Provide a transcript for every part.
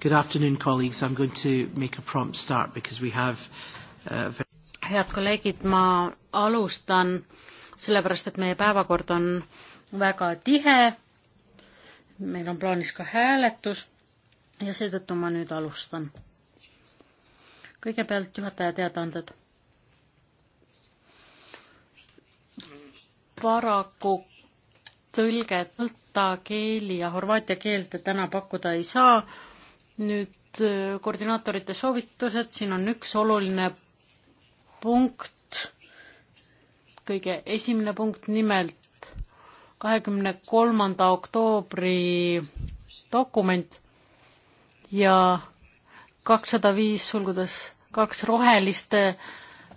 Good afternoon, colleagues. I'm going to make a prompt start because we have uh, head kolleegid, ma alustan sellepärast, et meie päevakord on väga tihe. meil on plaanis ka hääletus ja seetõttu ma nüüd alustan. kõigepealt juhataja teadaanded. paraku tõlget malta keeli ja horvaatia keelt täna pakkuda ei saa. nüüd äh, koordinaatorite soovitused, siin on üks oluline punkt, kõige esimene punkt, nimelt kahekümne kolmanda oktoobri dokument ja kakssada viis sulgudes kaks roheliste,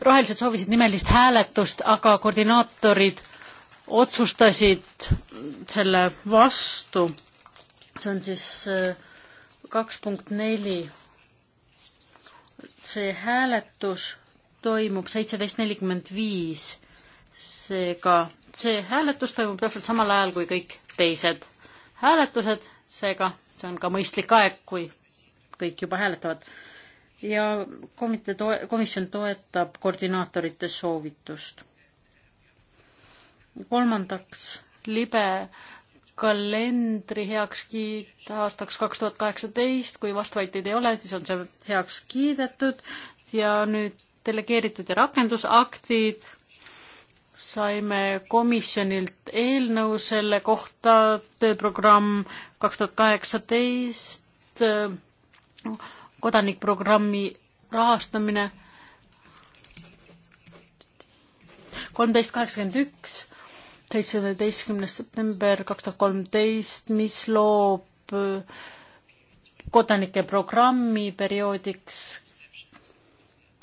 rohelised soovisid nimelist hääletust, aga koordinaatorid otsustasid selle vastu. see on siis äh, kaks punkt neli. see hääletus toimub seitseteist nelikümmend viis. seega see hääletus toimub täpselt samal ajal kui kõik teised hääletused, seega see on ka mõistlik aeg, kui kõik juba hääletavad. ja komitee toe-, komisjon toetab koordinaatorite soovitust kolmandaks, libe kalendri heakskiit aastaks kaks tuhat kaheksateist, kui vastuväiteid ei ole, siis on see heaks kiidetud ja nüüd delegeeritud ja rakendusaktid saime komisjonilt eelnõu selle kohta, tööprogramm kaks tuhat kaheksateist, kodanikprogrammi rahastamine kolmteist kaheksakümmend üks seitsmeteistkümnes september kaks tuhat kolmteist, mis loob äh, kodanike programmi perioodiks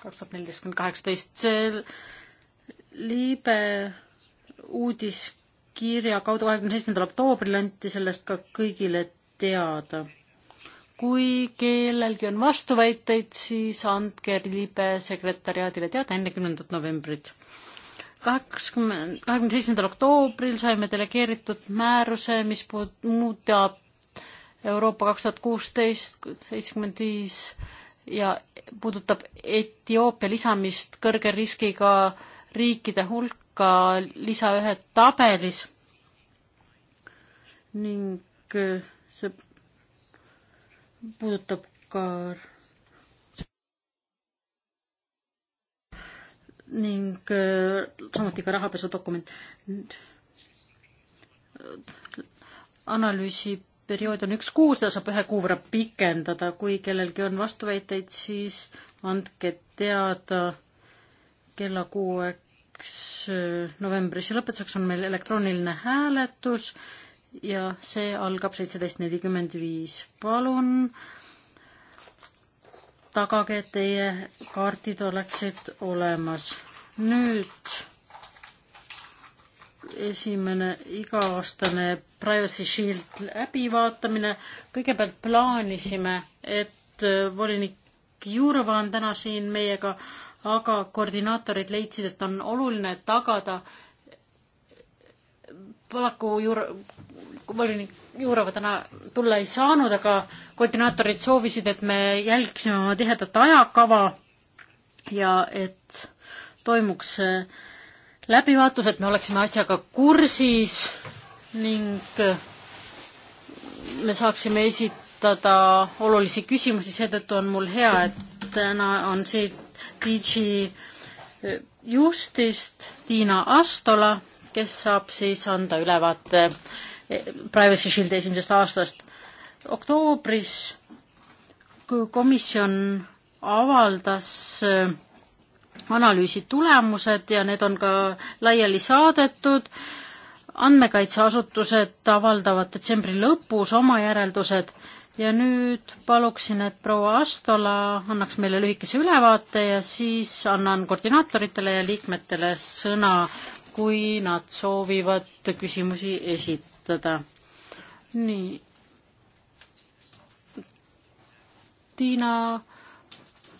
kaks tuhat neliteist kuni kaheksateist. see liibe uudiskirja kaudu kahekümne seitsmendal oktoobril anti sellest ka kõigile teada. kui kellelgi on vastuväiteid, siis andke liibe sekretäriaadile teada enne kümnendat novembrit kakskümmend, kahekümne seitsmendal oktoobril saime delegeeritud määruse, mis puud-, muudab Euroopa kaks tuhat kuusteist seitsekümmend viis ja puudutab Etioopia lisamist kõrge riskiga riikide hulka lisa ühe tabelis ning äh, see puudutab ka ning äh, samuti ka rahapesudokument. analüüsiperiood on üks kuu, seda saab ühe kuu võrra pikendada, kui kellelgi on vastuväiteid, siis andke teada kella kuueks äh, novembris ja lõpetuseks on meil elektrooniline hääletus ja see algab seitseteist nelikümmend viis. palun tagage, et teie kaardid oleksid olemas. nüüd esimene iga-aastane Privacy Shield läbivaatamine. kõigepealt plaanisime, et äh, volinik Jurva on täna siin meiega, aga koordinaatorid leidsid, et on oluline tagada, paraku juur-, volinik Juurova täna tulla ei saanud, aga koordinaatorid soovisid, et me jälgiksime oma tihedat ajakava ja et toimuks äh, läbivaatus, et me oleksime asjaga kursis ning äh, me saaksime esitada olulisi küsimusi, seetõttu on mul hea, et täna on siit DJ äh, Justist Tiina Astola kes saab siis anda ülevaate Privacy Shieldi esimesest aastast. oktoobris komisjon avaldas äh, analüüsi tulemused ja need on ka laiali saadetud. andmekaitseasutused avaldavad detsembri lõpus oma järeldused ja nüüd paluksin, et proua Astola annaks meile lühikese ülevaate ja siis annan koordinaatoritele ja liikmetele sõna kui nad soovivad küsimusi esitada. nii. Tiina,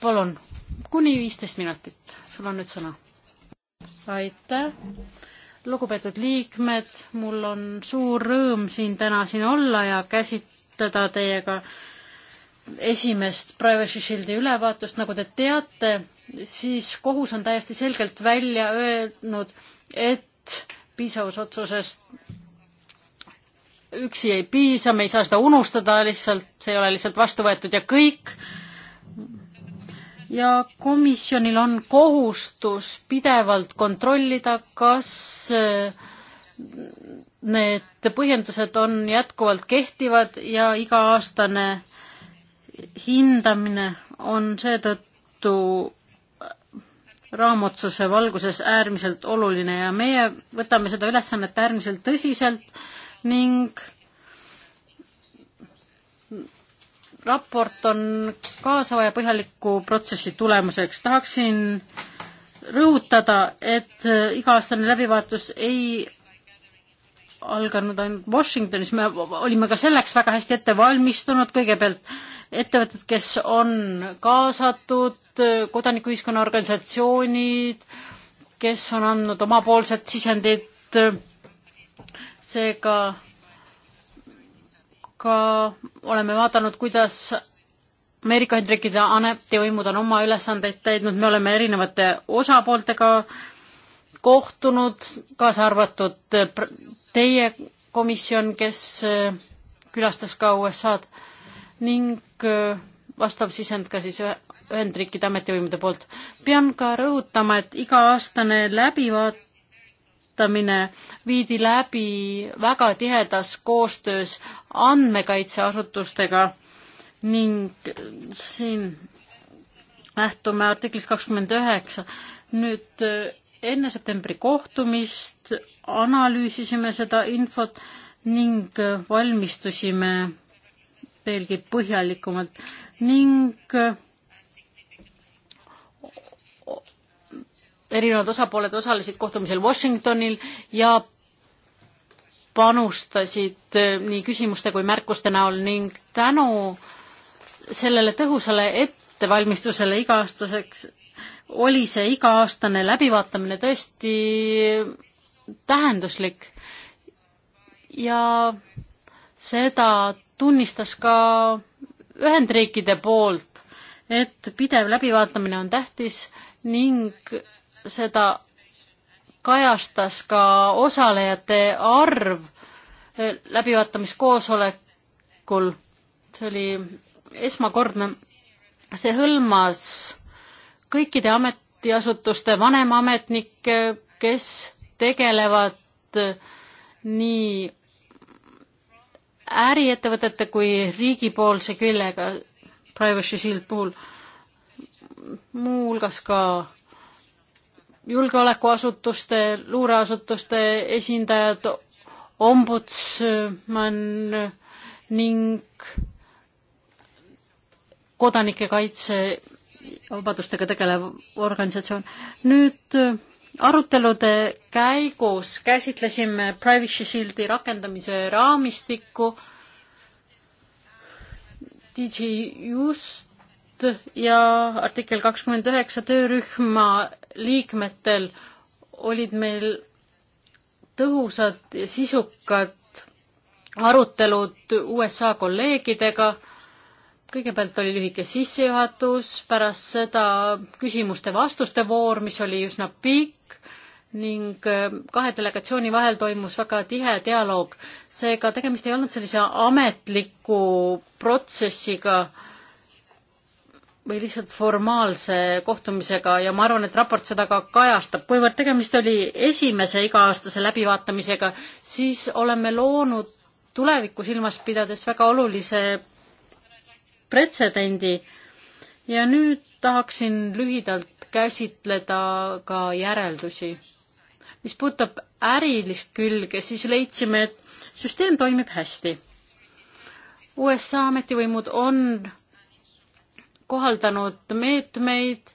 palun, kuni viisteist minutit, sul on nüüd sõna. aitäh lugupeetud liikmed, mul on suur rõõm siin täna siin olla ja käsitleda teiega esimest Privacy Shieldi ülevaatust, nagu te teate, siis kohus on täiesti selgelt välja öelnud, et piisavusotsusest üksi ei piisa, me ei saa seda unustada, lihtsalt see ei ole lihtsalt vastu võetud ja kõik. ja komisjonil on kohustus pidevalt kontrollida, kas äh, need põhjendused on jätkuvalt kehtivad ja iga-aastane hindamine on seetõttu raamotsuse valguses äärmiselt oluline ja meie võtame seda ülesannet äärmiselt tõsiselt ning raport on kaasava ja põhjaliku protsessi tulemuseks. tahaksin rõhutada, et iga-aastane läbivaatus ei alganud ainult Washingtonis, me olime ka selleks väga hästi ette valmistunud, kõigepealt ettevõtted, kes on kaasatud, Äh, kodanikuühiskonna organisatsioonid, kes on andnud omapoolset sisendit, äh, seega ka oleme vaadanud, kuidas Ameerika Ühendriikide ametivõimud on oma ülesandeid täidnud, me oleme erinevate osapooltega kohtunud, kaasa arvatud äh, teie komisjon, kes külastas ka USA-d ning vastav sisend ka siis ühe Ühendriikide ametivõimude poolt. pean ka rõhutama, et iga-aastane läbivaatamine viidi läbi väga tihedas koostöös andmekaitseasutustega ning siin lähtume artiklist kakskümmend üheksa. nüüd enne septembri kohtumist analüüsisime seda infot ning valmistusime veelgi põhjalikumalt ning erinevad osapooled osalesid kohtumisel Washingtonil ja panustasid eh, nii küsimuste kui märkuste näol ning tänu sellele tõhusale ettevalmistusele iga-aastaseks oli see iga-aastane läbivaatamine tõesti tähenduslik ja seda tunnistas ka Ühendriikide poolt, et pidev läbivaatamine on tähtis ning seda kajastas ka osalejate arv eh, läbivaatamiskoosolekul. see oli esmakordne, see hõlmas kõikide ametiasutuste vanemametnikke, kes tegelevad eh, nii äriettevõtete kui riigipoolse küljega Privacy Shield puhul, muuhulgas ka julgeolekuasutuste, luureasutuste esindajad, ombudsman ning kodanike kaitse vabadustega tegelev organisatsioon. nüüd arutelude käigus käsitlesime Privacy Shieldi rakendamise raamistikku DJ Just ja artikkel kakskümmend üheksa töörühma liikmetel olid meil tõhusad ja sisukad arutelud USA kolleegidega. kõigepealt oli lühike sissejuhatus, pärast seda küsimuste-vastuste voor, mis oli üsna pikk ning äh, kahe delegatsiooni vahel toimus väga tihe dialoog. seega tegemist ei olnud sellise ametliku protsessiga äh, või lihtsalt formaalse kohtumisega ja ma arvan, et raport seda ka kajastab. kuivõrd tegemist oli esimese iga-aastase läbivaatamisega, siis oleme loonud tulevikku silmas pidades väga olulise pretsedendi. ja nüüd tahaksin lühidalt käsitleda ka järeldusi. mis puudutab ärilist külge, siis leidsime, et süsteem toimib hästi. USA ametivõimud on kohaldanud meetmeid,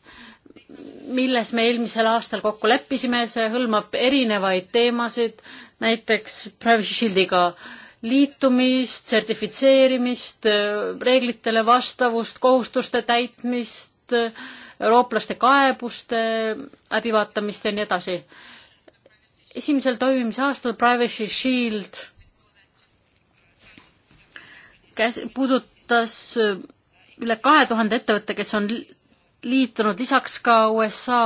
milles me eelmisel aastal kokku leppisime, see hõlmab erinevaid teemasid, näiteks Privacy Shieldiga liitumist, sertifitseerimist, reeglitele vastavust, kohustuste täitmist, eurooplaste kaebuste läbivaatamist ja nii edasi. esimesel toimimisaastal Privacy Shield käs-, puudutas üle kahe tuhande ettevõtte, kes on liitunud, lisaks ka USA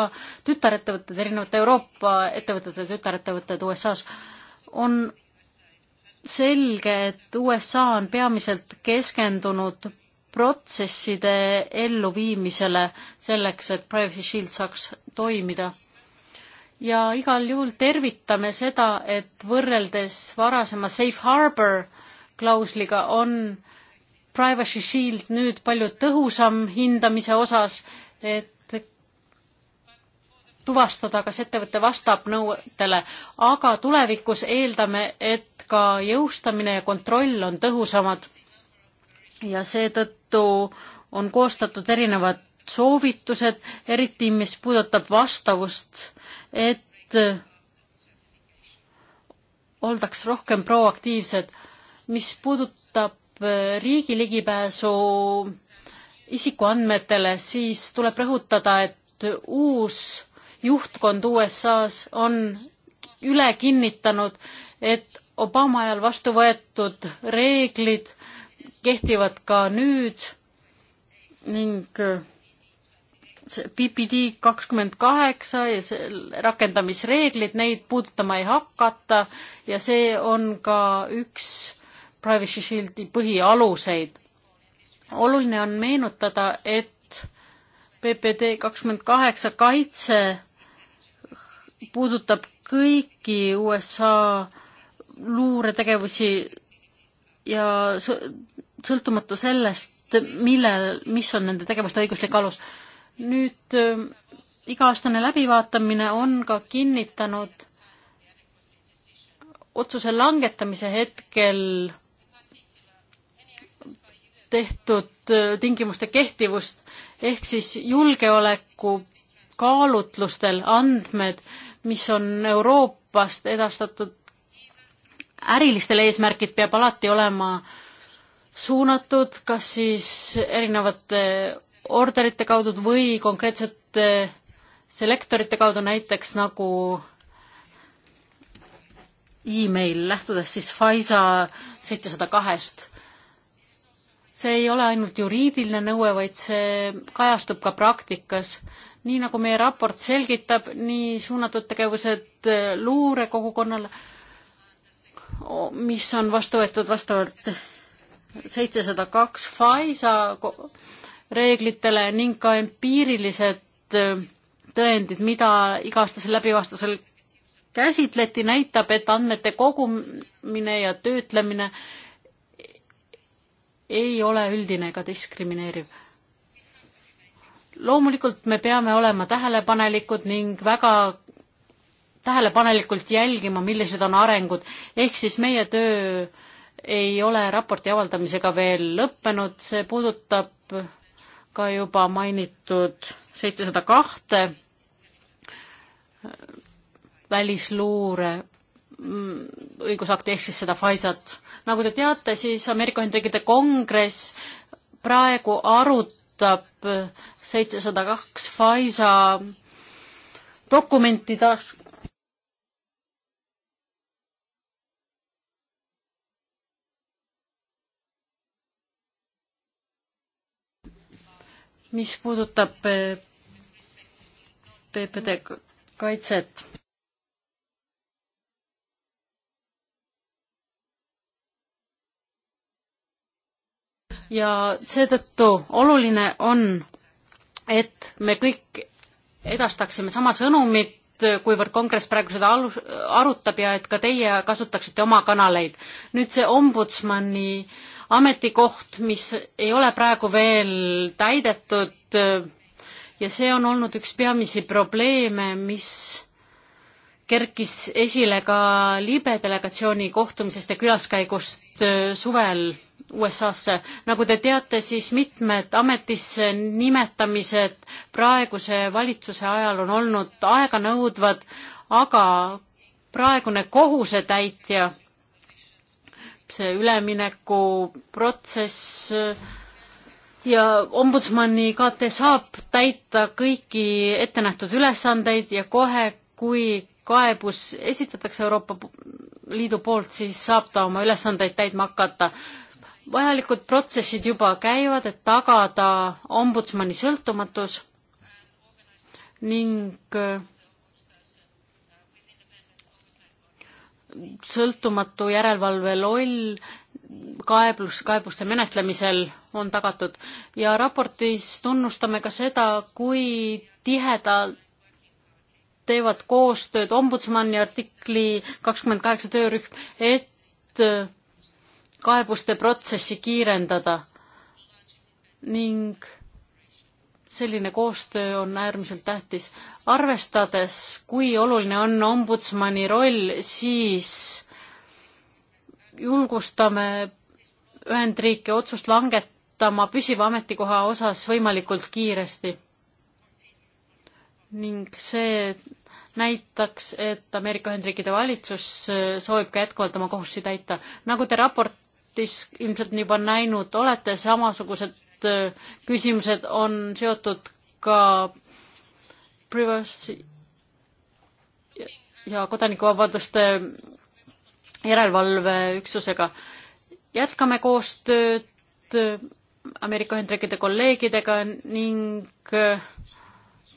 tütarettevõtted, erinevate Euroopa ettevõtete tütarettevõtted USA-s, on selge, et USA on peamiselt keskendunud protsesside elluviimisele selleks, et Privacy Shield saaks toimida. ja igal juhul tervitame seda, et võrreldes varasema safe harbor klausliga on Privacy Shield nüüd palju tõhusam hindamise osas, et tuvastada, kas ettevõte vastab nõuetele, aga tulevikus eeldame, et ka jõustamine ja kontroll on tõhusamad. ja seetõttu on koostatud erinevad soovitused, eriti mis puudutab vastavust, et oldaks rohkem proaktiivsed. mis puudutab Äh, riigi ligipääsu isikuandmetele, siis tuleb rõhutada, et uus juhtkond USA-s on üle kinnitanud, et Obama ajal vastu võetud reeglid kehtivad ka nüüd ning äh, see PPD kakskümmend kaheksa ja see rakendamisreeglid, neid puudutama ei hakata ja see on ka üks Privacy Shieldi põhialuseid. oluline on meenutada, et PPD kakskümmend kaheksa kaitse puudutab kõiki USA luuretegevusi ja sõltumatu sellest, millel, mis on nende tegevuste õiguslik alus. nüüd äh, iga-aastane läbivaatamine on ka kinnitanud otsuse langetamise hetkel tehtud äh, tingimuste kehtivust ehk siis julgeoleku kaalutlustel andmed, mis on Euroopast edastatud ärilistel eesmärkid, peab alati olema suunatud kas siis erinevate orderite kaudu või konkreetsete selektorite kaudu, näiteks nagu email, lähtudes siis FISA seitsesada kahest see ei ole ainult juriidiline nõue, vaid see kajastub ka praktikas. nii nagu meie raport selgitab, nii suunatud tegevused luurekogukonnale, mis on vastu võetud vastavalt seitsesada kaks FISA reeglitele ning ka empiirilised äh, tõendid, mida iga-aastasel läbivaastasel käsitleti, näitab, et andmete kogumine ja töötlemine ei ole üldine ega diskrimineeriv. loomulikult me peame olema tähelepanelikud ning väga tähelepanelikult jälgima, millised on arengud, ehk siis meie töö ei ole raporti avaldamisega veel lõppenud, see puudutab ka juba mainitud seitsesada kahte välisluure Mm, õigusakti ehk siis seda FISA-t. nagu te teate, siis Ameerika Ühendriikide Kongress praegu arutab seitsesada kaks FISA dokumenti taas mis puudutab eh, PPD kaitset. ja seetõttu oluline on, et me kõik edastaksime sama sõnumit, kuivõrd kongress praegu seda alus, arutab ja et ka teie kasutaksite oma kanaleid. nüüd see ombudsmani ametikoht, mis ei ole praegu veel täidetud ja see on olnud üks peamisi probleeme, mis kerkis esile ka libe delegatsiooni kohtumisest ja külaskäigust äh, suvel USA-sse. nagu te teate, siis mitmed ametisse nimetamised praeguse valitsuse ajal on olnud aeganõudvad, aga praegune kohusetäitja, see üleminekuprotsess ja ombudsmani KT saab täita kõiki ettenähtud ülesandeid ja kohe, kui kaebus esitatakse Euroopa Liidu poolt, siis saab ta oma ülesandeid täitma hakata vajalikud protsessid juba käivad, et tagada ombudsmani sõltumatus ning äh, sõltumatu järelevalve loll kaebus, kaebuste menetlemisel on tagatud ja raportis tunnustame ka seda, kui tihedalt teevad koostööd ombudsmani artikli kakskümmend kaheksa töörühm, et äh, kaebuste protsessi kiirendada ning selline koostöö on äärmiselt tähtis. arvestades, kui oluline on ombudsmani roll, siis julgustame Ühendriike otsust langetama püsiva ametikoha osas võimalikult kiiresti. ning see näitaks, et Ameerika Ühendriikide valitsus soovib ka jätkuvalt oma kohustusi täita. nagu te raport raportis ilmselt juba näinud olete, samasugused äh, küsimused on seotud ka privacy ja kodanikuvabaduste järelevalveüksusega. jätkame koostööd äh, Ameerika Ühendriikide kolleegidega ning äh,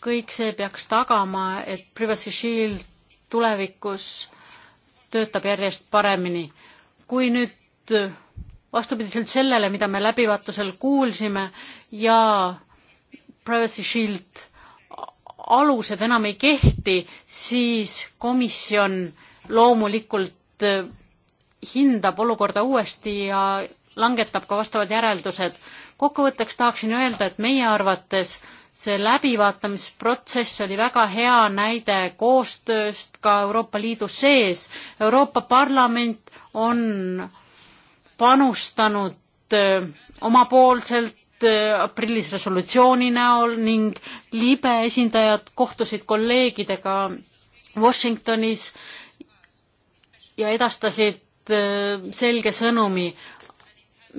kõik see peaks tagama, et Privacy Shield tulevikus töötab järjest paremini. kui nüüd vastupidiselt sellele, mida me läbivaatusel kuulsime ja Privacy Shield alused enam ei kehti, siis komisjon loomulikult äh, hindab olukorda uuesti ja langetab ka vastavad järeldused. kokkuvõtteks tahaksin öelda, et meie arvates see läbivaatamisprotsess oli väga hea näide koostööst ka Euroopa Liidu sees. Euroopa Parlament on panustanud omapoolselt aprillis resolutsiooni näol ning libe esindajad kohtusid kolleegidega Washingtonis ja edastasid selge sõnumi,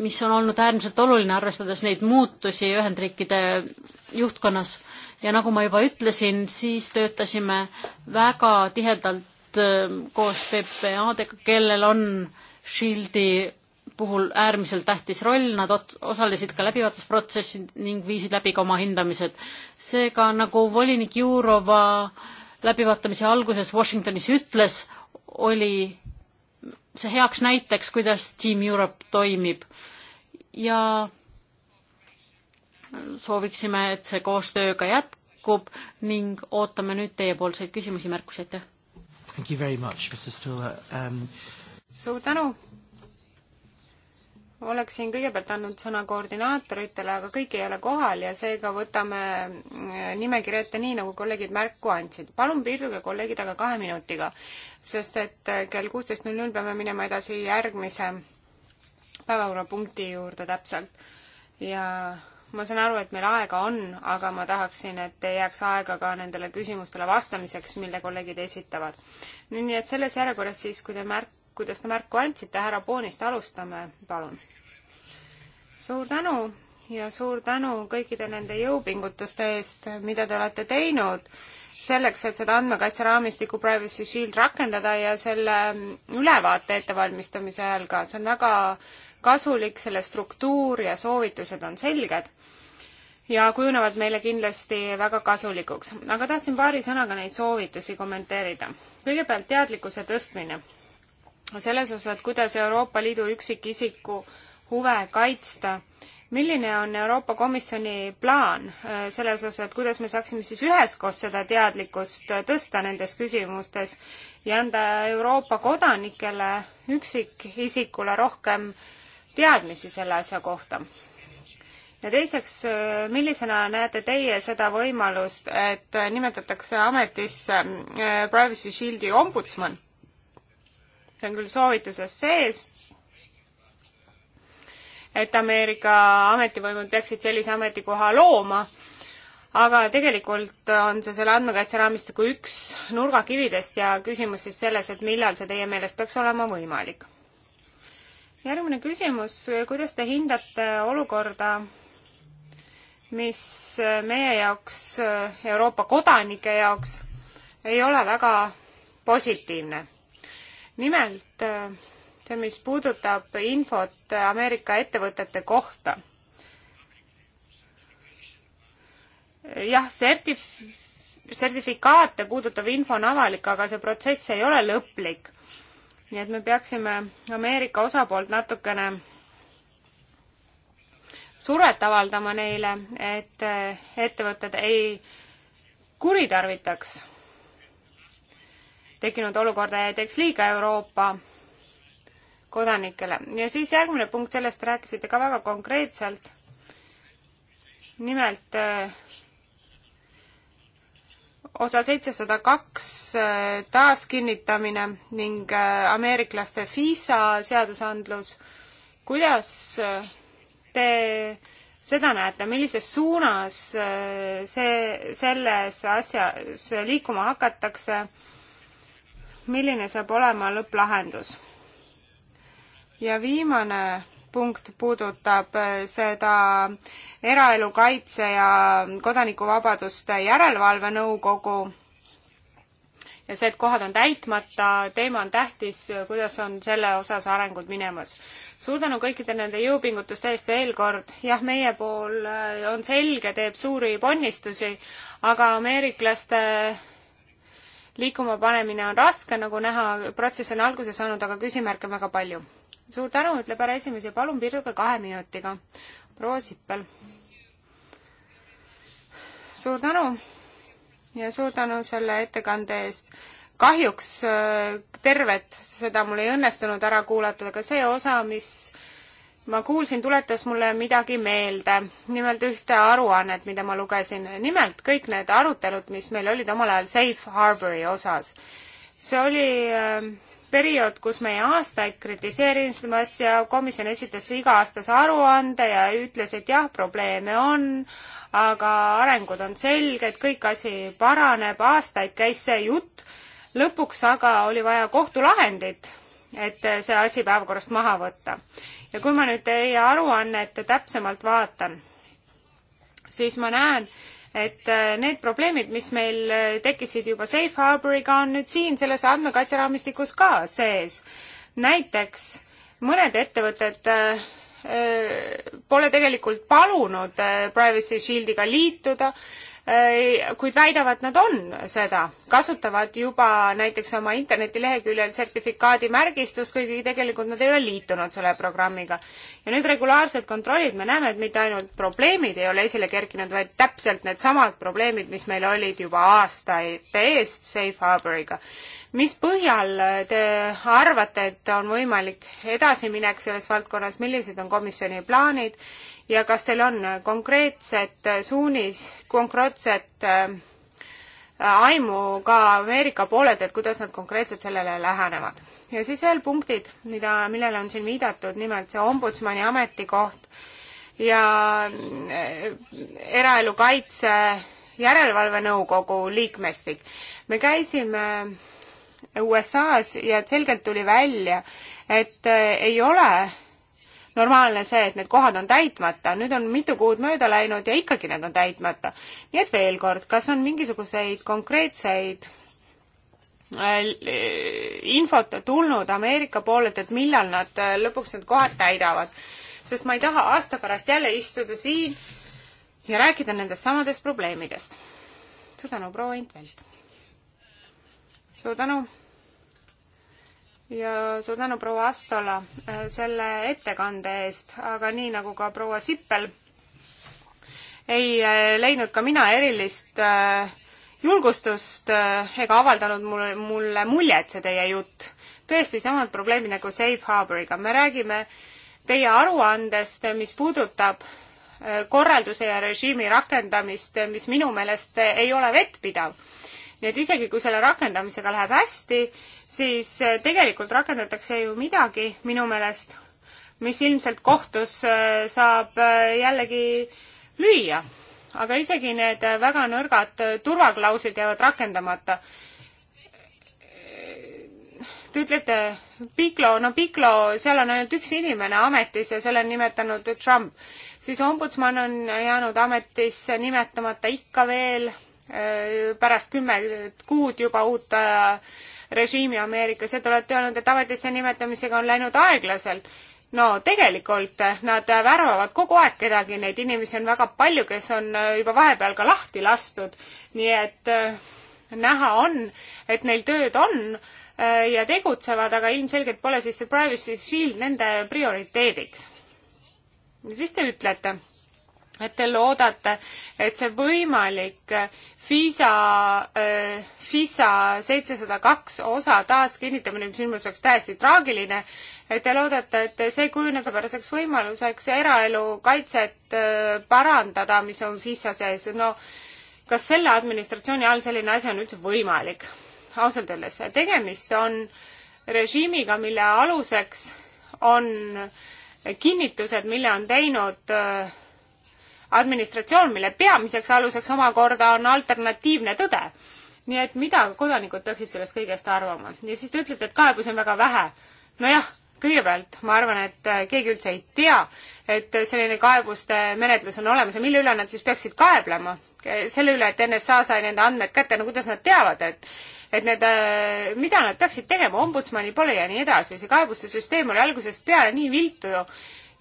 mis on olnud äärmiselt oluline, arvestades neid muutusi Ühendriikide juhtkonnas. ja nagu ma juba ütlesin, siis töötasime väga tihedalt koos PPA-dega, kellel on Shieldi puhul äärmiselt tähtis roll, nad osalesid ka läbivaatusprotsessi ning viisid läbi ka oma hindamised. seega, nagu volinik Jurova läbivaatamise alguses Washingtonis ütles, oli see heaks näiteks, kuidas Team Europe toimib. ja sooviksime, et see koostöö ka jätkub ning ootame nüüd teiepoolseid küsimusi, märkusi, aitäh! Thank you very much, Mr Stula um.... suur tänu, oleksin kõigepealt andnud sõna koordinaatoritele, aga kõik ei ole kohal ja seega võtame mm, nimekirja ette nii, nagu kolleegid märku andsid. palun piirduge kolleegid aga kahe minutiga, sest et eh, kell kuusteist null null peame minema edasi järgmise päevakorrapunkti juurde täpselt. ja ma saan aru, et meil aega on, aga ma tahaksin, et ei jääks aega ka nendele küsimustele vastamiseks, mille kolleegid esitavad. nii et selles järjekorras siis, kui te märk-, kuidas te märku andsite, härra Poonist alustame, palun. suur tänu ja suur tänu kõikide nende jõupingutuste eest, mida te olete teinud selleks, et seda andmekaitseraamistiku Privacy Shield rakendada ja selle mm, ülevaate ettevalmistamise ajal ka, see on väga kasulik, selle struktuur ja soovitused on selged ja kujunevad meile kindlasti väga kasulikuks. aga tahtsin paari sõnaga neid soovitusi kommenteerida. kõigepealt teadlikkuse tõstmine selles osas, kuidas Euroopa Liidu üksikisiku huve kaitsta. milline on Euroopa Komisjoni plaan äh, selles osas, et kuidas me saaksime siis üheskoos seda teadlikkust äh, tõsta nendes küsimustes ja anda Euroopa kodanikele, üksikisikule rohkem teadmisi selle asja kohta? ja teiseks, äh, millisena näete teie seda võimalust, et nimetatakse ametisse Privacy Shieldi ombudsman? see on küll soovituses sees, et Ameerika ametivõimud peaksid sellise ametikoha looma, aga tegelikult on see selle andmekaitseraamistiku üks nurgakividest ja küsimus siis selles, et millal see teie meelest peaks olema võimalik. järgmine küsimus, kuidas te hindate olukorda, mis meie jaoks, Euroopa kodanike jaoks ei ole väga positiivne nimelt äh, see, mis puudutab infot Ameerika ettevõtete kohta. jah, sertif-, sertifikaate puudutav info on avalik, aga see protsess ei ole lõplik. nii et me peaksime Ameerika osapoolt natukene survet avaldama neile, et äh, ettevõtted ei kuritarvitaks tekkinud olukorda ja ei teeks liiga Euroopa kodanikele. ja siis järgmine punkt, sellest rääkisite ka väga konkreetselt. nimelt äh, osa seitsesada kaks äh, taaskinnitamine ning äh, ameeriklaste FISA seadusandlus. kuidas te seda näete, millises suunas see, selles asjas liikuma hakatakse? milline saab olema lõpplahendus. ja viimane punkt puudutab äh, seda eraelu kaitse ja kodanikuvabaduste järelevalvenõukogu ja see, et kohad on täitmata, teema on tähtis, äh, kuidas on selle osas arengud minemas. suur tänu kõikide nende jõupingutuste eest veel kord, jah, meie pool äh, on selge, teeb suuri ponnistusi, aga ameeriklaste liikuma panemine on raske, nagu näha, protsess on alguse saanud, aga küsimärke on väga palju. suur tänu, ütleb härra esimees ja palun piirduge kahe minutiga. proua Sippel. suur tänu ja suur tänu selle ettekande eest. kahjuks äh, tervet, seda mul ei õnnestunud ära kuulata, aga see osa, mis ma kuulsin, tuletas mulle midagi meelde, nimelt ühte aruannet, mida ma lugesin. nimelt kõik need arutelud, mis meil olid omal ajal Safe Harbori osas. see oli äh, periood, kus meie aastaid kritiseerimas ja komisjon esitas iga-aastase aruande ja ütles, et jah, probleeme on, aga arengud on selged, kõik asi paraneb, aastaid käis see jutt, lõpuks aga oli vaja kohtulahendit, et see asi päevakorrast maha võtta ja kui ma nüüd teie aruannet täpsemalt vaatan, siis ma näen, et äh, need probleemid, mis meil äh, tekkisid juba Safe Harboriga, on nüüd siin selles andmekaitseraamistikus ka sees. näiteks mõned ettevõtted äh, pole tegelikult palunud Privacy Shieldiga liituda kuid väidavad nad on seda, kasutavad juba näiteks oma internetileheküljel sertifikaadimärgistust, kuigi tegelikult nad ei ole liitunud selle programmiga. ja nüüd regulaarsed kontrollid, me näeme, et mitte ainult probleemid ei ole esile kerkinud, vaid täpselt needsamad probleemid, mis meil olid juba aastaid eest Safe Harboriga. mis põhjal te arvate, et on võimalik edasiminek selles valdkonnas, millised on komisjoni plaanid ja kas teil on konkreetset suunis, konkreetset äh, aimu ka Ameerika poolelt, et kuidas nad konkreetselt sellele lähenevad? ja siis veel punktid, mida, millele on siin viidatud, nimelt see ombudsmani ametikoht ja äh, eraelu kaitse järelevalvenõukogu liikmestik. me käisime USA-s ja selgelt tuli välja, et äh, ei ole normaalne see, et need kohad on täitmata, nüüd on mitu kuud mööda läinud ja ikkagi need on täitmata. nii et veel kord, kas on mingisuguseid konkreetseid äh, infot tulnud Ameerika poolelt, et millal nad äh, lõpuks need kohad täidavad. sest ma ei taha aasta pärast jälle istuda siin ja rääkida nendest samadest probleemidest. suur tänu, proua Intvelt. suur tänu ja suur tänu, proua Astola, äh, selle ettekande eest, aga nii nagu ka proua Sippel, ei äh, leidnud ka mina erilist äh, julgustust ega avaldanud mulle, mulle muljet see teie jutt. tõesti, samad probleemid nagu Safe Harboriga. me räägime teie aruandest, mis puudutab korralduse ja režiimi rakendamist, mis minu meelest ei ole vettpidav nii et isegi, kui selle rakendamisega läheb hästi, siis äh, tegelikult rakendatakse ju midagi minu meelest, mis ilmselt kohtus äh, saab äh, jällegi lüüa. aga isegi need väga nõrgad turvaklauslid jäävad rakendamata. Te ütlete Piklo, no Piklo, seal on ainult üks inimene ametis ja selle on nimetanud Trump. siis ombudsman on jäänud ametisse nimetamata ikka veel Äh, pärast kümmet kuud juba uut äh, režiimi Ameerikas ja te olete öelnud, et ametisse nimetamisega on läinud aeglaselt. no tegelikult äh, nad värvavad kogu aeg kedagi, neid inimesi on väga palju, kes on juba vahepeal ka lahti lastud, nii et näha on, et neil tööd on ja tegutsevad, aga ilmselgelt pole siis see privacy shield nende prioriteediks. ja siis te ütlete et te loodate, et see võimalik FISA, FISA seitsesada kaks osa taaskinnitamine, mis minu meelest oleks täiesti traagiline, et te loodate, et see kujuneb päraseks võimaluseks eraelu kaitset äh, parandada, mis on FISA sees, no kas selle administratsiooni all selline asi on üldse võimalik? ausalt öeldes, tegemist on režiimiga, mille aluseks on kinnitused, mille on teinud äh, administratsioon, mille peamiseks aluseks omakorda on alternatiivne tõde. nii et mida kodanikud peaksid sellest kõigest arvama? ja siis te ütlete, et kaebusi on väga vähe. nojah, kõigepealt ma arvan, et äh, keegi üldse ei tea, et äh, selline kaebuste menetlus on olemas ja mille üle nad siis peaksid kaeblema? selle üle, et NSA sai nende andmed kätte, no kuidas nad teavad, et et need, äh, mida nad peaksid tegema, ombudsmani pole ja nii edasi, see kaebuste süsteem oli algusest peale nii viltu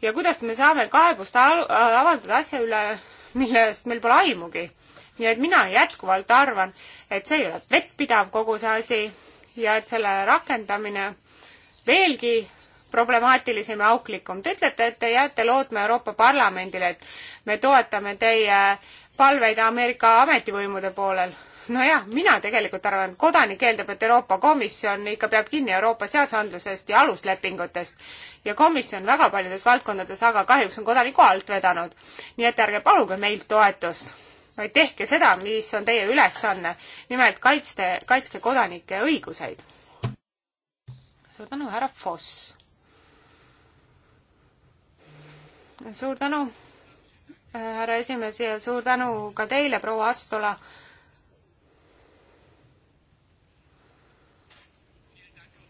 ja kuidas me saame kaebust avaldada asja üle, millest meil pole aimugi. nii et mina jätkuvalt arvan, et see ei ole vettpidav kogu see asi ja et selle rakendamine veelgi problemaatilisem ja auklikum. Te ütlete, et te jääte lootma Euroopa Parlamendile, et me toetame teie palveid Ameerika ametivõimude poolel nojah, mina tegelikult arvan, kodanik eeldab, et Euroopa Komisjon ikka peab kinni Euroopa seadusandlusest ja aluslepingutest. ja komisjon väga paljudes valdkondades aga kahjuks on kodaniku alt vedanud. nii et ärge paluge meilt toetust, vaid tehke seda, mis on teie ülesanne. nimelt kaitste, kaitske kodanike õiguseid. suur tänu, härra Foss. suur tänu härra esimees ja suur tänu ka teile, proua Astola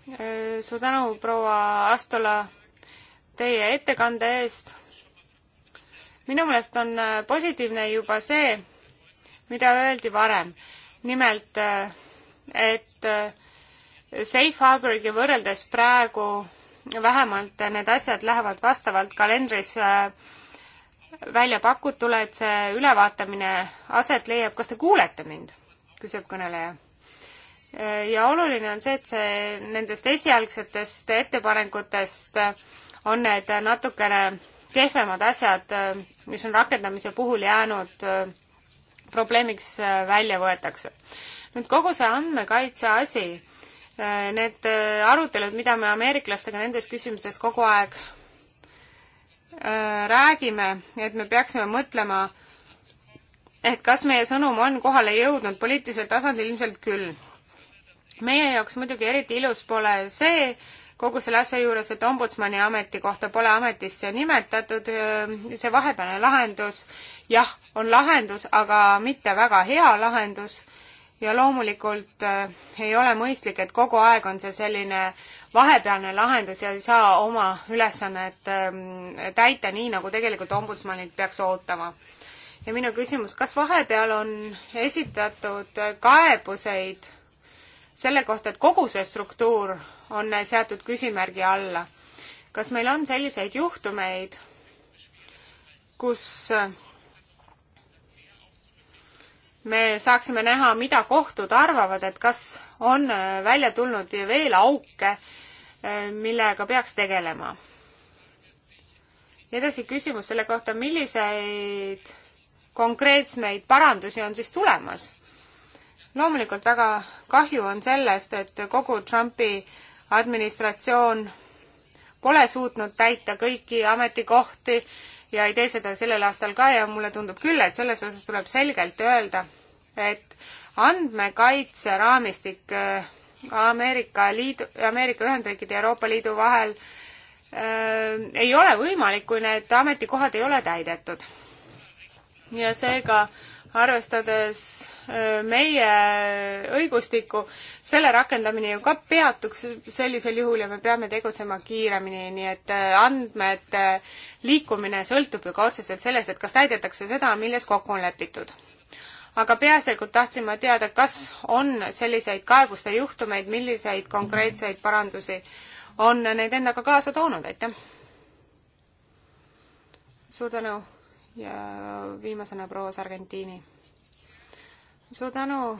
Äh, suur tänu, proua Astola, teie ettekande eest. minu meelest on äh, positiivne juba see, mida öeldi varem. nimelt, äh, et Safe Harboriga võrreldes praegu vähemalt need asjad lähevad vastavalt kalendris välja pakutule, et see ülevaatamine aset leiab. kas te kuulete mind? küsib kõneleja ja oluline on see, et see, nendest esialgsetest ettepanekutest on need natukene kehvemad asjad, mis on rakendamise puhul jäänud äh, probleemiks, äh, välja võetakse. nüüd kogu see andmekaitse asi, äh, need arutelud, mida me ameeriklastega nendes küsimustes kogu aeg räägime, et me peaksime mõtlema, et kas meie sõnum on kohale jõudnud poliitilisel tasandil, ilmselt küll meie jaoks muidugi eriti ilus pole see, kogu selle asja juures, et ombudsmani ametikohta pole ametisse nimetatud, see vahepealne lahendus, jah, on lahendus, aga mitte väga hea lahendus ja loomulikult äh, ei ole mõistlik, et kogu aeg on see selline vahepealne lahendus ja ei saa oma ülesannet äh, täita nii, nagu tegelikult ombudsmanilt peaks ootama. ja minu küsimus, kas vahepeal on esitatud kaebuseid selle kohta, et kogu see struktuur on seatud küsimärgi alla. kas meil on selliseid juhtumeid, kus me saaksime näha, mida kohtud arvavad, et kas on välja tulnud veel auke, millega peaks tegelema. edasi küsimus selle kohta, milliseid konkreetsemaid parandusi on siis tulemas? loomulikult väga kahju on sellest, et kogu Trumpi administratsioon pole suutnud täita kõiki ametikohti ja ei tee seda sellel aastal ka ja mulle tundub küll, et selles osas tuleb selgelt öelda, et andmekaitseraamistik äh, Ameerika Liidu, Ameerika Ühendriikide ja Euroopa Liidu vahel äh, ei ole võimalik, kui need ametikohad ei ole täidetud. ja seega äh, arvestades meie õigustikku, selle rakendamine ju ka peatuks sellisel juhul ja me peame tegutsema kiiremini, nii et andmete liikumine sõltub ju ka otseselt sellest, et kas täidetakse seda, milles kokku on lepitud. aga peaasjalikult tahtsin ma teada, kas on selliseid kaebuste juhtumeid, milliseid konkreetseid parandusi on need endaga kaasa toonud, aitäh! suur tänu! ja viimasena proua Sargentini. suur tänu,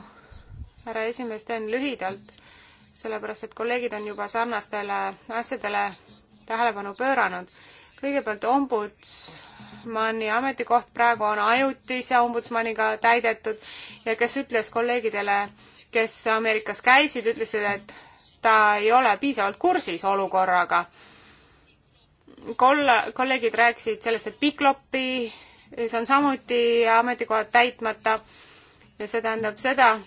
härra esimees, teen lühidalt, sellepärast et kolleegid on juba sarnastele asjadele tähelepanu pööranud. kõigepealt ombudsmani ametikoht praegu on ajutise ombudsmaniga täidetud ja kes ütles kolleegidele, kes Ameerikas käisid, ütlesid, et ta ei ole piisavalt kursis olukorraga kolla, kolleegid rääkisid sellest, et Biglopi see on samuti ametikohad täitmata ja see tähendab seda,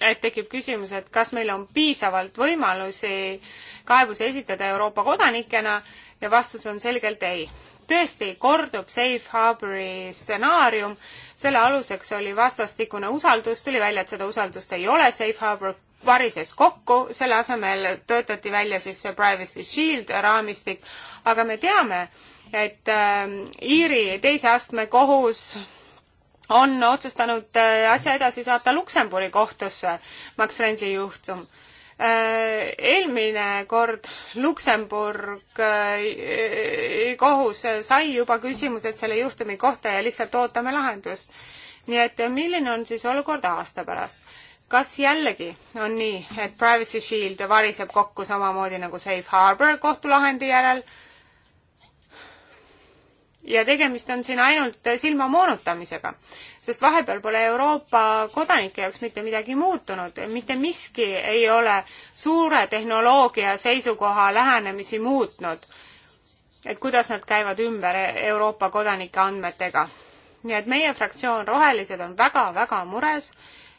et tekib küsimus, et kas meil on piisavalt võimalusi kaebusi esitada Euroopa kodanikena ja vastus on selgelt ei. tõesti, kordub safe harbori stsenaarium, selle aluseks oli vastastikune usaldus, tuli välja, et seda usaldust ei ole, safe harbor varises kokku, selle asemel töötati välja siis see privacy shield raamistik, aga me teame, et ähm, Iiri teise astme kohus on otsustanud äh, asja edasi saata Luksemburi kohtusse, Max Frenzi juhtum. Äh, eelmine kord Luksemburg äh, kohus sai juba küsimused selle juhtumi kohta ja lihtsalt ootame lahendust. nii et milline on siis olukord aasta pärast? kas jällegi on nii, et Privacy Shield variseb kokku samamoodi nagu Safe Harbor kohtulahendi järel äh,? ja tegemist on siin ainult silma moonutamisega, sest vahepeal pole Euroopa kodanike jaoks mitte midagi muutunud, mitte miski ei ole suure tehnoloogia seisukoha lähenemisi muutnud. et kuidas nad käivad ümber Euroopa kodanike andmetega. nii et meie fraktsioon Rohelised on väga-väga mures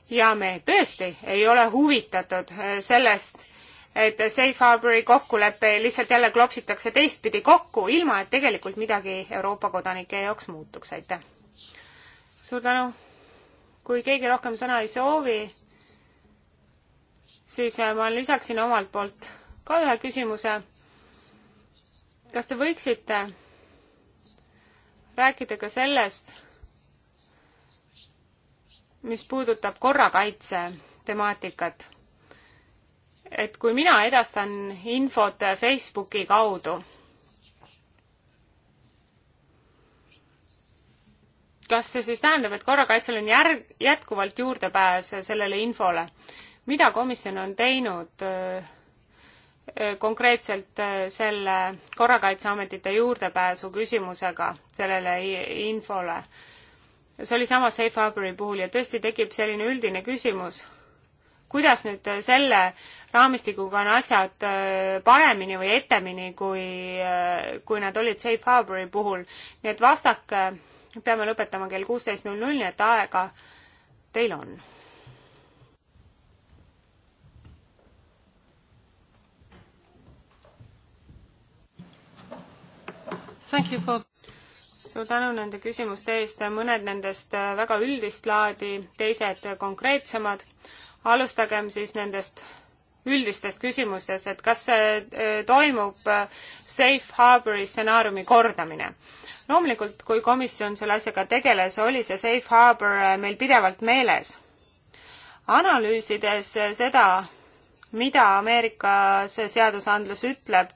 ja me tõesti ei ole huvitatud sellest, et Safe Harbori kokkulepe lihtsalt jälle klopsitakse teistpidi kokku, ilma et tegelikult midagi Euroopa kodanike jaoks muutuks, aitäh! suur tänu! kui keegi rohkem sõna ei soovi, siis äh, ma lisaksin omalt poolt ka ühe küsimuse. kas te võiksite rääkida ka sellest, mis puudutab korrakaitse temaatikat? et kui mina edastan infot Facebooki kaudu, kas see siis tähendab, et korrakaitsel on järg, jätkuvalt juurdepääs sellele infole? mida komisjon on teinud öö, konkreetselt selle korrakaitseametite juurdepääsu küsimusega sellele infole. see oli sama Safe Harbori puhul ja tõesti tekib selline üldine küsimus, kuidas nüüd selle raamistikuga on asjad äh, paremini või etemini, kui, äh, kui nad olid Safe Harbori puhul. nii et vastake, äh, peame lõpetama kell kuusteist null null, nii et aega teil on For... suur tänu nende küsimuste eest, mõned nendest väga üldist laadi, teised konkreetsemad, alustagem siis nendest üldistest küsimustest, et kas e, toimub e, safe harbori stsenaariumi kordamine. loomulikult, kui komisjon selle asjaga tegeles, oli see safe harbor e, meil pidevalt meeles. analüüsides seda, mida Ameerikas seadusandlus ütleb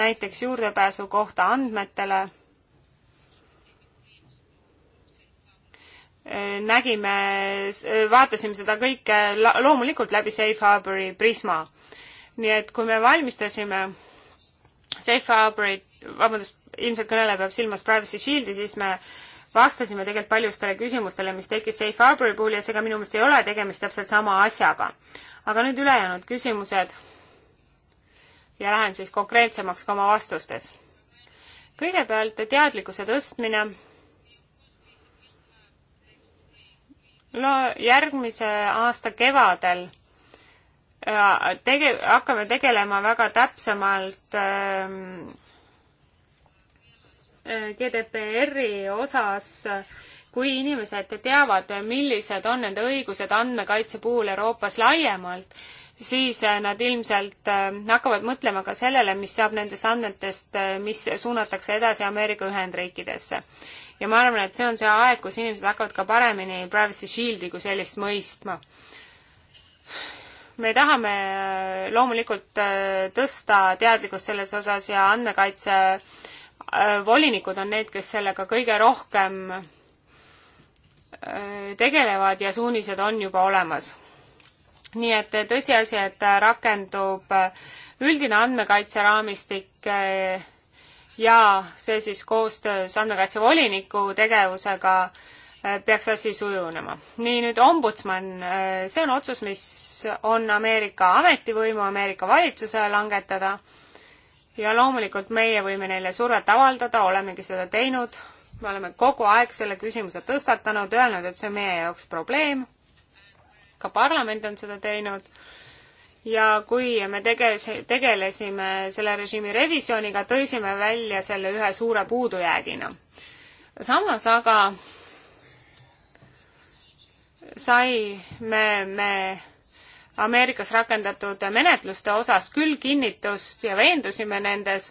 näiteks juurdepääsu kohta andmetele nägime, vaatasime seda kõike loomulikult läbi Safe Harbori prisma. nii et kui me valmistasime Safe Harborit, vabandust, ilmselt kõneleja peab silmas Privacy Shieldi, siis me vastasime tegelikult paljustele küsimustele, mis tekkis Safe Harbori puhul ja seega minu meelest ei ole tegemist täpselt sama asjaga. aga nüüd ülejäänud küsimused ja lähen siis konkreetsemaks ka oma vastustes. kõigepealt teadlikkuse tõstmine no järgmise aasta kevadel äh, tege-, hakkame tegelema väga täpsemalt ähm, äh, GDPR-i osas, kui inimesed teavad, millised on nende õigused andmekaitse puhul Euroopas laiemalt siis äh, nad ilmselt äh, hakkavad mõtlema ka sellele, mis saab nendest andmetest, äh, mis suunatakse edasi Ameerika Ühendriikidesse. ja ma arvan, et see on see aeg, kus inimesed hakkavad ka paremini Privacy Shieldi kui sellist mõistma me tahame loomulikult tõsta teadlikkust selles osas ja andmekaitse volinikud on need, kes sellega kõige rohkem tegelevad ja suunised on juba olemas nii et tõsiasi, et äh, rakendub äh, üldine andmekaitseraamistik äh, ja see siis koostöös andmekaitsevoliniku tegevusega peaks asi sujunema. nii, nüüd ombudsman, see on otsus, mis on Ameerika ametivõimu, Ameerika valitsuse langetada ja loomulikult meie võime neile survet avaldada, olemegi seda teinud, me oleme kogu aeg selle küsimuse tõstatanud, öelnud, et see on meie jaoks probleem ka parlament on seda teinud ja kui me tege-, tegelesime selle režiimi revisjoniga, tõisime välja selle ühe suure puudujäägina. samas aga sai me, me Ameerikas rakendatud menetluste osas küll kinnitust ja veendusime nendes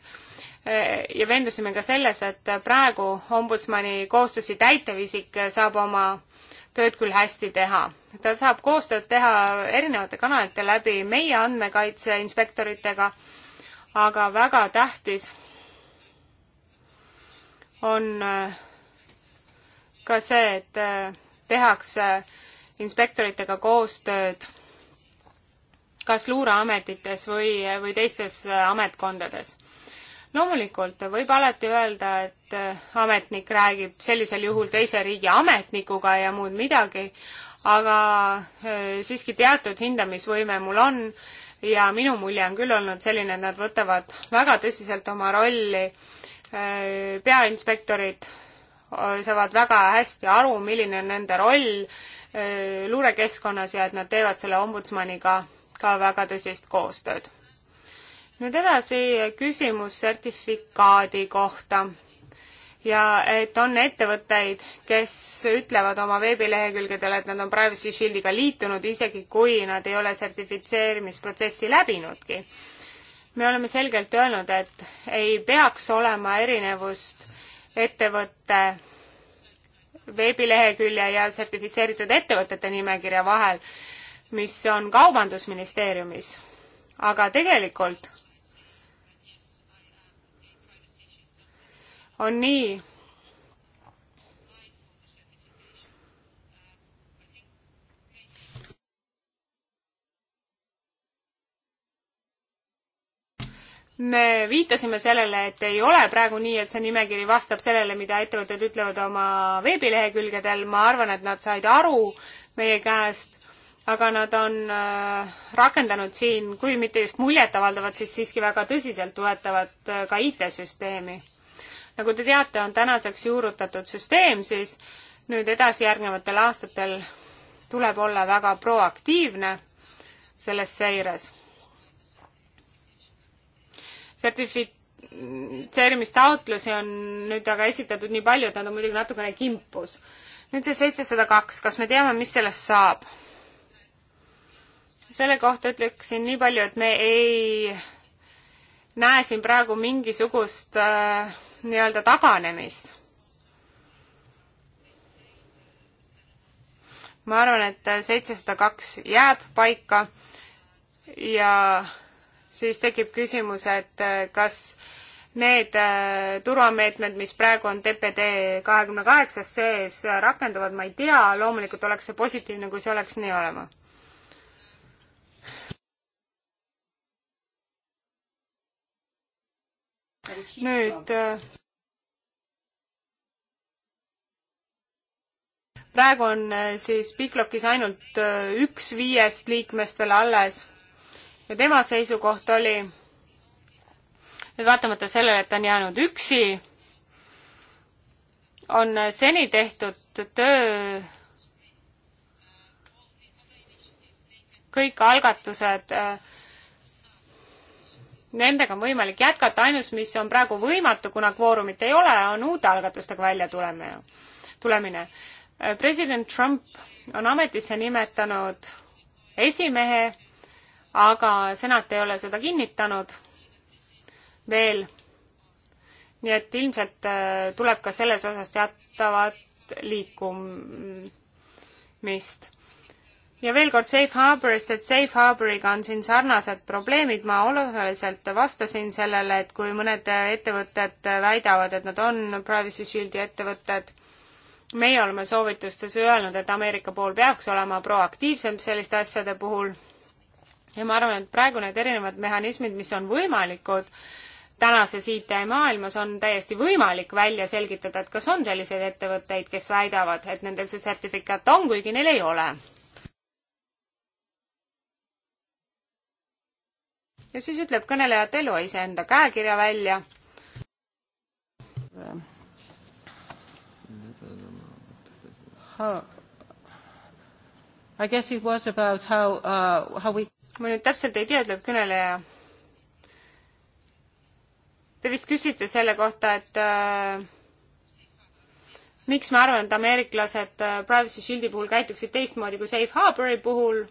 ja veendusime ka selles, et praegu ombudsmani kohustusi täitev isik saab oma äh, tööd küll hästi teha. ta saab koostööd teha erinevate kanalite läbi meie andmekaitseinspektoritega, aga väga tähtis on äh, ka see, et äh, tehakse inspektoritega koostööd kas luureametites või, äh, või teistes ametkondades loomulikult võib alati öelda, et äh, ametnik räägib sellisel juhul teise riigi ametnikuga ja muud midagi, aga äh, siiski teatud hindamisvõime mul on ja minu mulje on küll olnud selline, et nad võtavad väga tõsiselt oma rolli. Äh, peainspektorid saavad väga hästi aru, milline on nende roll luurekeskkonnas ja et nad teevad selle ombudsmaniga ka väga tõsist koostööd nüüd edasi küsimus sertifikaadi kohta ja et on ettevõtteid, kes ütlevad oma veebilehekülgedel, et nad on Privacy Shieldiga liitunud, isegi kui nad ei ole sertifitseerimisprotsessi läbinudki. me oleme selgelt öelnud, et ei peaks olema erinevust ettevõtte veebilehekülje ja sertifitseeritud ettevõtete nimekirja vahel, mis on Kaubandusministeeriumis. aga tegelikult on nii, me viitasime sellele, et ei ole praegu nii, et see nimekiri vastab sellele, mida ettevõtted ütlevad oma veebilehekülgedel, ma arvan, et nad said aru meie käest, aga nad on äh, rakendanud siin, kui mitte just muljetavaldavat, siis siiski väga tõsiseltvõetavat äh, ka IT-süsteemi nagu te teate, on tänaseks juurutatud süsteem, siis nüüd edasijärgnevatel aastatel tuleb olla väga proaktiivne selles seires. sertifitseerimistaotlusi on nüüd aga esitatud nii palju, et nad on muidugi natukene kimpus. nüüd see seitsesada kaks, kas me teame, mis sellest saab? selle kohta ütleksin nii palju, et me ei näe siin praegu mingisugust äh, nii-öelda taganemist. ma arvan, et seitsesada kaks jääb paika ja siis tekib küsimus, et äh, kas need äh, turvameetmed, mis praegu on TPD kahekümne kaheksas sees, äh, rakenduvad, ma ei tea, loomulikult oleks see positiivne, kui see oleks nii olema nüüd äh, praegu on äh, siis Biglokis ainult äh, üks viiest liikmest veel alles ja tema seisukoht oli, et vaatamata sellele, et ta on jäänud üksi, on seni tehtud töö kõik algatused äh, nendega on võimalik jätkata, ainus, mis on praegu võimatu, kuna kvoorumit ei ole, on uute algatustega välja tulemine, tulemine. president Trump on ametisse nimetanud esimehe, aga senat ei ole seda kinnitanud veel. nii et ilmselt äh, tuleb ka selles osas teatavat liikumist ja veel kord Safe Harborist, et Safe Harboriga on siin sarnased probleemid, ma oluliselt vastasin sellele, et kui mõned ettevõtted väidavad, et nad on Privacy Shieldi ettevõtted, meie oleme soovitustes öelnud, et Ameerika pool peaks olema proaktiivsem selliste asjade puhul ja ma arvan, et praegu need erinevad mehhanismid, mis on võimalikud, tänases IT-maailmas on täiesti võimalik välja selgitada, et kas on selliseid ettevõtteid, kes väidavad, et nendel see sertifikaat on, kuigi neil ei ole ja siis ütleb kõneleja Telua iseenda käekirja välja. I guess it was about how uh,, how we ma nüüd täpselt ei tea, ütleb kõneleja. Te vist küsite selle kohta, et äh, miks ma arvan, et ameeriklased äh, Privacy Shieldi puhul käituksid teistmoodi kui Safe Harbori puhul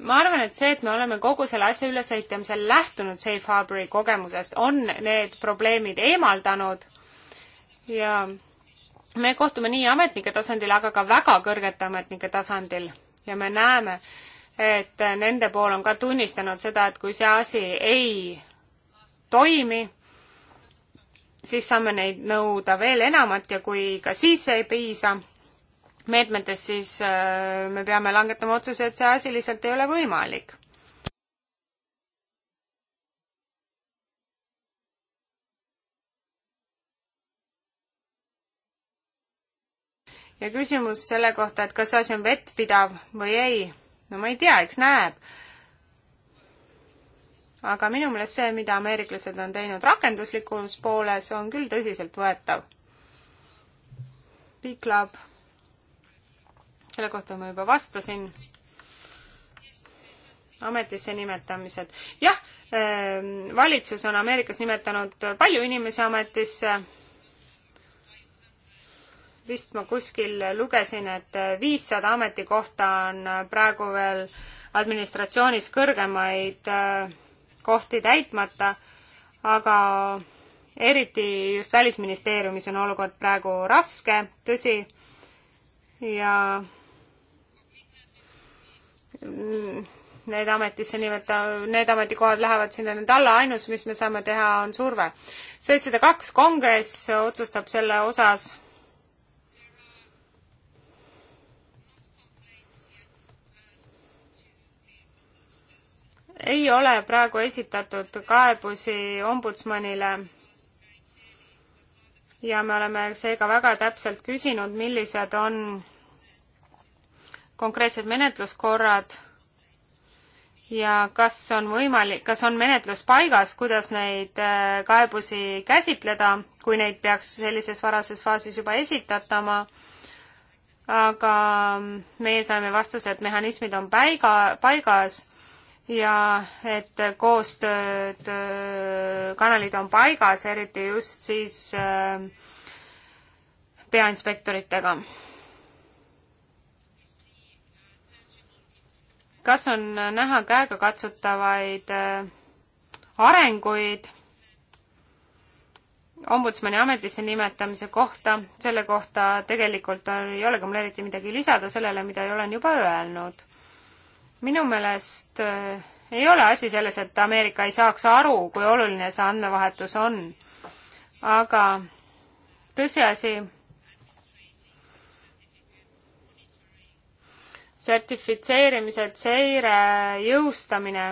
ma arvan, et see, et me oleme kogu selle asja ülesehitamisel lähtunud Safe Harbori kogemusest, on need probleemid eemaldanud ja me kohtume nii ametnike tasandil, aga ka väga kõrgete ametnike tasandil ja me näeme, et nende pool on ka tunnistanud seda, et kui see asi ei toimi, siis saame neid nõuda veel enamat ja kui ka siis ei piisa, meetmetes, siis äh, me peame langetama otsuse, et see asi lihtsalt ei ole võimalik. ja küsimus selle kohta, et kas see asi on vettpidav või ei, no ma ei tea, eks näeb aga minu meelest see, mida ameeriklased on teinud rakenduslikus pooles, on küll tõsiseltvõetav. Big Club selle kohta ma juba vastasin. ametisse nimetamised. jah, ähm, valitsus on Ameerikas nimetanud palju inimesi ametisse. vist ma kuskil lugesin, et viissada ametikohta on praegu veel administratsioonis kõrgemaid äh, kohti täitmata, aga eriti just Välisministeeriumis on olukord praegu raske, tõsi, ja Mm, need ametisse nimeta-, need ametikohad lähevad sinna nüüd alla, ainus, mis me saame teha, on surve. seitsesada kaks, kongress otsustab selle osas. ei ole praegu esitatud kaebusi ombudsmanile ja me oleme seega väga täpselt küsinud, millised on konkreetsed menetluskorrad ja kas on võimalik, kas on menetlus paigas, kuidas neid äh, kaebusi käsitleda, kui neid peaks sellises varases faasis juba esitatama, aga mm, meie saime vastuse, et mehhanismid on paiga, paigas ja et koostööd, äh, kanalid on paigas, eriti just siis äh, peainspektoritega kas on näha käegakatsutavaid äh, arenguid ombudsmani ametisse nimetamise kohta, selle kohta tegelikult ei olegi mul eriti midagi lisada sellele, mida olen juba öelnud. minu meelest äh, ei ole asi selles, et Ameerika ei saaks aru, kui oluline see andmevahetus on. aga tõsiasi sertifitseerimise seire jõustamine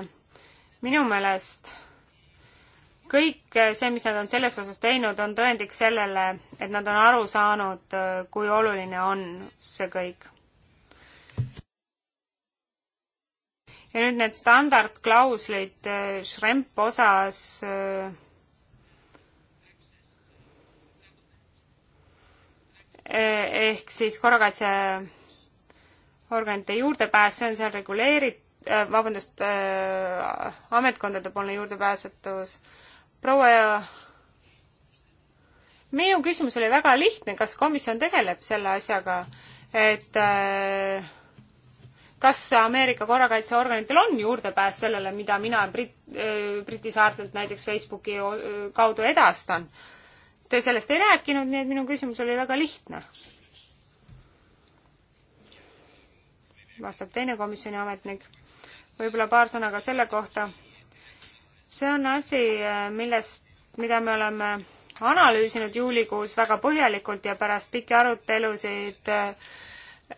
minu meelest kõik see, mis nad on selles osas teinud, on tõendiks sellele, et nad on aru saanud, kui oluline on see kõik. ja nüüd need standardklauslid äh, Schremp osas äh, eh, ehk siis korrakaitse organite juurdepääs, see on seal reguleeritud, äh, vabandust äh,, ametkondadepoolne juurdepääsetavus. proua, minu küsimus oli väga lihtne, kas komisjon tegeleb selle asjaga, et äh, kas Ameerika korrakaitseorganitel on juurdepääs sellele, mida mina Brit-, äh, Briti saartelt näiteks Facebooki äh, kaudu edastan? Te sellest ei rääkinud, nii et minu küsimus oli väga lihtne vastab teine komisjoni ametnik. võib-olla paar sõna ka selle kohta. see on asi, äh, millest, mida me oleme analüüsinud juulikuus väga põhjalikult ja pärast pikki arutelusid äh,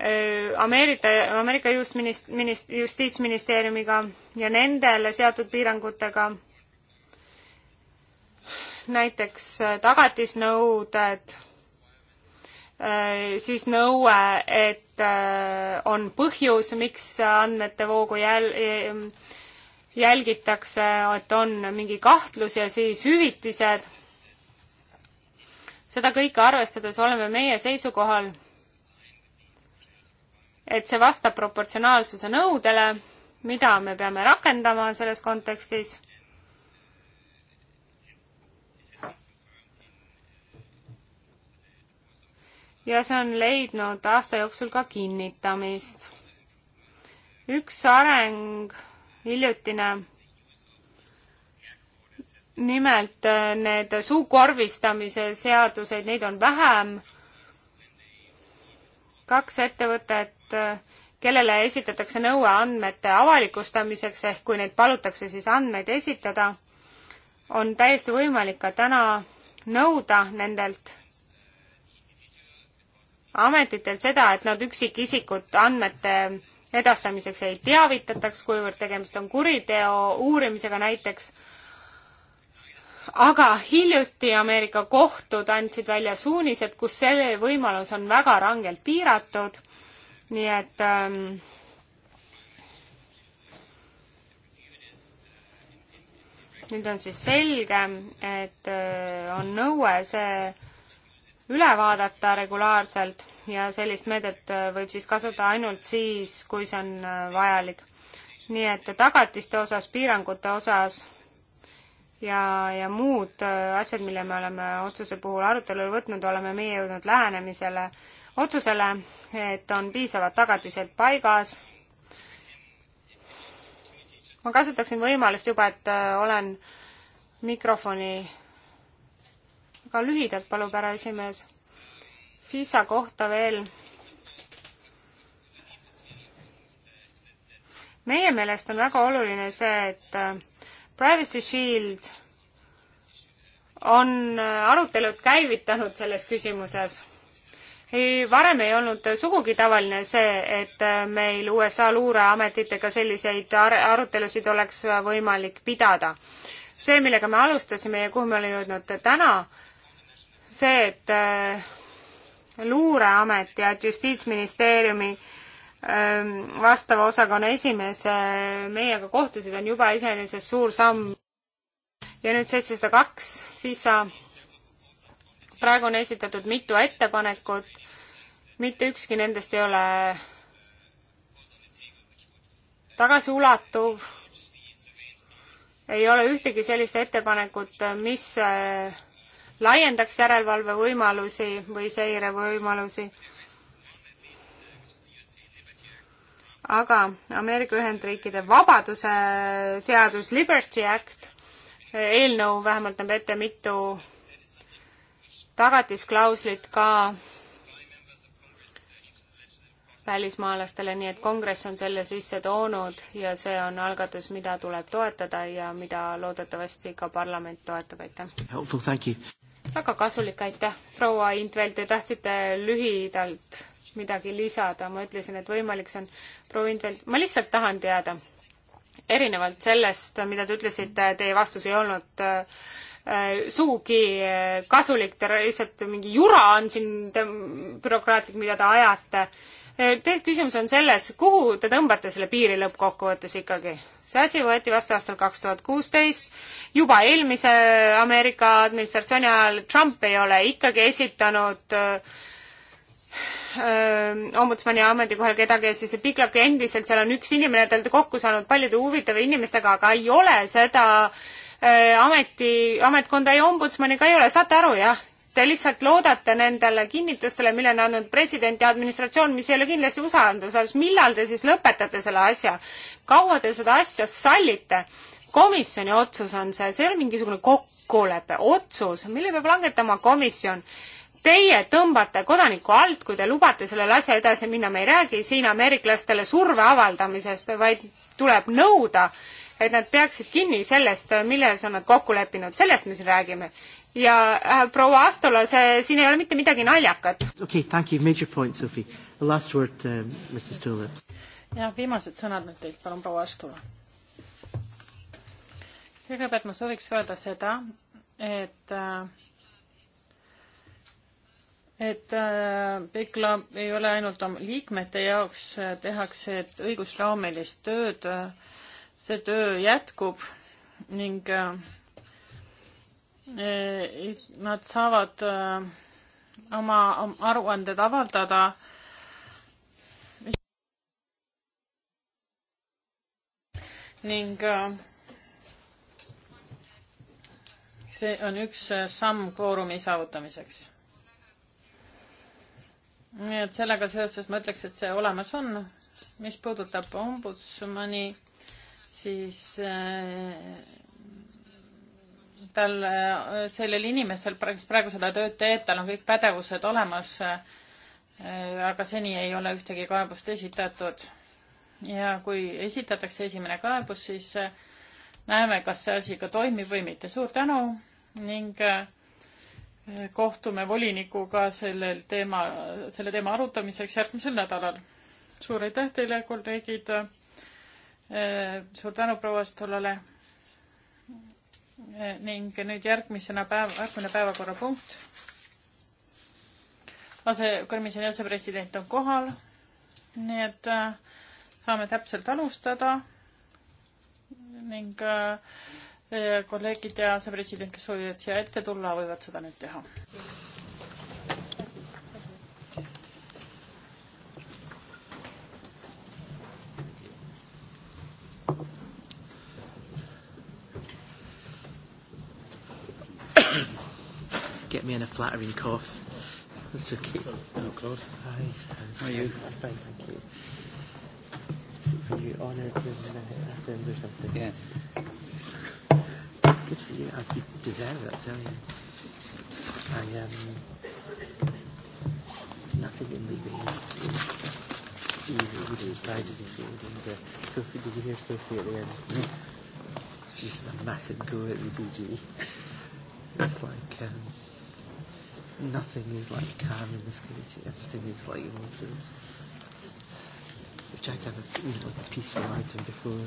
äh, Ameerika, Ameerika just-, minist-, justiitsministeeriumiga ja nendele seatud piirangutega näiteks tagatisnõuded, siis nõue, et Äh, on põhjus, miks andmete voogu jäl-, jälgitakse, et on mingi kahtlus ja siis hüvitised. seda kõike arvestades oleme meie seisukohal, et see vastab proportsionaalsuse nõudele, mida me peame rakendama selles kontekstis ja see on leidnud aasta jooksul ka kinnitamist. üks areng hiljutine, nimelt äh, need suukorvistamise seadused, neid on vähem, kaks ettevõtet, äh, kellele esitatakse nõue andmete avalikustamiseks, ehk kui neid palutakse siis andmeid esitada, on täiesti võimalik ka täna nõuda nendelt ametitelt seda, et nad üksikisikut andmete edastamiseks ei teavitataks, kuivõrd tegemist on kuriteo uurimisega näiteks. aga hiljuti Ameerika kohtud andsid välja suunised, kus see võimalus on väga rangelt piiratud. nii et ähm, nüüd on siis selge, et äh, on nõue see üle vaadata regulaarselt ja sellist meedet äh, võib siis kasutada ainult siis, kui see on äh, vajalik. nii et tagatiste osas, piirangute osas ja, ja muud äh, asjad, mille me oleme otsuse puhul arutelule võtnud, oleme meie jõudnud lähenemisele otsusele, et on piisavad tagatised paigas. ma kasutaksin võimalust juba, et olen mikrofoni aga lühidalt palub härra esimees. FISA kohta veel. meie meelest on väga oluline see, et äh, Privacy Shield on äh, arutelud käivitanud selles küsimuses. ei, varem ei olnud sugugi tavaline see, et äh, meil USA luureametitega selliseid ar arutelusid oleks võimalik pidada. see, millega me alustasime ja kuhu me oleme jõudnud täna, see, et äh, luureamet ja et Justiitsministeeriumi ähm, vastava osakonna esimees äh, meiega kohtusid, on juba iseenesest suur samm. ja nüüd seitsesada kaks FISA. Äh, praegu on esitatud mitu ettepanekut, mitte ükski nendest ei ole tagasiulatuv, ei ole ühtegi sellist ettepanekut, mis laiendaks järelevalve võimalusi või seire võimalusi. aga Ameerika Ühendriikide vabaduse seadus, Liberty Act, eelnõu vähemalt näeb ette mitu tagatisklauslit ka välismaalastele, nii et kongress on selle sisse toonud ja see on algatus, mida tuleb toetada ja mida loodetavasti ka parlament toetab, aitäh! väga kasulik, aitäh, proua Intvelt, te tahtsite lühidalt midagi lisada, ma ütlesin, et võimalik see on. proua Intvelt, ma lihtsalt tahan teada, erinevalt sellest, mida te ütlesite, teie vastus ei olnud äh, sugugi äh, kasulik, te lihtsalt mingi jura on siin bürokraatlik, mida te ajate Eh, Teie küsimus on selles, kuhu te tõmbate selle piiri lõppkokkuvõttes ikkagi? see asi võeti vastu aastal kaks tuhat kuusteist, juba eelmise Ameerika administratsiooni ajal Trump ei ole ikkagi esitanud eh, eh, ombudsmani ametikohal kedagi ja siis Piklaki endiselt, seal on üks inimene, te olete kokku saanud paljude huvitava inimestega, aga ei ole seda öö, ameti, ametkonda ja ombudsmani ka ei ole, saate aru jah? Te lihtsalt loodate nendele kinnitustele, mille on andnud president ja administratsioon, mis ei ole kindlasti usaldusväärsus. millal te siis lõpetate selle asja? kaua te seda asja sallite? komisjoni otsus on see, see ei ole mingisugune kokkulepe, otsus, mille peab langetama komisjon teie tõmbate kodaniku alt, kui te lubate sellele asja edasi minna, me ei räägi siin ameeriklastele surve avaldamisest, vaid tuleb nõuda, et nad peaksid kinni sellest, milles on nad kokku leppinud, sellest me siin räägime ja äh, proua Astola, see, siin ei ole mitte midagi naljakat. okei okay,, thank you, major point, Sophie. The last word uh,, Mrs Toola. jah, viimased sõnad nüüd teilt, palun, proua Astola. kõigepealt ma sooviks öelda seda, et äh, et Big äh, Lab ei ole ainult oma liikmete jaoks, äh, tehakse õigusloomelist tööd, äh, see töö jätkub ning Äh, nad saavad äh, oma aruanded avaldada ning äh, see on üks samm kvoorumi saavutamiseks. nii et sellega seoses ma ütleks, et see olemas on. mis puudutab ombudsmani, siis äh, tal, äh, sellel inimesel, kes praegu seda tööd teeb, tal on kõik pädevused olemas, äh, aga seni ei ole ühtegi kaebust esitatud. ja kui esitatakse esimene kaebus, siis äh, näeme, kas see asi ka toimib või mitte. suur tänu ning kohtume volinikuga sellel teema, selle teema arutamiseks järgmisel nädalal. suur aitäh teile, kolleegid. suur tänu proua Stolale ning nüüd järgmisena päev, järgmine päevakorrapunkt. asekomisjoni asepresident on kohal, nii et äh, saame täpselt alustada ning äh, kolleegid ja asepresident, kes soovivad siia ette tulla, võivad seda nüüd teha. get me in a flattering cough. That's okay. Hello, oh, Claude. Hi. How are you? I'm fine, thank you. Are you honoured in uh, Athens or something? Yes. Good for you. I, you deserve it, I tell you. I, um, nothing in leaving is, is easy. You do as bad as you feel. And, uh, Sophie, did you hear Sophie at the end? No. She's a massive go at the DG. It's like, um, nothing is like calm in this committee. Everything is like you want to. We tried to have a, you know, a peaceful item before.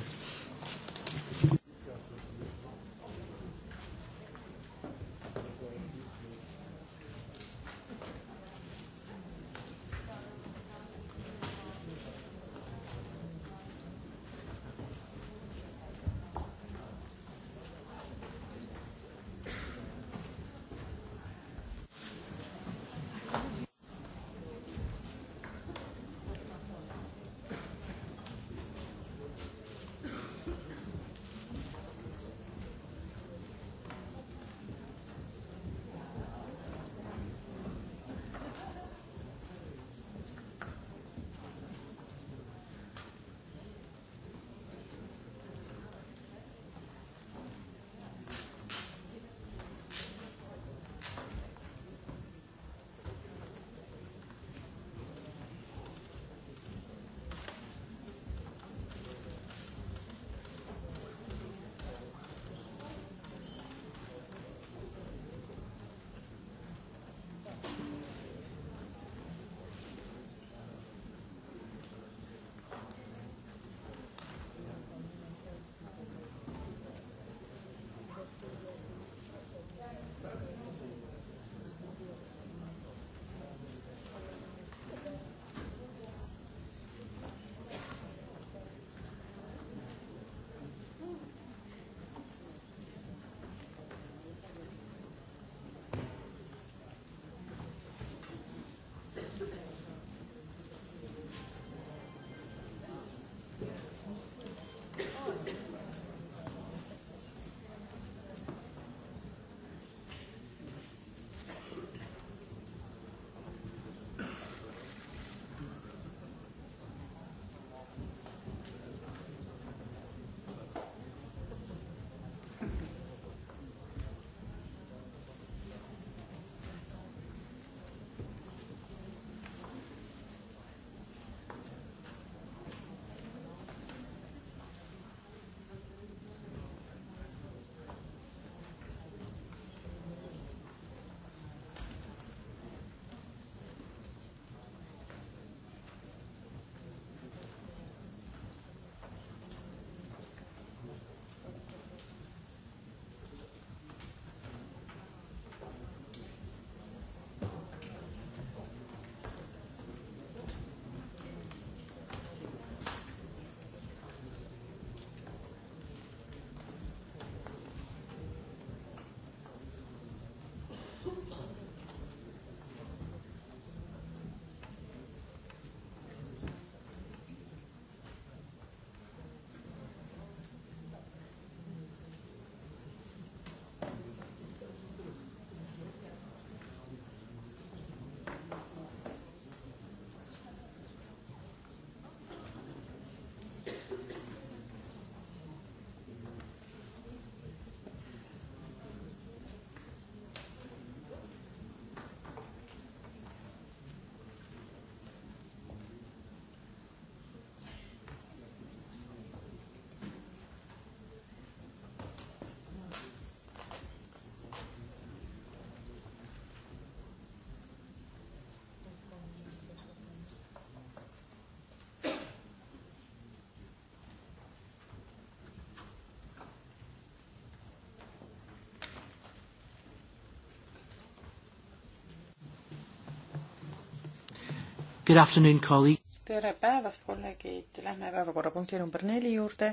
Good afternoon, colleague. tere päevast, kolleegid, lähme päevakorrapunkti number neli juurde,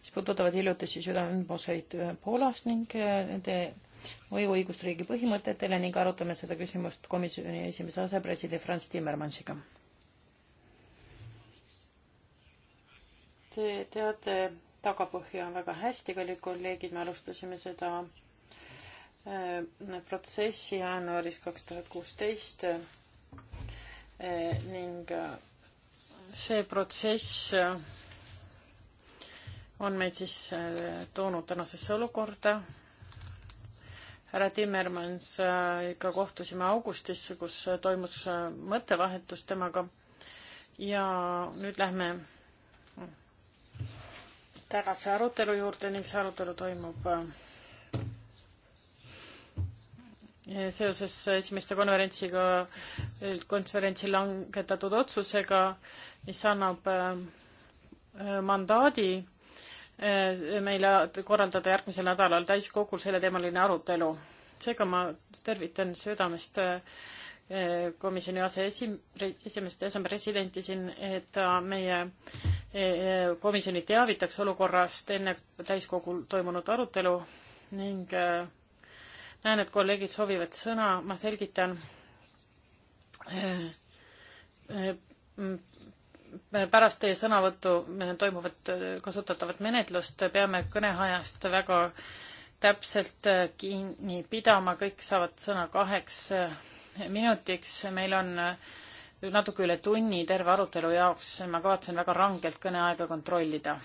mis puudutavad hiljutisi südameümbruseid äh, Poolas ning äh, nende mõju õigusriigi põhimõtetele ning arutame seda küsimust komisjoni esimese asepresidendi Franz Timmermansiga. Te teate tagapõhja väga hästi, kallid kolleegid, me alustasime seda äh, protsessi jaanuaris kaks tuhat kuusteist Eh, ning eh, see protsess eh, on meid siis toonud tänasesse olukorda. härra Timmermansiga kohtusime augustis, kus toimus mõttevahetus temaga ja nüüd lähme tänase arutelu juurde ning see arutelu toimub seoses esimeste konverentsiga, konverentsil langetatud otsusega, mis annab äh, äh, mandaadi äh, meile korraldada järgmisel nädalal täiskogul selleteemaline arutelu. seega ma tervitan südamest komisjoni aseesim-, esimest asepresidenti siin, et ta meie komisjoni teavitaks olukorrast enne täiskogul toimunud arutelu ning näen, et kolleegid soovivad sõna, ma selgitan. Eh, eh, pärast teie sõnavõttu toimuvat eh, kasutatavat menetlust peame kõneajast väga täpselt kinni pidama, kõik saavad sõna kaheks minutiks, meil on natuke üle tunni terve arutelu jaoks, ma kavatsen väga rangelt kõneaega kontrollida.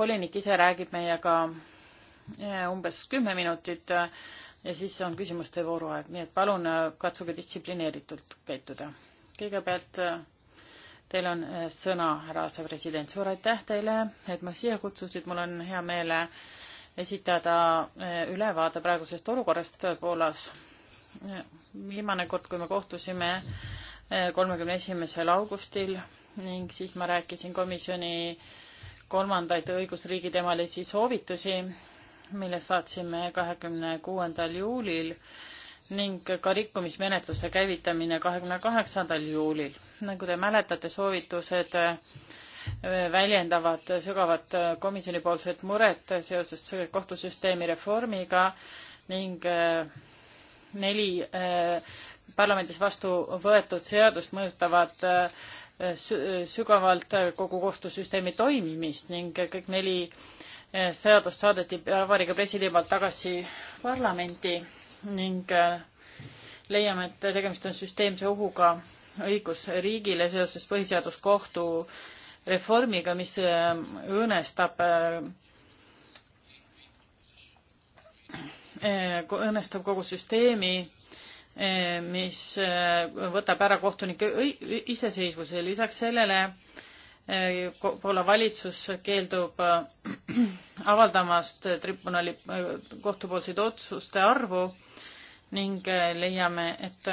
volinik ise räägib meiega umbes kümme minutit äh, ja siis on küsimuste vooru aeg, nii et palun äh, katsuge distsiplineeritult käituda. kõigepealt äh, teil on sõna, härra asepresident, suur aitäh teile, et ma siia kutsusid, mul on hea meel esitada ülevaade praegusest olukorrast Poolas. viimane kord, kui me kohtusime kolmekümne esimesel augustil ning siis ma rääkisin komisjoni kolmandaid õigusriigi temalisi soovitusi mille saatsime kahekümne kuuendal juulil ning ka rikkumismenetluste käivitamine kahekümne kaheksandal juulil. nagu te mäletate, soovitused äh, väljendavad sügavat äh, komisjonipoolset muret seoses kohtusüsteemi reformiga ning äh, neli parlamendis vastu võetud seadust mõjutavad sügavalt kogu kohtusüsteemi toimimist ning kõik neli Eh, seadus saadeti Vabariigi presidendi poolt tagasi parlamenti ning eh, leiame, et tegemist on süsteemse ohuga õigusriigile seoses põhiseaduskohtu reformiga, mis eh, õõnestab, õõnestab kogu süsteemi, mis võtab ära kohtunike iseseisvuse. lisaks sellele Poola valitsus keeldub äh, avaldamast tribunali äh, kohtupoolseid otsuste arvu ning äh, leiame, et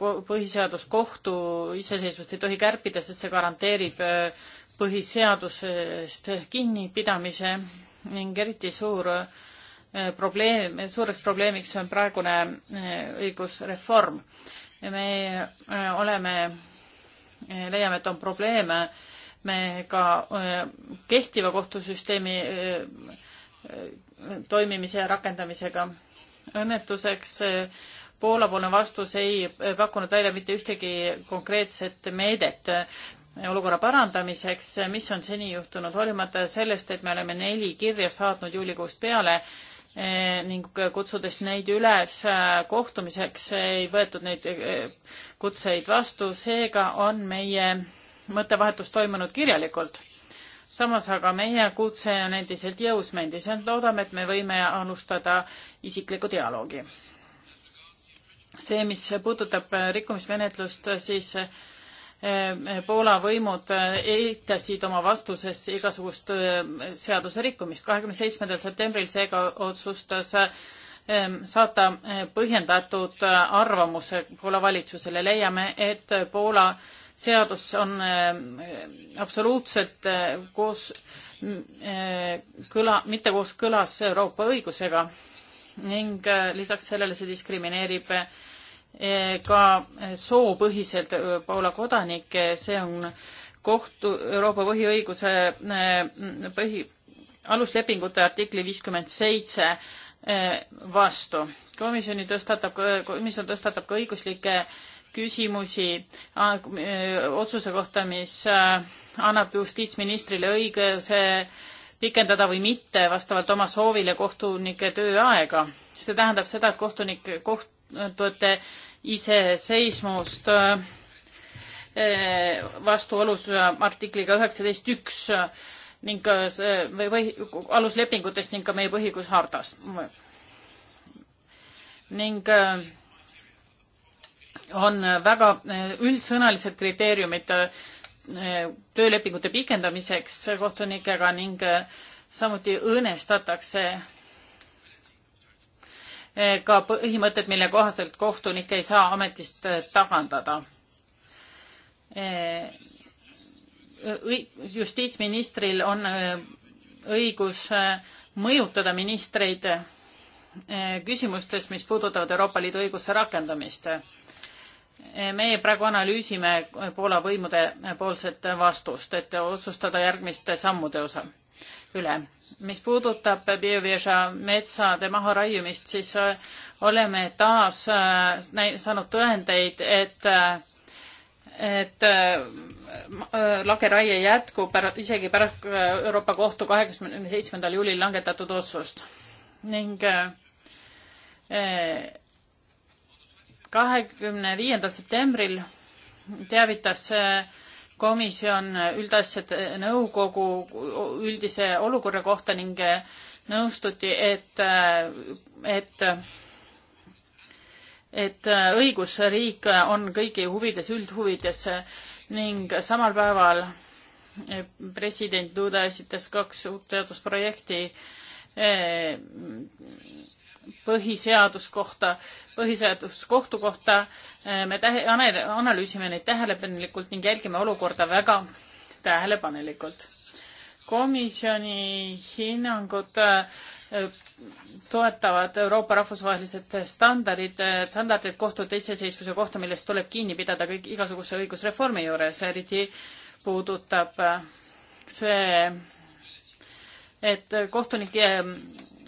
põhiseaduskohtu iseseisvust ei tohi kärpida, sest see garanteerib põhiseadusest kinnipidamise ning eriti suur probleem, suureks probleemiks on praegune õigusreform. me oleme Eh, leiame, et on probleeme me ka eh, kehtiva kohtusüsteemi eh, toimimise ja rakendamisega. õnnetuseks Poola-poolne vastus ei pakkunud välja mitte ühtegi konkreetset meedet olukorra parandamiseks, mis on seni juhtunud, hoolimata sellest, et me oleme neli kirja saatnud juulikuust peale Eh, ning kutsudes neid üles eh, kohtumiseks, ei võetud neid eh, kutseid vastu, seega on meie mõttevahetus toimunud kirjalikult. samas aga meie kutse on endiselt jõus, me endiselt loodame, et me võime alustada isiklikku dialoogi. see, mis puudutab rikkumismenetlust, siis Äh, Poola võimud eitasid oma vastuses igasugust äh, seaduse rikkumist. kahekümne seitsmendal septembril seega otsustas ähm, saata äh, põhjendatud arvamuse Poola valitsusele. leiame, et Poola seadus on absoluutselt koos kõla, mitte kooskõlas Euroopa õigusega ning lisaks sellele see diskrimineerib Eh, ka soopõhiselt Poola kodanikke, see on kohtu, Euroopa põhiõiguse eh, põhi, aluslepingute artikli viiskümmend seitse eh, vastu. komisjoni tõstatab, komisjon tõstatab ka õiguslikke küsimusi otsuse kohta, mis annab justiitsministrile õiguse pikendada või mitte vastavalt oma soovile kohtunike tööaega. see tähendab seda, et kohtunik, kohtute iseseisvust äh, äh, vastuolus äh, artikliga üheksateist üks ning või, või aluslepingutest ning ka meie põhikõigushartast. ning on väga üldsõnalised kriteeriumid töölepingute pikendamiseks kohtunikega ning samuti õõnestatakse ka põhimõtted, mille kohaselt kohtunik ei saa ametist äh, tagandada. Äh, justiitsministril on äh, õigus mõjutada ministreid küsimustes, mis puudutavad Euroopa Liidu õiguse rakendamist. meie praegu analüüsime Poola võimude poolset vastust, et otsustada järgmiste sammude osa üle. mis puudutab Bioveža metsade maharaiumist, siis äh, oleme taas äh, saanud tõendeid, et äh, et lageraie jätkub isegi pärast Euroopa Kohtu kahekümne seitsmendal juulil langetatud otsust ning kahekümne viiendal septembril teavitas komisjon üldasjade eh, nõukogu üldise olukorra kohta ning eh, nõustuti, et, eh, et et õigusriik on kõigi huvides, üldhuvides ning samal päeval president Duda esitas kaks uut teadusprojekti põhiseadus kohta, põhiseaduskohtu kohta. me tähe, analüüsime neid tähelepanelikult ning jälgime olukorda väga tähelepanelikult. komisjoni hinnangud äh, toetavad Euroopa rahvusvahelised standardid, äh, standardid kohtute iseseisvuse kohta, millest tuleb kinni pidada kõik igasuguse õigusreformi juures, eriti puudutab äh, see, et kohtunike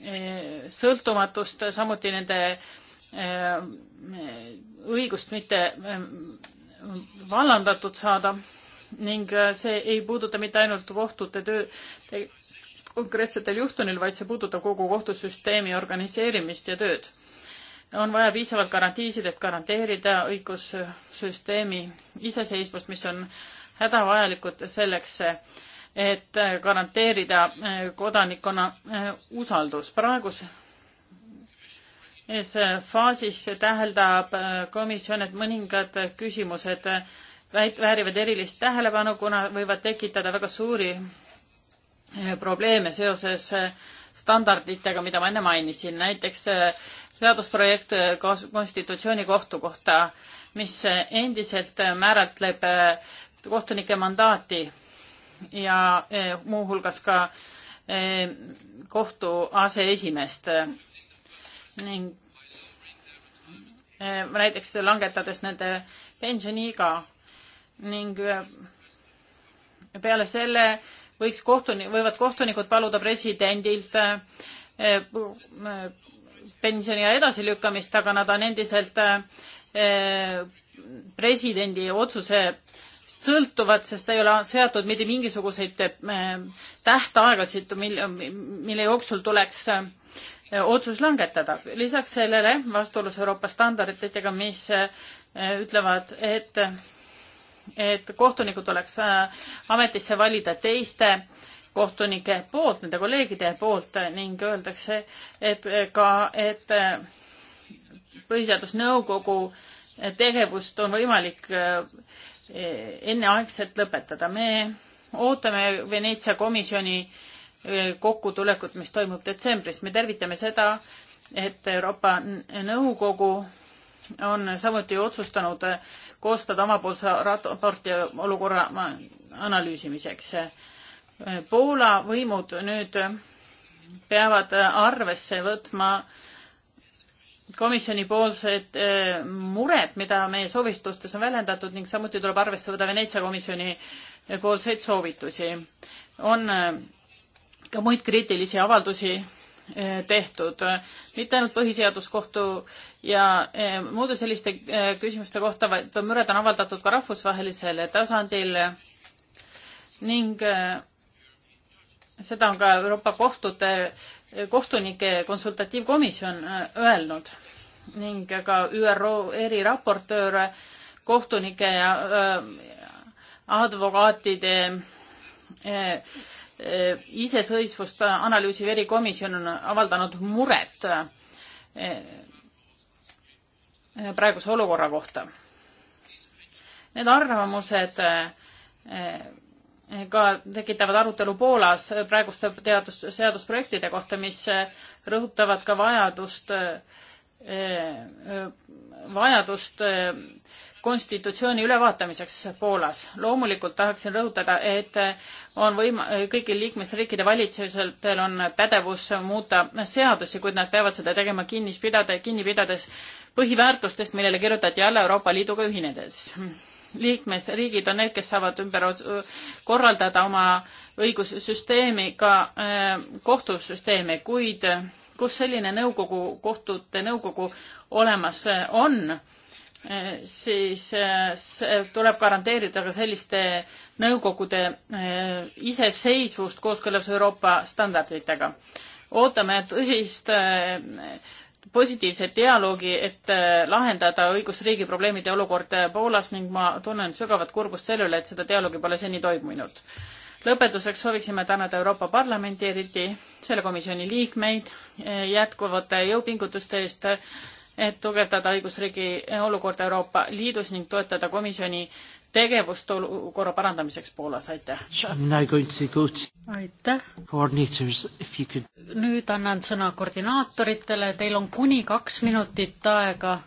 Eh, sõltumatust, samuti nende eh, õigust mitte eh, vallandatud saada ning see ei puuduta mitte ainult kohtute töö konkreetsetel juhtumil, vaid see puudutab kogu kohtusüsteemi organiseerimist ja tööd. on vaja piisavalt garantiisid, et garanteerida õigussüsteemi iseseisvust, mis on hädavajalikud selleks, et garanteerida eh, kodanikkonna eh, usaldus. praeguses eh, faasis täheldab komisjon, et mõningad küsimused väärivad erilist tähelepanu, kuna võivad tekitada väga suuri probleeme seoses standarditega, mida ma enne mainisin, näiteks seadusprojekt konstitutsioonikohtu kohta, mis endiselt määratleb kohtunike mandaati ja eh, muuhulgas ka eh, kohtu aseesimeest ning eh, näiteks langetades nende pensioniiga ning peale selle võiks kohtuni-, võivad kohtunikud paluda presidendilt pensioniea edasilükkamist, aga nad on endiselt presidendi otsuse sõltuvad, sest ei ole seatud mitte mingisuguseid eh, tähtaegasid, mille, mille jooksul tuleks eh, otsus langetada. lisaks sellele vastuolus Euroopa standarditega, mis eh, ütlevad, et, et kohtunikud tuleks ametisse valida teiste kohtunike poolt, nende kolleegide poolt ning öeldakse, et ka, et põhiseadusnõukogu tegevust on võimalik enneaegselt lõpetada. me ootame Veneetsia komisjoni eh, kokkutulekut, mis toimub detsembris. me tervitame seda, et Euroopa Nõukogu on samuti otsustanud koostada omapoolse raporti olukorra analüüsimiseks. Poola võimud nüüd peavad arvesse võtma äh, komisjonipoolsed äh, mured, mida meie soovistustes on väljendatud ning samuti tuleb arvesse võtta Veneetsia komisjoni poolseid soovitusi. on äh, ka muid kriitilisi avaldusi äh, tehtud, mitte ainult põhiseaduskohtu ja muude selliste küsimuste kohta, vaid mured on avaldatud ka rahvusvahelisel tasandil ning seda on ka Euroopa kohtute, kohtunike konsultatiivkomisjon äh, öelnud ning ka ÜRO eriraportöör kohtunike ja äh, advokaatide äh, iseseisvust analüüsiv erikomisjon on avaldanud muret praeguse olukorra kohta. Need arvamused ka tekitavad arutelu Poolas praeguste teadus, seadusprojektide kohta, mis äh, rõhutavad ka vajadust, äh, äh, vajadust konstitutsiooni ülevaatamiseks Poolas. loomulikult tahaksin rõhutada, et on võim-, kõigil liikmesriikide valitsusel on pädevus muuta seadusi, kuid nad peavad seda tegema kinnis pidada, kinni pidades põhiväärtustest, millele kirjutati alla Euroopa Liiduga ühinedes liikmesriigid on need, kes saavad ümber korraldada oma õigussüsteemi, ka äh, kohtusüsteemi, kuid kus selline nõukogu, kohtute nõukogu olemas äh, on, äh, siis tuleb garanteerida ka selliste nõukogude iseseisvust kooskõlas Euroopa standarditega. ootame tõsist positiivse dialoogi, et äh, lahendada õigusriigi probleemide olukord äh, Poolas ning ma tunnen sügavat kurbust selle üle, et seda dialoogi pole seni toimunud. lõpetuseks sooviksime tänada Euroopa Parlamenti, eriti selle komisjoni liikmeid, äh, jätkuvate jõupingutuste eest, et tugevdada õigusriigi olukorda Euroopa Liidus ning toetada komisjoni tegevust olukorra parandamiseks Poolas, aitäh! aitäh! nüüd annan sõna koordinaatoritele, teil on kuni kaks minutit aega,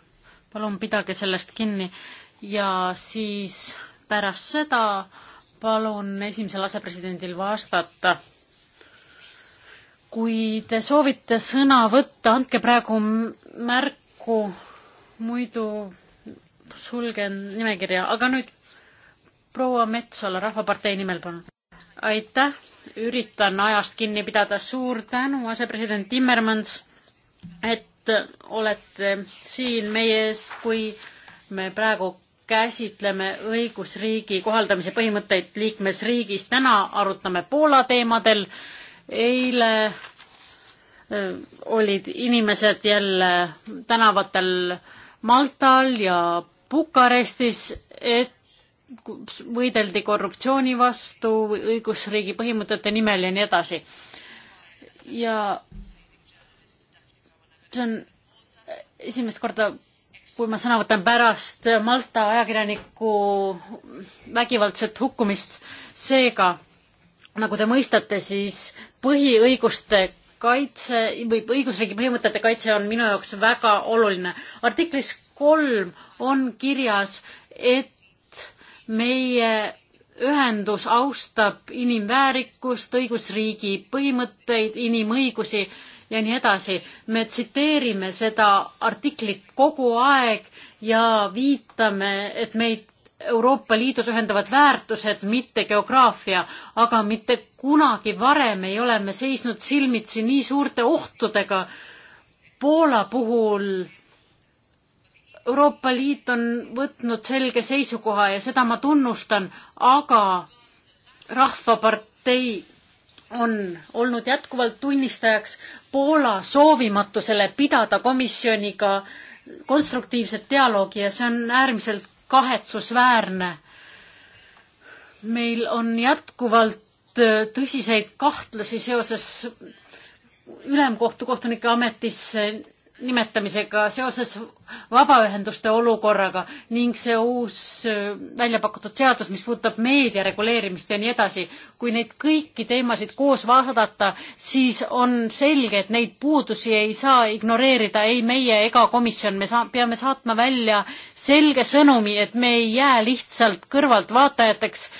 palun pidage sellest kinni ja siis pärast seda palun esimesel asepresidendil vastata kui te soovite sõna võtta, andke praegu märku, muidu sulgen nimekirja, aga nüüd proua Metsola Rahvapartei nimel, palun. aitäh, üritan ajast kinni pidada, suur tänu, asepresident Timmermans, et olete siin meie ees, kui me praegu käsitleme õigusriigi kohaldamise põhimõtteid liikmesriigis, täna arutame Poola teemadel, eile äh, olid inimesed jälle tänavatel Maltal ja Bukarestis, et võideldi korruptsiooni vastu, õigusriigi põhimõtete nimel ja nii edasi. ja see on esimest korda, kui ma sõna võtan pärast Malta ajakirjaniku vägivaldset hukkumist, seega nagu te mõistate, siis põhiõiguste kaitse või õigusriigi põhimõtete kaitse on minu jaoks väga oluline. artiklis kolm on kirjas, et meie ühendus austab inimväärikust, õigusriigi põhimõtteid, inimõigusi ja nii edasi. me tsiteerime seda artiklit kogu aeg ja viitame, et meid Euroopa Liidus ühendavad väärtused, mitte geograafia, aga mitte kunagi varem ei ole me seisnud silmitsi nii suurte ohtudega. Poola puhul Euroopa Liit on võtnud selge seisukoha ja seda ma tunnustan, aga Rahvapartei on olnud jätkuvalt tunnistajaks Poola soovimatusele pidada komisjoniga konstruktiivset dialoogi ja see on äärmiselt kahetsusväärne. meil on jätkuvalt äh, tõsiseid kahtlusi seoses ülemkohtu kohtunike ametisse nimetamisega seoses vabaühenduste olukorraga ning see uus äh, välja pakutud seadus, mis puudutab meedia reguleerimist ja nii edasi. kui neid kõiki teemasid koos vaadata, siis on selge, et neid puudusi ei saa ignoreerida ei meie ega komisjon, me saa-, peame saatma välja selge sõnumi, et me ei jää lihtsalt kõrvaltvaatajateks,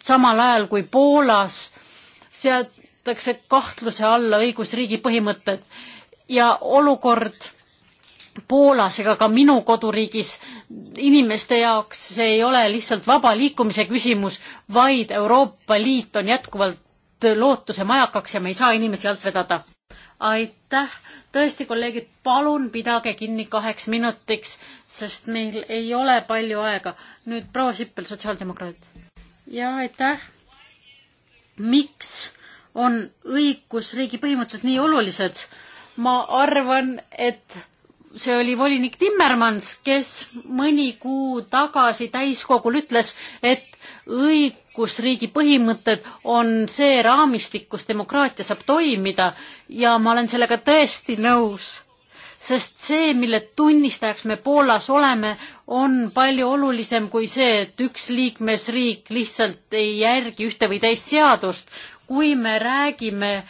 samal ajal kui Poolas seatakse kahtluse alla õigusriigi põhimõtted ja olukord Poolas ega ka minu koduriigis inimeste jaoks see ei ole lihtsalt vaba liikumise küsimus, vaid Euroopa Liit on jätkuvalt lootuse majakaks ja me ei saa inimesi alt vedada. aitäh, tõesti, kolleegid, palun pidage kinni kaheks minutiks, sest meil ei ole palju aega. nüüd proua Sippel, sotsiaaldemokraadid. ja aitäh. miks on õigusriigi põhimõtted nii olulised? ma arvan, et see oli volinik Timmermans, kes mõni kuu tagasi täiskogul ütles, et õigusriigi põhimõtted on see raamistik, kus demokraatia saab toimida ja ma olen sellega tõesti nõus. sest see, mille tunnistajaks me Poolas oleme, on palju olulisem kui see, et üks liikmesriik lihtsalt ei järgi ühte või teist seadust. kui me räägime äh,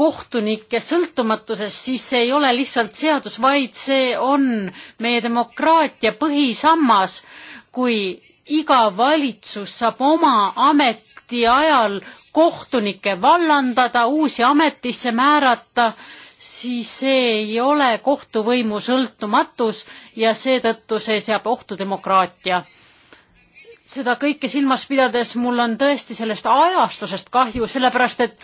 kohtunike sõltumatusest, siis see ei ole lihtsalt seadus, vaid see on meie demokraatia põhisammas, kui iga valitsus saab oma ameti ajal kohtunikke vallandada, uusi ametisse määrata, siis see ei ole kohtuvõimu sõltumatus ja seetõttu see seab ohtu demokraatia seda kõike silmas pidades mul on tõesti sellest ajastusest kahju, sellepärast et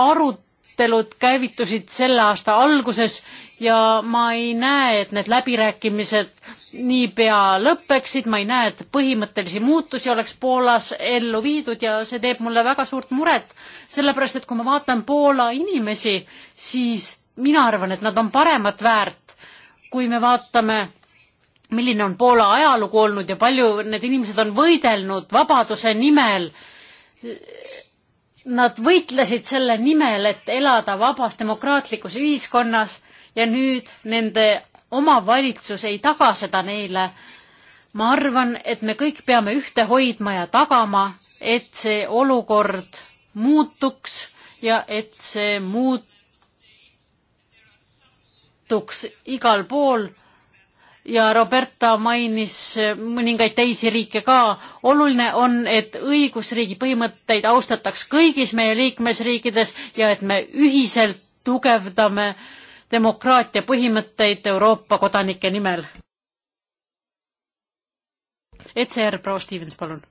arut-, arutelud käivitusid selle aasta alguses ja ma ei näe, et need läbirääkimised niipea lõpeksid, ma ei näe, et põhimõttelisi muutusi oleks Poolas ellu viidud ja see teeb mulle väga suurt muret, sellepärast et kui ma vaatan Poola inimesi, siis mina arvan, et nad on paremat väärt, kui me vaatame, milline on Poola ajalugu olnud ja palju need inimesed on võidelnud vabaduse nimel Nad võitlesid selle nimel, et elada vabas demokraatlikus ühiskonnas ja nüüd nende omavalitsus ei taga seda neile. ma arvan, et me kõik peame ühte hoidma ja tagama, et see olukord muutuks ja et see muutuks igal pool ja Roberta mainis mõningaid teisi riike ka. oluline on, et õigusriigi põhimõtteid austataks kõigis meie liikmesriikides ja et me ühiselt tugevdame demokraatia põhimõtteid Euroopa kodanike nimel. ECR proua Stevens, palun.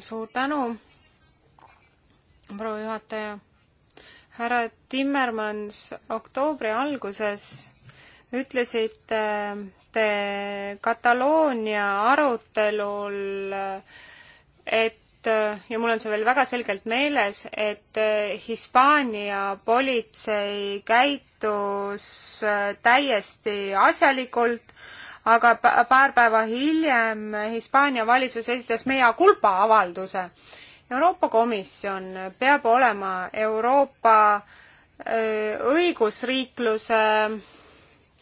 suur tänu proua juhataja. härra Timmermans, oktoobri alguses ütlesite te Kataloonia arutelul, et ja mul on see veel väga selgelt meeles, et Hispaania politsei käitus täiesti asjalikult, aga paar päeva hiljem Hispaania valitsus esitas mea culpa avalduse Euroopa Komisjon peab olema Euroopa õigusriikluse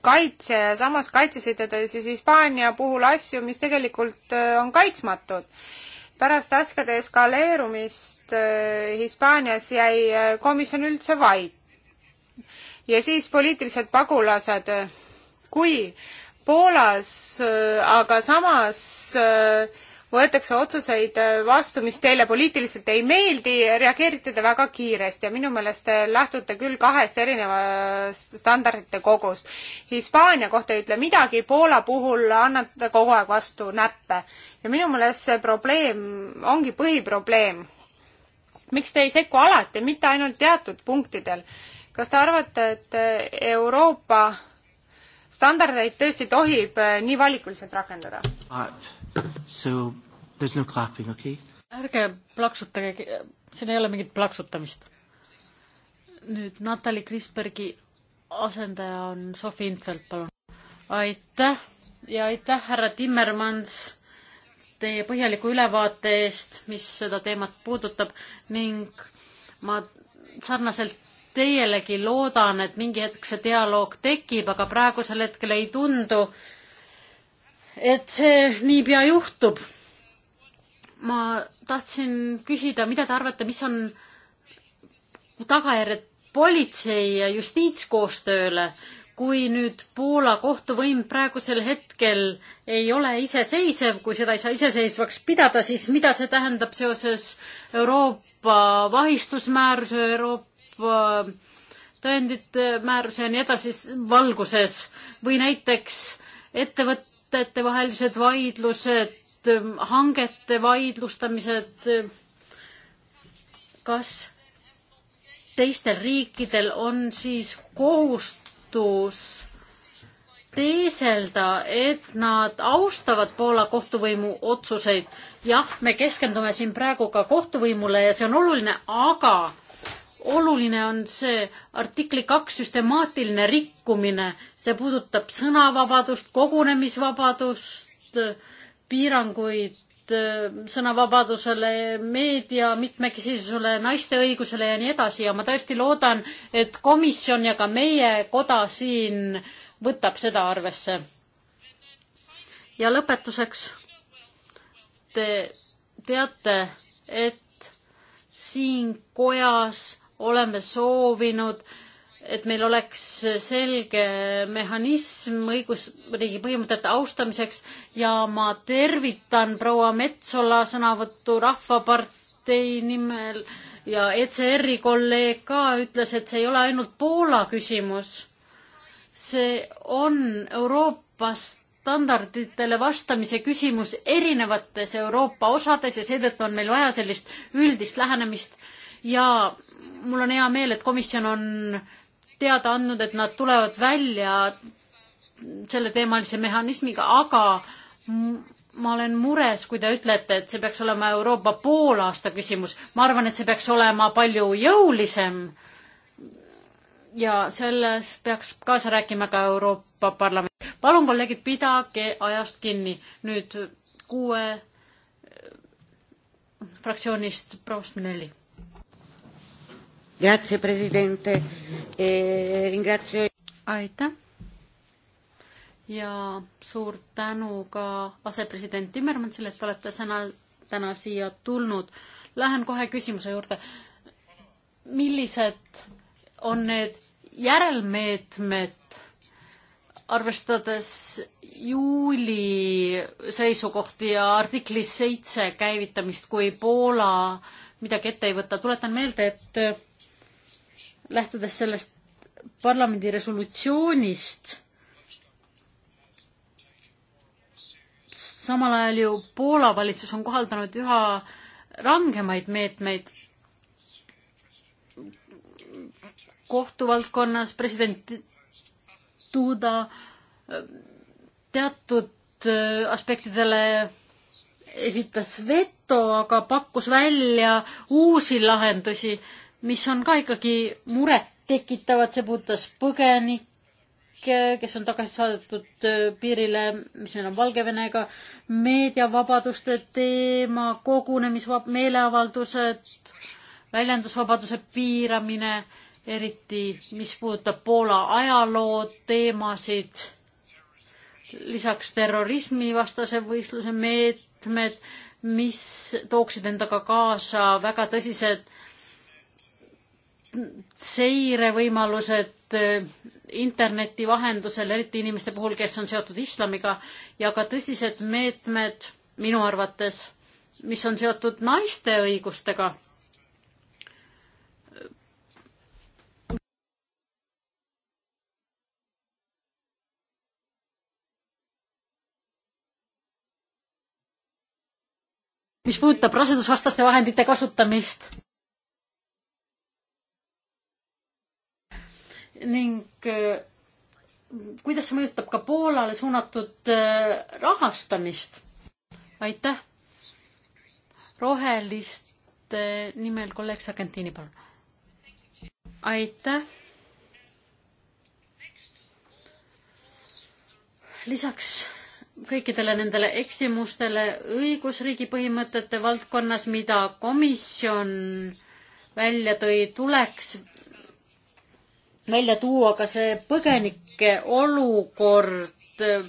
kaitsja ja samas kaitsesite te siis Hispaania puhul asju, mis tegelikult on kaitsmatud. pärast asjade eskaleerumist Hispaanias jäi komisjon üldse vait. ja siis poliitilised pagulased, kui Poolas aga samas äh, võetakse otsuseid vastu, mis teile poliitiliselt ei meeldi, reageerite te väga kiiresti ja minu meelest te lähtute küll kahest erinevast standardite kogust. Hispaania kohta ei ütle midagi, Poola puhul annate kogu aeg vastu näppe ja minu meelest see probleem ongi põhiprobleem. miks te ei sekku alati, mitte ainult teatud punktidel? kas te arvate, et Euroopa standardeid tõesti tohib nii valikuliselt rakendada? So there is no clapping, okei okay?? ärge plaksutage, siin ei ole mingit plaksutamist. nüüd Natali Krisbergi asendaja on Sofi Infeld, palun. aitäh ja aitäh, härra Timmermans, teie põhjaliku ülevaate eest, mis seda teemat puudutab ning ma sarnaselt teielegi loodan, et mingi hetk see dialoog tekib, aga praegusel hetkel ei tundu, et see niipea juhtub. ma tahtsin küsida, mida te arvate, mis on tagajärjed politsei ja justiitskoostööle, kui nüüd Poola kohtuvõim praegusel hetkel ei ole iseseisev, kui seda ei saa iseseisvaks pidada, siis mida see tähendab seoses Euroopa vahistusmääruse, Euroopa tõendite määruse ja nii edasi valguses või näiteks ettevõtte tootjate vahelised vaidlused, ehm, hangete vaidlustamised. Ehm, kas teistel riikidel on siis kohustus teeselda, et nad austavad Poola kohtuvõimu otsuseid. jah, me keskendume siin praegu ka kohtuvõimule ja see on oluline, aga oluline on see artikli kaks süstemaatiline rikkumine, see puudutab sõnavabadust, kogunemisvabadust, piiranguid äh, sõnavabadusele, meedia mitmekesisusele, naiste õigusele ja nii edasi ja ma tõesti loodan, et komisjon ja ka meie koda siin võtab seda arvesse. ja lõpetuseks. Te teate, et siin kojas oleme soovinud, et meil oleks selge mehhanism õigusriigi põhimõtete austamiseks ja ma tervitan proua Metsola sõnavõttu Rahvapartei nimel ja ECR-i kolleeg ka ütles, et see ei ole ainult Poola küsimus. see on Euroopast standarditele vastamise küsimus erinevates Euroopa osades ja seetõttu on meil vaja sellist üldist lähenemist ja mul on hea meel, et komisjon on teada andnud, et nad tulevad välja selleteemalise mehhanismiga, aga ma olen mures, kui te ütlete, et see peaks olema Euroopa poolaasta küsimus. ma arvan, et see peaks olema palju jõulisem. ja selles peaks kaasa rääkima ka Euroopa Parlament. palun, kolleegid, pidage ajast kinni. nüüd kuue fraktsioonist proua Spinelli Grazie, president e,. Ringrazio... aitäh ja suur tänu ka asepresident Timmermansile, et olete sõna, täna siia tulnud. Lähen kohe küsimuse juurde. millised on need järelmeetmed, arvestades juuli seisukohti ja artiklis seitse käivitamist, kui Poola midagi ette ei võta, tuletan meelde, et lähtudes sellest parlamendi resolutsioonist, samal ajal ju Poola valitsus on kohaldanud üha rangemaid meetmeid kohtuvaldkonnas, president Duda äh, teatud äh, aspektidele esitas veto, aga pakkus välja uusi lahendusi mis on ka ikkagi muret tekitavad, see puudutas põgenikke, kes on tagasi saadetud äh, piirile, mis meil on Valgevenega, meediavabaduste teema, kogunemisvab-, meeleavaldused, väljendusvabaduse piiramine, eriti mis puudutab Poola ajaloo teemasid, lisaks terrorismivastase võistluse meetmed, mis tooksid endaga kaasa väga tõsised äh, seirevõimalused äh, interneti vahendusel, eriti inimeste puhul, kes on seotud islamiga ja ka tõsised meetmed minu arvates, mis on seotud naiste õigustega. mis puudutab rasedusvastaste vahendite kasutamist ning äh, kuidas see mõjutab ka Poolale suunatud äh, rahastamist? aitäh! roheliste nimel kolleeg Sargentini, palun. aitäh! lisaks kõikidele nendele eksimustele õigusriigi põhimõtete valdkonnas, mida komisjon välja tõi, tuleks välja tuua ka see põgenike olukord eh,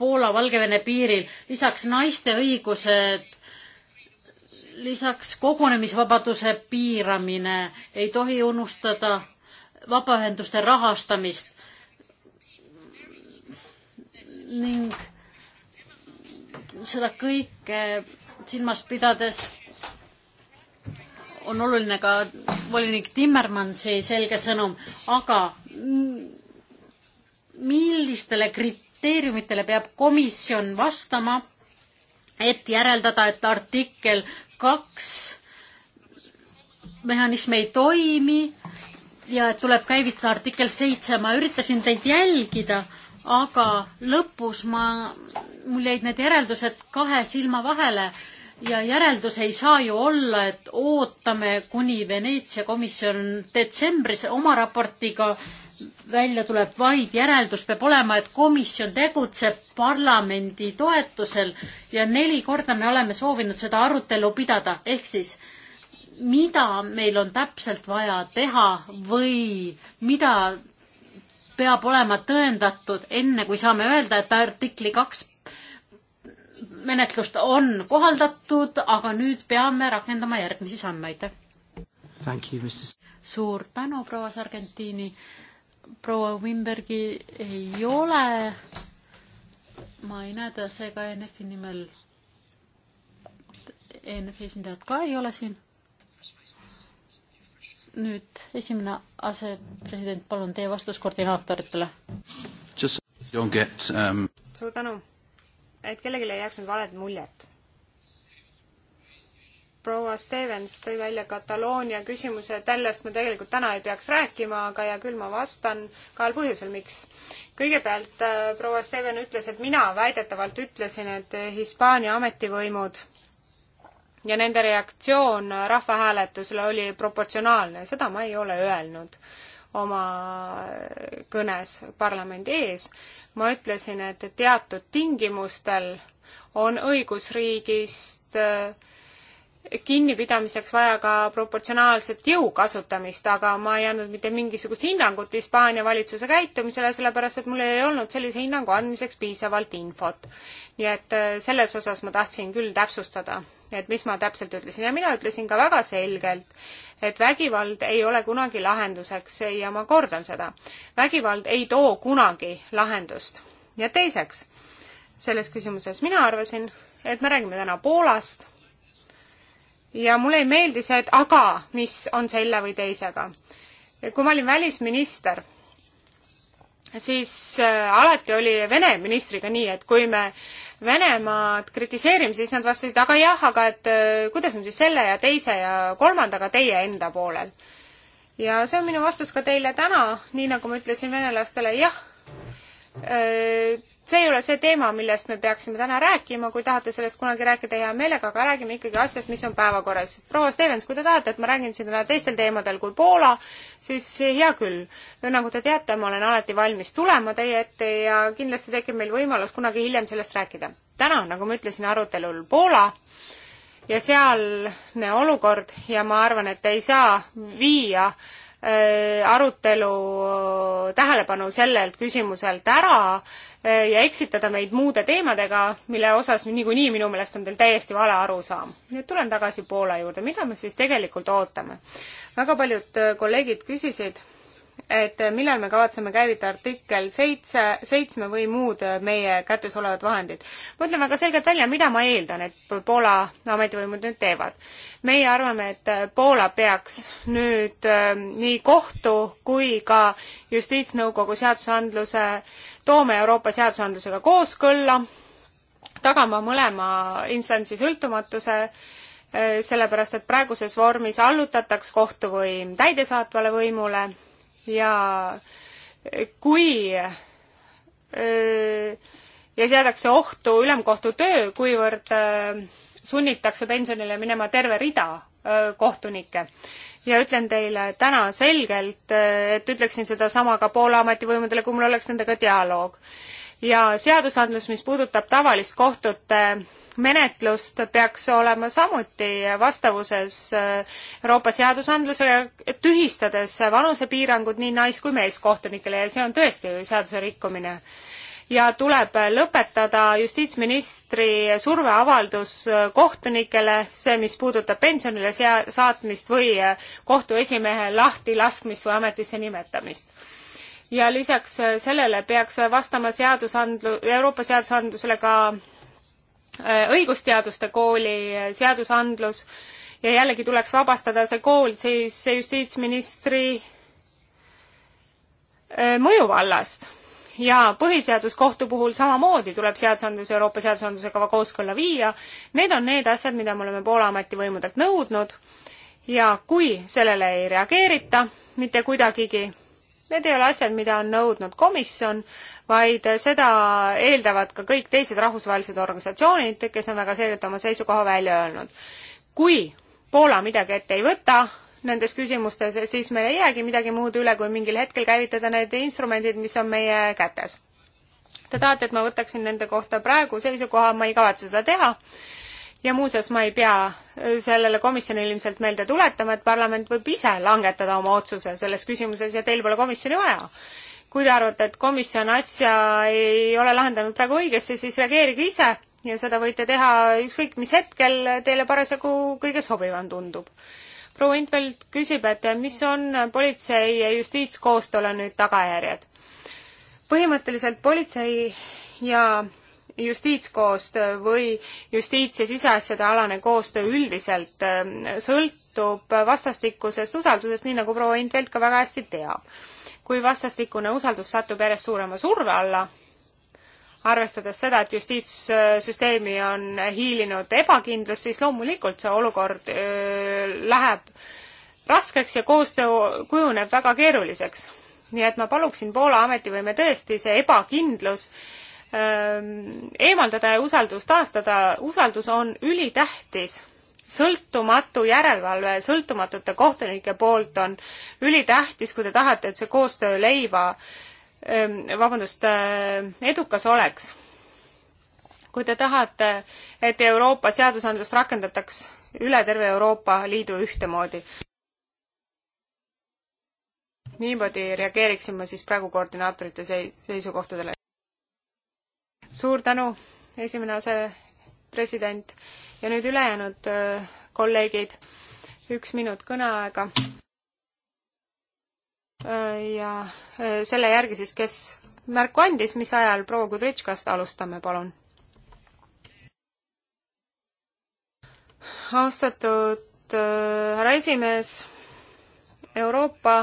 Poola-Valgevene piiril, lisaks naiste õigused, lisaks kogunemisvabaduse piiramine, ei tohi unustada vabaühenduste rahastamist ning seda kõike silmas pidades on oluline ka volinik Timmermansi selge sõnum, aga millistele kriteeriumitele peab komisjon vastama, et järeldada, et artikkel kaks mehhanism ei toimi ja et tuleb käivitada artikkel seitse, ma üritasin teid jälgida, aga lõpus ma, mul jäid need järeldused kahe silma vahele ja järeldus ei saa ju olla, et ootame, kuni Veneetsia komisjon detsembris oma raportiga välja tuleb, vaid järeldus peab olema, et komisjon tegutseb parlamendi toetusel ja neli korda me oleme soovinud seda arutelu pidada, ehk siis mida meil on täpselt vaja teha või mida peab olema tõendatud, enne kui saame öelda, et artikli kaks menetlust on kohaldatud, aga nüüd peame rakendama järgmisi samme, aitäh! suur tänu, proua Sargentini. proua Wimbergi ei ole. ma ei näe teda seega ENF-i nimel. ENF-i esindajat ka ei ole siin. nüüd esimene asepresident, palun teie vastus koordinaatoritele. Um... suur tänu et kellelegi ei jääks nüüd valet muljet. proua Stevens tõi välja Kataloonia küsimuse, sellest me tegelikult täna ei peaks rääkima, aga hea küll, ma vastan kahel põhjusel, miks. kõigepealt äh, proua Steven ütles, et mina väidetavalt ütlesin, et Hispaania ametivõimud ja nende reaktsioon rahvahääletusele oli proportsionaalne, seda ma ei ole öelnud oma kõnes parlamendi ees ma ütlesin, et teatud tingimustel on õigusriigist äh, kinnipidamiseks vaja ka proportsionaalset jõu kasutamist, aga ma ei andnud mitte mingisugust hinnangut Hispaania valitsuse käitumisele, sellepärast et mul ei olnud sellise hinnangu andmiseks piisavalt infot. nii et äh, selles osas ma tahtsin küll täpsustada, et mis ma täpselt ütlesin ja mina ütlesin ka väga selgelt, et vägivald ei ole kunagi lahenduseks ja ma kordan seda. vägivald ei too kunagi lahendust. ja teiseks, selles küsimuses mina arvasin, et me räägime täna Poolast ja mulle ei meeldi see, et aga, mis on selle või teisega. kui ma olin välisminister, siis äh, alati oli Vene ministriga nii, et kui me Venemaad kritiseerime, siis nad vastasid, aga jah, aga et äh, kuidas on siis selle ja teise ja kolmandaga teie enda poolel. ja see on minu vastus ka teile täna, nii nagu ma ütlesin venelastele, jah äh, see ei ole see teema, millest me peaksime täna rääkima, kui tahate sellest kunagi rääkida hea meelega, aga räägime ikkagi asjast, mis on päevakorras. proua Stevens, kui te tahate, et ma räägin siin täna teistel teemadel kui Poola, siis hea küll. nagu te teate, ma olen alati valmis tulema teie ette ja kindlasti tekib meil võimalus kunagi hiljem sellest rääkida. täna, nagu ma ütlesin, arutelul Poola ja sealne olukord ja ma arvan, et ei saa viia äh, Äh, arutelu äh, tähelepanu sellelt küsimuselt ära äh, ja eksitada meid muude teemadega, mille osas niikuinii minu meelest on teil täiesti vale arusaam. nüüd tulen tagasi Poola juurde, mida me siis tegelikult ootame? väga paljud kolleegid küsisid et millal me kavatseme käivitada artikkel seitse, seitsme või muud meie kätes olevad vahendid. ma ütlen väga selgelt välja, mida ma eeldan, et Poola ametivõimud nüüd teevad. meie arvame, et Poola peaks nüüd ähm, nii kohtu kui ka justiitsnõukogu seadusandluse toome Euroopa seadusandlusega kooskõlla, tagama mõlema instantsi sõltumatuse äh, sellepärast et praeguses vormis allutataks kohtuvõim täidesaatvale võimule ja kui ja seatakse ohtu ülemkohtu töö, kuivõrd sunnitakse pensionile minema terve rida kohtunikke. ja ütlen teile täna selgelt, et ütleksin sedasama ka Poola ametivõimudele, kui mul oleks nendega dialoog ja seadusandlus, mis puudutab tavalist kohtute menetlust, peaks olema samuti vastavuses äh, Euroopa seadusandlusega, tühistades vanusepiirangud nii nais- kui meeskohtunikele ja see on tõesti seaduse rikkumine ja tuleb lõpetada justiitsministri surveavaldus äh, kohtunikele, see, mis puudutab pensionile sea-, saatmist või äh, kohtu esimehe lahtilaskmist või ametisse nimetamist ja lisaks äh, sellele peaks äh, vastama seadusandlu-, Euroopa seadusandlusele ka äh, õigusteaduste kooli seadusandlus ja jällegi tuleks vabastada see kool siis justiitsministri mõjuvallast. ja põhiseaduskohtu puhul samamoodi tuleb seadusandlus Euroopa seadusandlusega kooskõlla viia. Need on need asjad, mida me oleme Poola ametivõimudelt nõudnud ja kui sellele ei reageerita mitte kuidagigi, Need ei ole asjad, mida on nõudnud komisjon, vaid seda eeldavad ka kõik teised rahvusvahelised organisatsioonid, kes on väga selgelt oma seisukoha välja öelnud. kui Poola midagi ette ei võta nendes küsimustes, siis meil ei jäägi midagi muud üle, kui mingil hetkel käivitada need instrumendid, mis on meie kätes. Te tahate, et ma võtaksin nende kohta praegu seisukoha, ma ei kavatse seda teha ja muuseas, ma ei pea äh, sellele komisjonile ilmselt meelde tuletama, et parlament võib ise langetada oma otsuse selles küsimuses ja teil pole komisjoni vaja. kui te arvate, et komisjon asja ei ole lahendanud praegu õigesti, siis reageerige ise ja seda võite teha ükskõik mis hetkel teile parasjagu kõige sobivam tundub. proua Intveld küsib, et mis on politsei ja justiitskoostööle nüüd tagajärjed? põhimõtteliselt politsei ja justiitskoostöö või justiits- ja siseasjade alane koostöö üldiselt ähm, sõltub vastastikusest usaldusest, nii nagu proua Intvelt ka väga hästi teab. kui vastastikune usaldus satub järjest suurema surve alla, arvestades seda, et justiitssüsteemi on hiilinud ebakindlus, siis loomulikult see olukord öö, äh, läheb raskeks ja koostöö kujuneb väga keeruliseks. nii et ma paluksin Poola ametivõime tõesti see ebakindlus öö, Ähm, eemaldada ja usaldust taastada, usaldus on ülitähtis. sõltumatu järelevalve sõltumatute kohtunike poolt on ülitähtis, kui te tahate, et see koostöö leiva, ähm, vabandust, äh, edukas oleks. kui te tahate, et Euroopa seadusandlust rakendataks üle terve Euroopa Liidu ühtemoodi. niimoodi reageeriksin ma siis praegu koordinaatorite seisukohtadele suur tänu, esimene asepresident ja nüüd ülejäänud äh, kolleegid, üks minut kõneaega. Äh, ja äh, selle järgi siis, kes märku andis, mis ajal proua Kudritškast alustame, palun. austatud härra esimees, Euroopa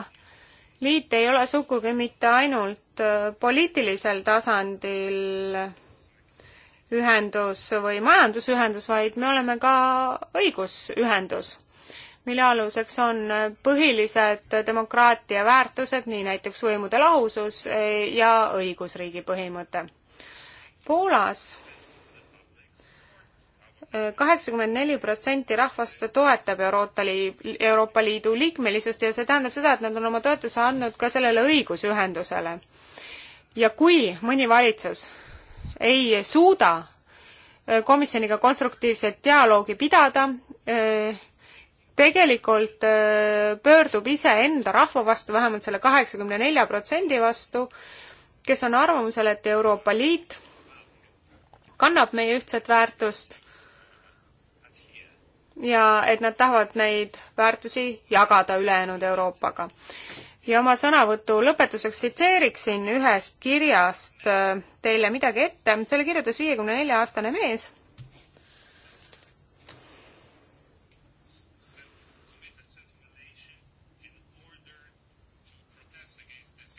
liit ei ole sugugi mitte ainult äh, poliitilisel tasandil ühendus või majandusühendus, vaid me oleme ka õigusühendus, mille aluseks on äh, põhilised demokraatia väärtused, nii näiteks võimude lahusus äh, ja õigusriigi põhimõte. Poolas kaheksakümmend neli protsenti rahvast toetab Euroopa Liidu, Euroopa Liidu liikmelisust ja see tähendab seda, et nad on oma toetuse andnud ka sellele õigusühendusele. ja kui mõni valitsus ei suuda äh, komisjoniga konstruktiivset dialoogi pidada, äh, tegelikult äh, pöördub iseenda rahva vastu, vähemalt selle kaheksakümne nelja protsendi vastu, kes on arvamusel, et Euroopa Liit kannab meie ühtset väärtust ja et nad tahavad neid väärtusi jagada ülejäänud Euroopaga. ja oma sõnavõtu lõpetuseks tsiteeriksin ühest kirjast äh, teile midagi ette, selle kirjutas viiekümne nelja aastane mees,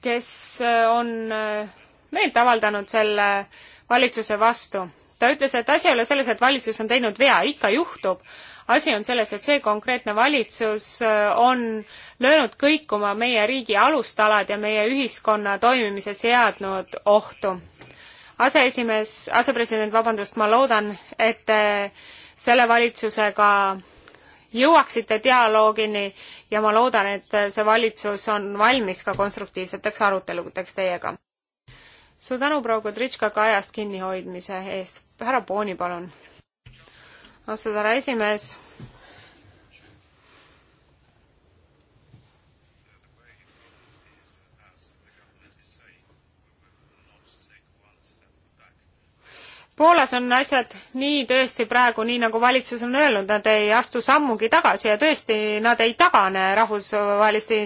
kes äh, on äh, meelt avaldanud selle valitsuse vastu. ta ütles, et asi ei ole selles, et valitsus on teinud vea, ikka juhtub, asi on selles, et see konkreetne valitsus äh, on löönud kõikuma meie riigi alustalad ja meie ühiskonna toimimise seadnud ohtu. aseesimees, asepresident, vabandust, ma loodan, et te selle valitsusega jõuaksite dialoogini ja ma loodan, et see valitsus on valmis ka konstruktiivseteks aruteludeks teiega. suur tänu, proua Kudritška, ka ajast kinnihoidmise eest. härra Pooni, palun austatud härra esimees. Poolas on asjad nii tõesti praegu, nii nagu valitsus on öelnud, nad ei astu sammugi tagasi ja tõesti, nad ei tagane rahvusvaheliste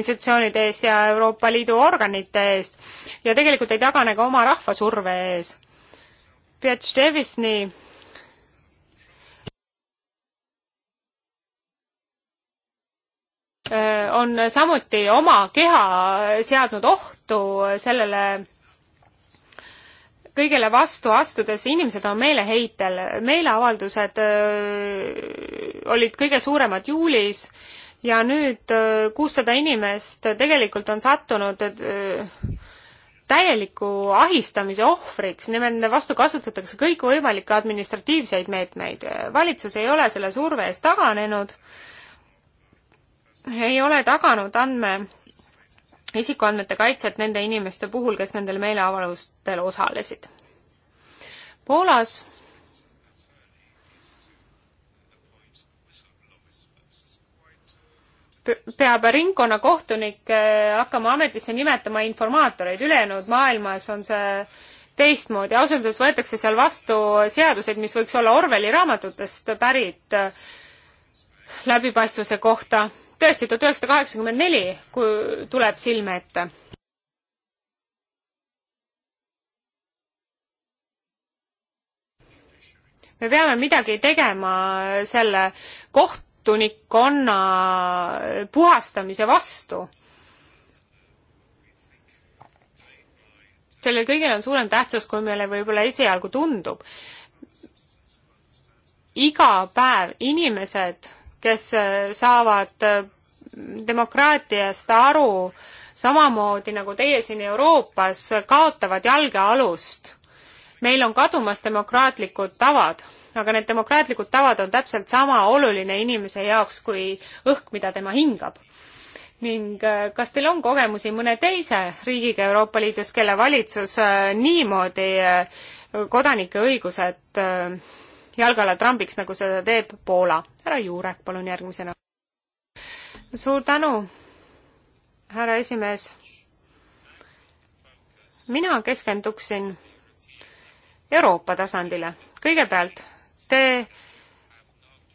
institutsioonide ees ja Euroopa Liidu organite eest ja tegelikult ei tagane ka oma rahva surve ees. Piotr Stevisni Äh, on samuti oma keha seadnud ohtu sellele kõigele vastu astudes, inimesed on meeleheitel, meeleavaldused öö, äh, olid kõige suuremad juulis ja nüüd äh, kuussada inimest tegelikult on sattunud öö, täieliku ahistamise ohvriks, nimelt vastu kasutatakse kõikvõimalikke administratiivseid meetmeid. valitsus ei ole selle surve eest taganenud ei ole taganud andme, isikuandmete kaitset nende inimeste puhul, kes nendel meeleavaldustel osalesid. Poolas peab ringkonnakohtunik hakkama ametisse nimetama informaatoreid, ülejäänud maailmas on see teistmoodi, ausalt öeldes võetakse seal vastu seaduseid, mis võiks olla Orwelli raamatutest pärit läbipaistvuse kohta tõesti, tuhat üheksasada kaheksakümmend neli, kui tuleb silme ette. me peame midagi tegema selle kohtunikkonna puhastamise vastu. sellel kõigil on suurem tähtsus, kui meile võib-olla esialgu tundub. iga päev inimesed kes äh, saavad äh, demokraatiast aru samamoodi nagu teie siin Euroopas, kaotavad jalgealust. meil on kadumas demokraatlikud tavad, aga need demokraatlikud tavad on täpselt sama oluline inimese jaoks kui õhk, mida tema hingab ning äh, kas teil on kogemusi mõne teise riigiga Euroopa Liidus, kelle valitsus niimoodi kodanike õigused jalgalatambiks, nagu seda teeb Poola. härra Juurek, palun järgmisena. suur tänu, härra esimees. mina keskenduksin Euroopa tasandile. kõigepealt, te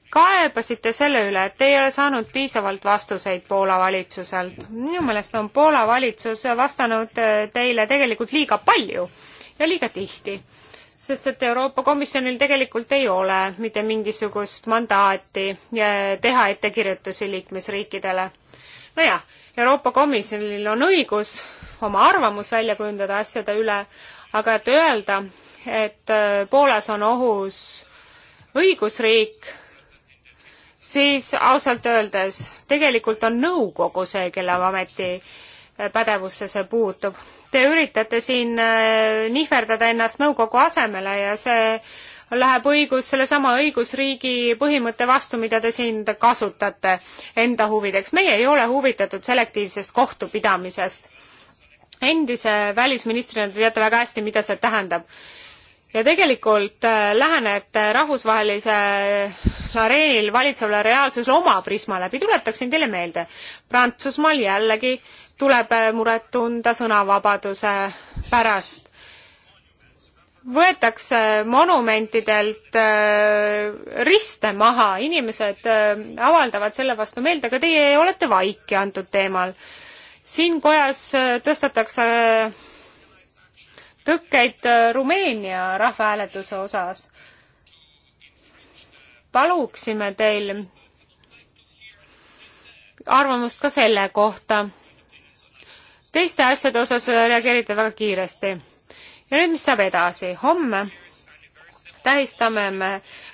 kaebasite selle üle, et te ei ole saanud piisavalt vastuseid Poola valitsuselt. minu meelest on Poola valitsus vastanud eh, teile tegelikult liiga palju ja liiga tihti sest et Euroopa Komisjonil tegelikult ei ole mitte mingisugust mandaati teha ettekirjutusi liikmesriikidele. nojah, Euroopa Komisjonil on õigus oma arvamus välja kujundada asjade üle, aga et öelda, et äh, Poolas on ohus õigusriik, siis ausalt öeldes tegelikult on nõukogu see, kelle ameti pädevusse see puutub. Te üritate siin äh, nihverdada ennast nõukogu asemele ja see läheb õigus, sellesama õigusriigi põhimõtte vastu, mida te siin kasutate enda huvideks. meie ei ole huvitatud selektiivsest kohtupidamisest. endise välisministrina te teate väga hästi, mida see tähendab ja tegelikult äh, lähenete rahvusvahelisel areenil valitsevale reaalsusele oma prisma läbi. tuletaksin teile meelde, Prantsusmaal jällegi tuleb muret tunda sõnavabaduse pärast. võetakse monumentidelt äh, riste maha, inimesed äh, avaldavad selle vastu meelt, aga teie olete vaiki antud teemal. siin kojas äh, tõstetakse tõkkeid Rumeenia rahvahääletuse osas. paluksime teil arvamust ka selle kohta teiste asjade osas reageerite väga kiiresti. ja nüüd, mis saab edasi? homme tähistame me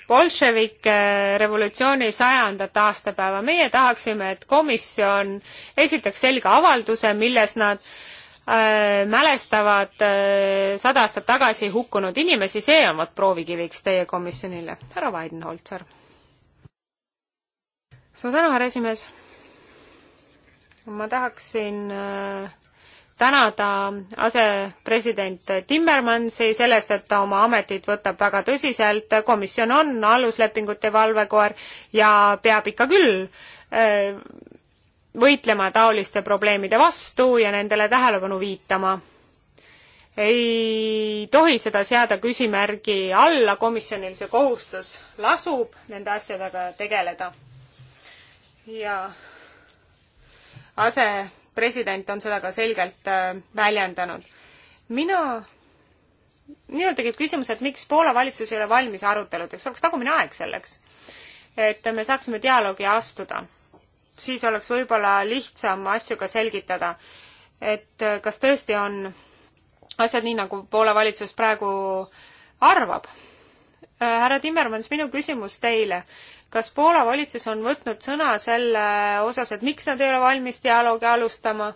bolševike revolutsiooni sajandat aastapäeva. meie tahaksime, et komisjon esitaks selge avalduse, milles nad äh, mälestavad äh, sada aastat tagasi hukkunud inimesi, see on vot proovikiviks teie komisjonile. härra Weidenholzer. suur tänu, härra esimees. ma tahaksin äh, tänada asepresident Timmermansi sellest, et ta oma ametit võtab väga tõsiselt, komisjon on aluslepingute valvekoer ja peab ikka küll eh, võitlema taoliste probleemide vastu ja nendele tähelepanu viitama. ei tohi seda seada küsimärgi alla, komisjonil see kohustus lasub nende asjadega tegeleda. ja ase president on seda ka selgelt äh, väljendanud. mina, minul tekib küsimus, et miks Poola valitsus ei ole valmis aruteludeks, oleks tagumine aeg selleks, et me saaksime dialoogi astuda. siis oleks võib-olla lihtsam asju ka selgitada, et äh, kas tõesti on asjad nii, nagu Poola valitsus praegu arvab äh, härra Timmermans, minu küsimus teile kas Poola valitsus on võtnud sõna selle osas, et miks nad ei ole valmis dialoogi alustama?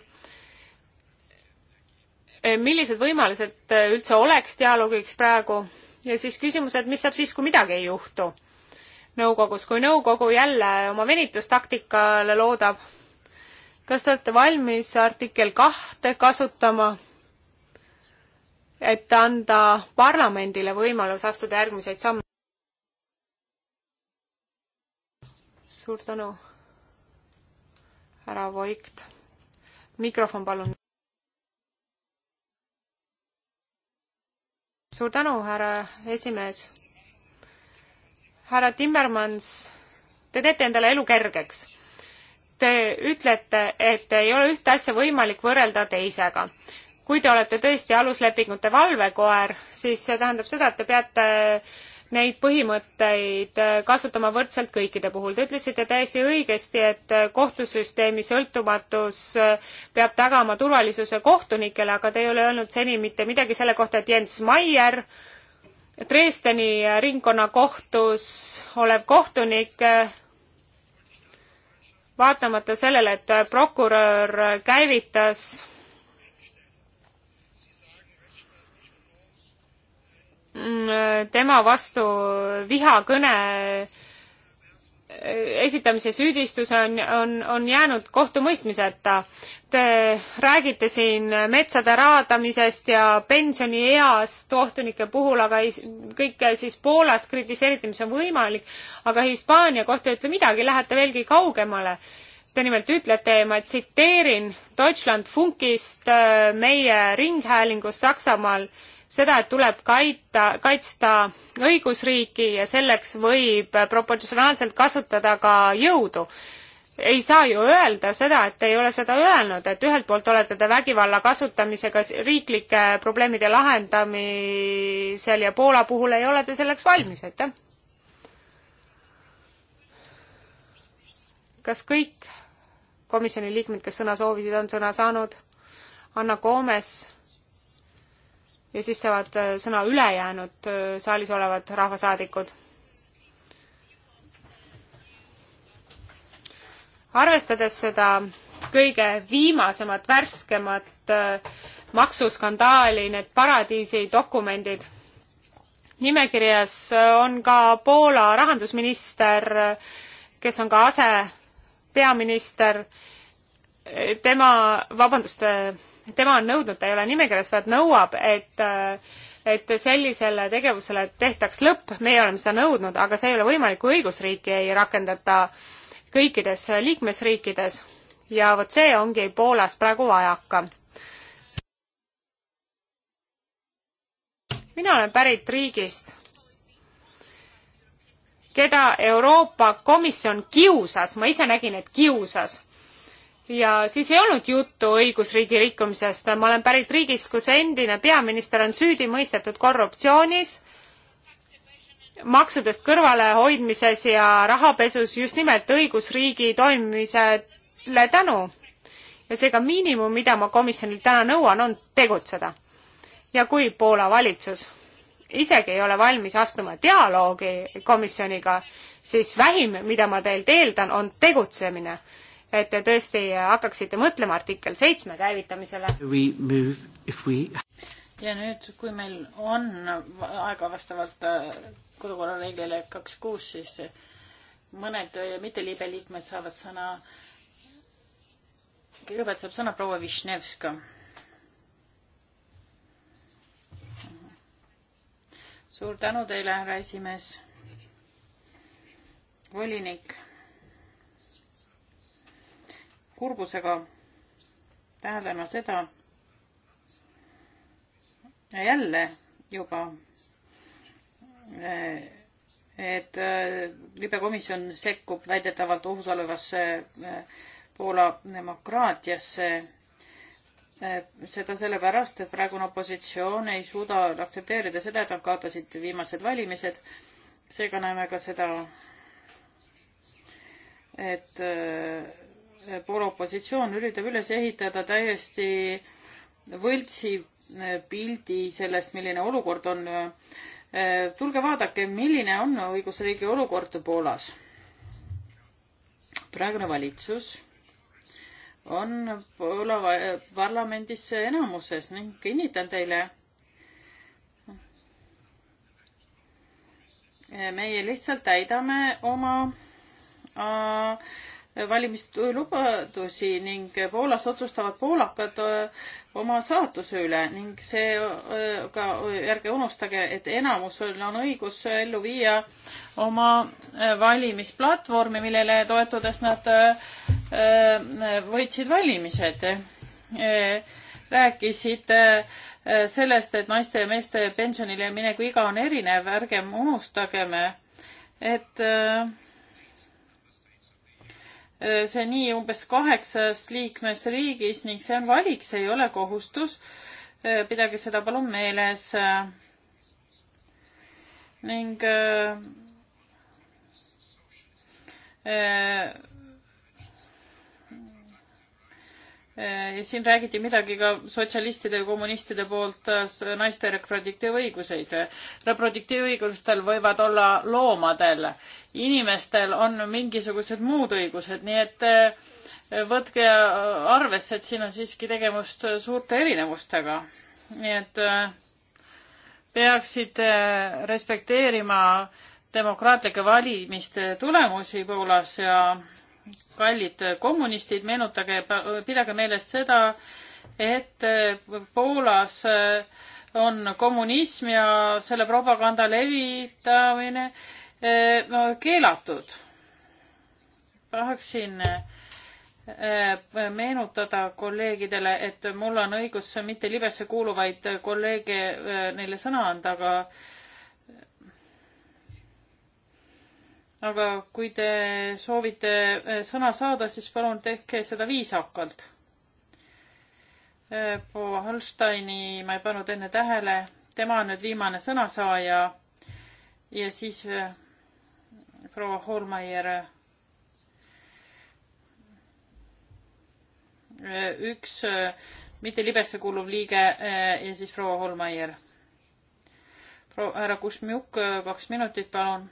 millised võimalused üldse oleks dialoogiks praegu ja siis küsimus, et mis saab siis, kui midagi ei juhtu nõukogus, kui nõukogu jälle oma venitustaktikale loodab. kas te olete valmis artikkel kahte kasutama, et anda parlamendile võimalus astuda järgmiseid samme? suur tänu, härra Voigt. mikrofon, palun. suur tänu, härra esimees. härra Timmermans, te teete endale elu kergeks. Te ütlete, et ei ole ühte asja võimalik võrrelda teisega kui te olete tõesti aluslepingute valvekoer, siis see tähendab seda, et te peate neid põhimõtteid äh, kasutama võrdselt kõikide puhul. Te ütlesite täiesti õigesti, et äh, kohtusüsteemi sõltumatus äh, peab tagama turvalisuse kohtunikele, aga te ei ole öelnud seni mitte midagi selle kohta, et Jens Maier, Dresdeni ringkonnakohtus olev kohtunik, vaatamata sellele, et prokurör käivitas Mm, äh, tema vastu vihakõne äh, esitamise süüdistus on, on, on jäänud kohtumõistmiseta. Te räägite siin metsade raadamisest ja pensionieast kohtunike puhul, aga kõike siis Poolas kritiseerite, mis on võimalik, aga Hispaania kohta ei ütle midagi, lähete veelgi kaugemale. Te nimelt ütlete, ma tsiteerin Deutschland Funkist äh, meie ringhäälingust Saksamaal seda, et tuleb kaita, kaitsta õigusriiki ja selleks võib proportsionaalselt kasutada ka jõudu. ei saa ju öelda seda, et ei ole seda öelnud, et ühelt poolt olete te vägivalla kasutamisega riiklike probleemide lahendamisel ja Poola puhul ei ole te selleks valmis, aitäh. kas kõik komisjoni liikmed, kes sõna soovisid, on sõna saanud? Anna Koomes ja siis saavad äh, sõna ülejäänud äh, saalis olevad rahvasaadikud. arvestades seda kõige viimasemat, värskemat äh, maksuskandaali, need paradiisi dokumendid, nimekirjas on ka Poola rahandusminister, kes on ka asepeaminister, tema, vabandust, tema on nõudnud, ta ei ole nimekirjas, vaid nõuab, et äh, et sellisele tegevusele tehtaks lõpp, meie oleme seda nõudnud, aga see ei ole võimalik, kui õigusriiki ei rakendata kõikides liikmesriikides. ja vot see ongi Poolas praegu vajaka. mina olen pärit riigist, keda Euroopa Komisjon kiusas, ma ise nägin, et kiusas ja siis ei olnud juttu õigusriigi rikkumisest. ma olen pärit riigist, kus endine peaminister on süüdi mõistetud korruptsioonis, maksudest kõrvalehoidmises ja rahapesus just nimelt õigusriigi toimimisele tänu. ja seega miinimum, mida ma komisjonilt täna nõuan, on tegutseda. ja kui Poola valitsus isegi ei ole valmis astuma dialoogi komisjoniga, siis vähim, mida ma teilt eeldan, on tegutsemine et te tõesti hakkaksite mõtlema artikkel seitsme käivitamisele. We... ja nüüd, kui meil on aega vastavalt äh, kodukorra reeglile kaks kuus, siis mõned äh, mitteliibe liikmed saavad sõna. kõigepealt saab sõna proua Višnevska. suur tänu teile, härra esimees. volinik kurbusega täheldama seda ja jälle juba, et äh, libekomisjon sekkub väidetavalt ohus olevasse äh, Poola demokraatiasse. Äh, seda sellepärast, et praegune opositsioon ei suuda aktsepteerida seda, et nad kaotasid viimased valimised. seega näeme ka seda, et Poola opositsioon üritab üles ehitada täiesti võltsi eh, pildi sellest, milline olukord on. Eh, tulge vaadake, milline on õigusriigi olukord Poolas. praegune valitsus on Poola parlamendis enamuses ning kinnitan teile, eh, meie lihtsalt täidame oma äh, valimislubadusi ning Poolas otsustavad poolakad äh, oma saatuse üle ning see äh, ka, äh, ärge unustage, et enamusel on õigus ellu viia oma valimisplatvormi, millele toetudes nad võitsid valimised. rääkisid sellest, et naiste ja meeste pensionile mineku iga on erinev, ärgem unustagem, et äh, Äh, see nii umbes kaheksas liikmesriigis ning see on valik, see ei ole kohustus. Äh, pidage seda palun meeles. Äh, ning Äh, siin räägiti midagi ka sotsialistide ja kommunistide poolt äh, naiste reproduktiivõiguseid. reproduktiivõigustel võivad olla loomadel, inimestel on mingisugused muud õigused, nii et äh, võtke arvesse, et siin on siiski tegemist suurte erinevustega. nii et peaksid respekteerima demokraatlike valimiste tulemusi Poolas ja kallid kommunistid, meenutage, pidage meeles seda, et eh, Poolas eh, on kommunism ja selle propaganda levitamine eh, keelatud. tahaksin meenutada kolleegidele, et mul on õigus mitte libesse kuuluvaid kolleege neile sõna anda, aga aga kui te soovite äh, sõna saada, siis palun tehke seda viisakalt. Äh, proua Holsteini ma ei pannud enne tähele, tema on nüüd viimane sõnasaaja ja siis äh, proua Holmeier. üks mitte libesse kuuluv liige ja siis proua Holmeier. proua härra Kusmjuk, kaks minutit, palun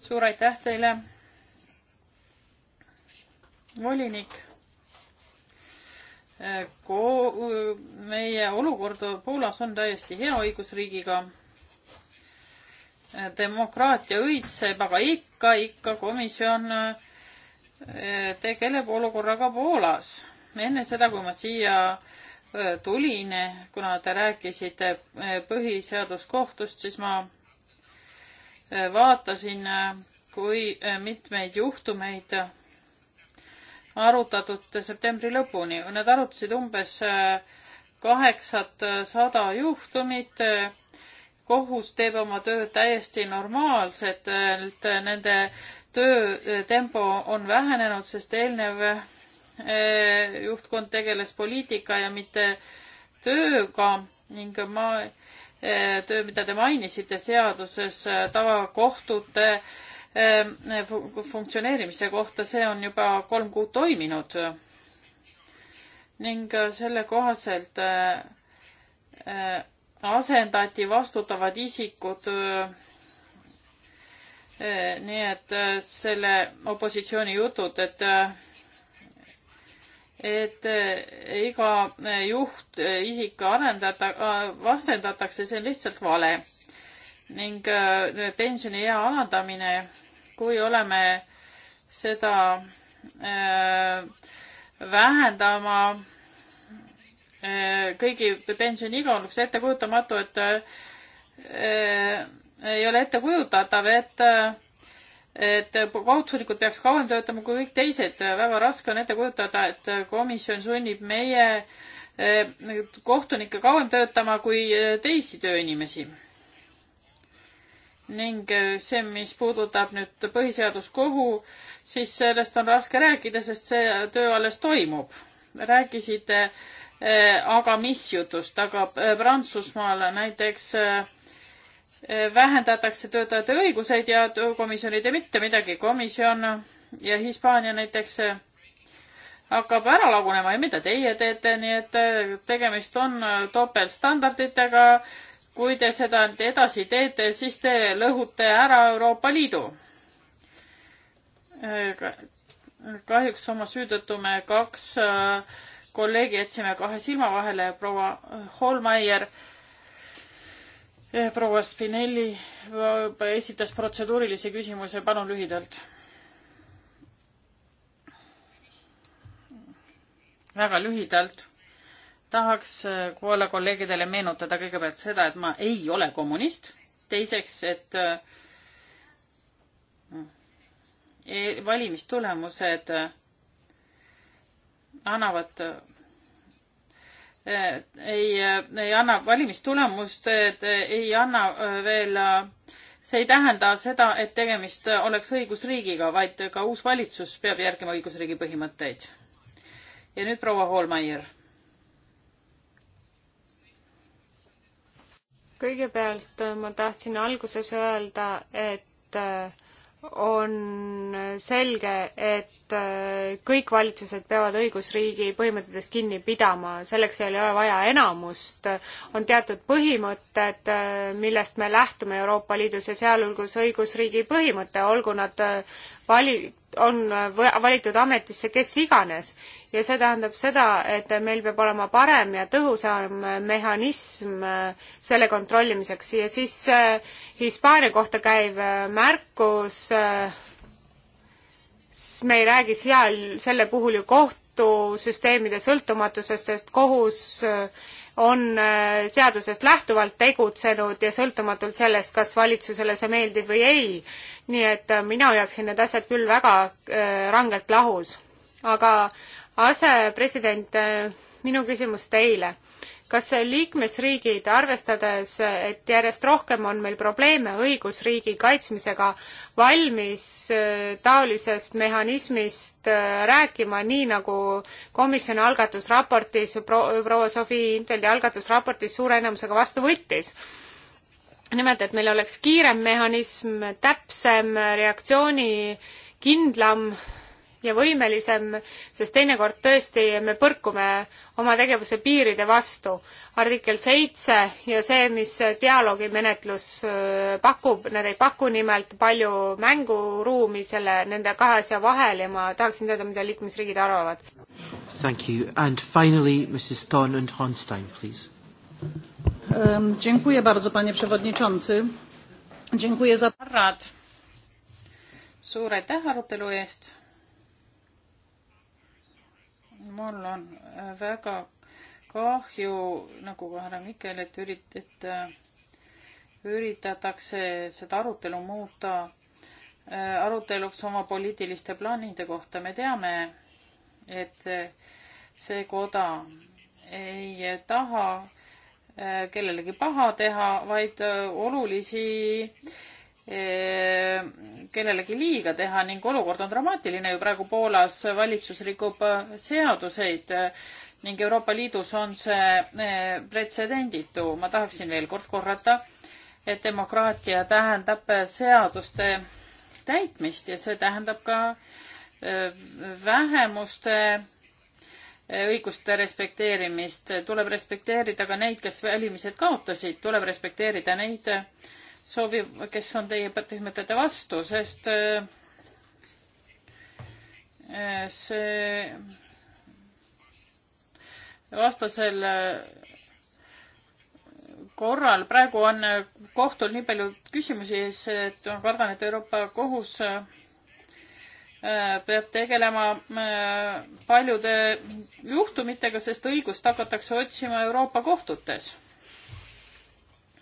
suur aitäh teile, volinik. Eh, ko-, meie olukord Poolas on täiesti hea õigusriigiga. Eh, demokraatia õitseb, aga ikka, ikka komisjon eh, tegeleb olukorraga Poolas. enne seda, kui ma siia tulin, kuna te rääkisite põhiseaduskohtust, siis ma vaatasin, kui mitmeid juhtumeid arutatud septembri lõpuni. Nad arutasid umbes äh, kaheksasada juhtumit. kohus teeb oma töö täiesti normaalselt, nende töötempo on vähenenud, sest eelnev äh, juhtkond tegeles poliitika ja mitte tööga ning ma Eh, töö, mida te mainisite seaduses eh, tavakohtute eh, funktsioneerimise kohta, see on juba kolm kuud toiminud. ning selle kohaselt asendati vastutavad isikud. nii et selle opositsiooni jutud, et et eh, iga eh, juht, eh, isik arendata, asendatakse, see on lihtsalt vale. ning pensioniea alandamine, kui oleme seda vähendama, kõigi pensioniiga on üks ettekujutamatu, et ei ole ettekujutatavad, et et kohtunikud peaks kauem töötama kui kõik teised. väga raske on ette kujutada, et komisjon sunnib meie eh, kohtunikke kauem töötama kui eh, teisi tööinimesi. ning eh, see, mis puudutab nüüd põhiseaduskohu, siis sellest on raske rääkida, sest see töö alles toimub. rääkisite aga mis jutust, aga Prantsusmaal näiteks äh, vähendatakse töötajate õiguseid ja komisjon ei tee mitte midagi. komisjon ja Hispaania näiteks hakkab ära lagunema ja mida teie teete, nii et tegemist on topeltstandarditega. kui te seda edasi teete, siis te lõhute ära Euroopa Liidu. kahjuks oma süü tõttu me kaks kolleegi jätsime kahe silma vahele, proua Holmeier äh, Eh, proua Spinelli äh, esitas protseduurilise küsimuse, palun lühidalt. väga lühidalt tahaks äh, kuule kolleegidele meenutada kõigepealt seda, et ma ei ole kommunist, teiseks, et äh, e-, valimistulemused annavad ei, ei anna valimistulemust, ei anna äh, veel, äh, see ei tähenda seda, et tegemist oleks õigusriigiga, vaid ka uus valitsus peab järgima õigusriigi põhimõtteid. ja nüüd proua Hoolmeier. kõigepealt äh, ma tahtsin alguses öelda, et on selge, et et äh, kõik valitsused peavad õigusriigi põhimõtetest kinni pidama, selleks ei ole vaja enamust. on teatud põhimõtted, äh, millest me lähtume Euroopa Liidus ja sealhulgas õigusriigi põhimõte, olgu nad äh, vali-, on valitud ametisse kes iganes. ja see tähendab seda, et meil peab olema parem ja tõhusam mehhanism selle kontrollimiseks ja siis Hispaania kohta käiv märkus siis me ei räägi seal selle puhul ju kohtusüsteemide sõltumatusest, sest kohus äh, on äh, seadusest lähtuvalt tegutsenud ja sõltumatult sellest, kas valitsusele see meeldib või ei. nii et äh, mina hoiaksin need asjad küll väga rangelt lahus. aga asepresident, minu küsimus teile kas liikmesriigid, arvestades, et järjest rohkem on meil probleeme õigusriigi kaitsmisega, valmis äh, taolisest mehhanismist äh, rääkima, nii nagu komisjoni algatusraportis pro,, proua Sofi Inteldi algatusraportis suure enamusega vastu võttis? nimelt, et meil oleks kiirem mehhanism, täpsem reaktsiooni kindlam ja võimelisem, sest teinekord tõesti me põrkume oma tegevuse piiride vastu. artikkel seitse ja see, mis dialoogimenetlus äh, pakub, nad ei paku nimelt palju mänguruumi selle, nende kahe asja vahel ja ma tahaksin teada, mida liikmesriigid arvavad. Thank you and finally Mrs Thon and Honstein, please um,. Dziękuję bardzo, panie przewodniczący. Dziękuję za... Suur aitäh arutelu eest mul on äh, väga kahju, nagu ka härra Mikel, et ürit-, et äh, üritatakse seda arutelu muuta äh, aruteluks oma poliitiliste plaanide kohta. me teame, et see koda ei taha kellelegi paha teha, vaid olulisi Ehm, kellelegi liiga teha ning olukord on dramaatiline ju praegu Poolas, valitsus rikub äh, seaduseid äh, ning Euroopa Liidus on see äh, pretsedenditu. ma tahaksin veel kord korrata, et demokraatia tähendab seaduste täitmist ja see tähendab ka vähemuste õiguste respekteerimist, tuleb respekteerida ka neid, kes valimised kaotasid, tuleb respekteerida neid, soovib, kes on teie põhimõtete vastu, sest äh, see vastasel äh, korral, praegu on äh, kohtul nii palju küsimusi ees, et ma kardan, et Euroopa Kohus peab tegelema paljude juhtumitega, sest õigust hakatakse otsima Euroopa kohtutes.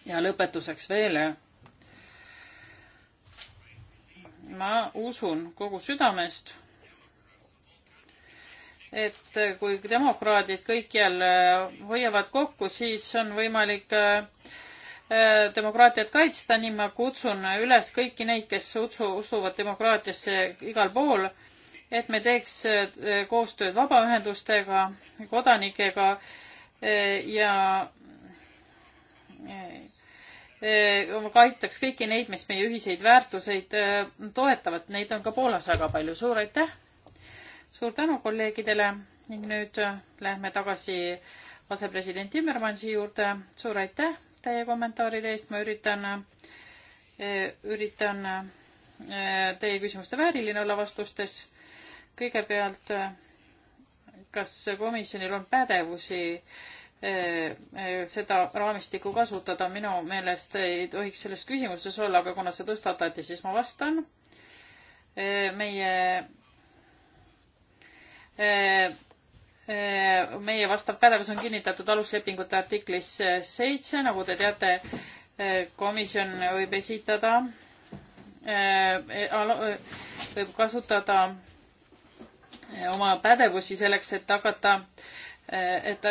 ja lõpetuseks veel ma usun kogu südamest, et kui demokraadid kõikjal hoiavad kokku, siis on võimalik äh, demokraatiat kaitsta, nii ma kutsun üles kõiki neid, kes usu, usuvad demokraatiasse igal pool, et me teeks äh, koostööd vabaühendustega, kodanikega äh, ja Äh, aitaks kõiki neid, mis meie ühiseid väärtuseid äh, toetavad, neid on ka Poolas väga palju. suur aitäh! suur tänu kolleegidele ning nüüd äh, lähme tagasi asepresident Timmermansi juurde. suur aitäh teie kommentaaride eest, ma üritan, üritan teie küsimuste vääriline olla vastustes. kõigepealt, kas komisjonil on pädevusi äh, Eh, eh, seda raamistikku kasutada. minu meelest ei tohiks selles küsimuses olla, aga kuna see tõstatati, siis ma vastan. Eh, meie, meie vastav pädevus on kinnitatud aluslepingute artiklis seitse, nagu te teate, komisjon võib esitada, võib kasutada oma pädevusi selleks, et tagada ta et,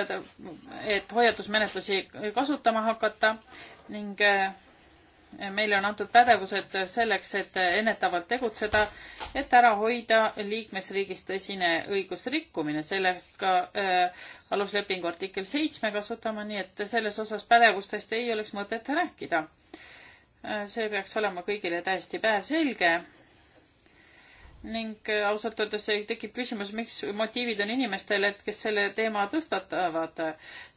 et hoiatusmenetlusi kasutama hakata ning eh, meile on antud pädevused selleks, et ennetavalt tegutseda, et ära hoida liikmesriigis tõsine õigusrikkumine, sellest ka äh, aluslepingu artikkel seitsme kasutama, nii et selles osas pädevustest ei oleks mõtet rääkida. Eh, see peaks olema kõigile täiesti päevselge ning äh, ausalt öeldes tekib küsimus, miks motiivid on inimestel, et kes selle teema tõstatavad.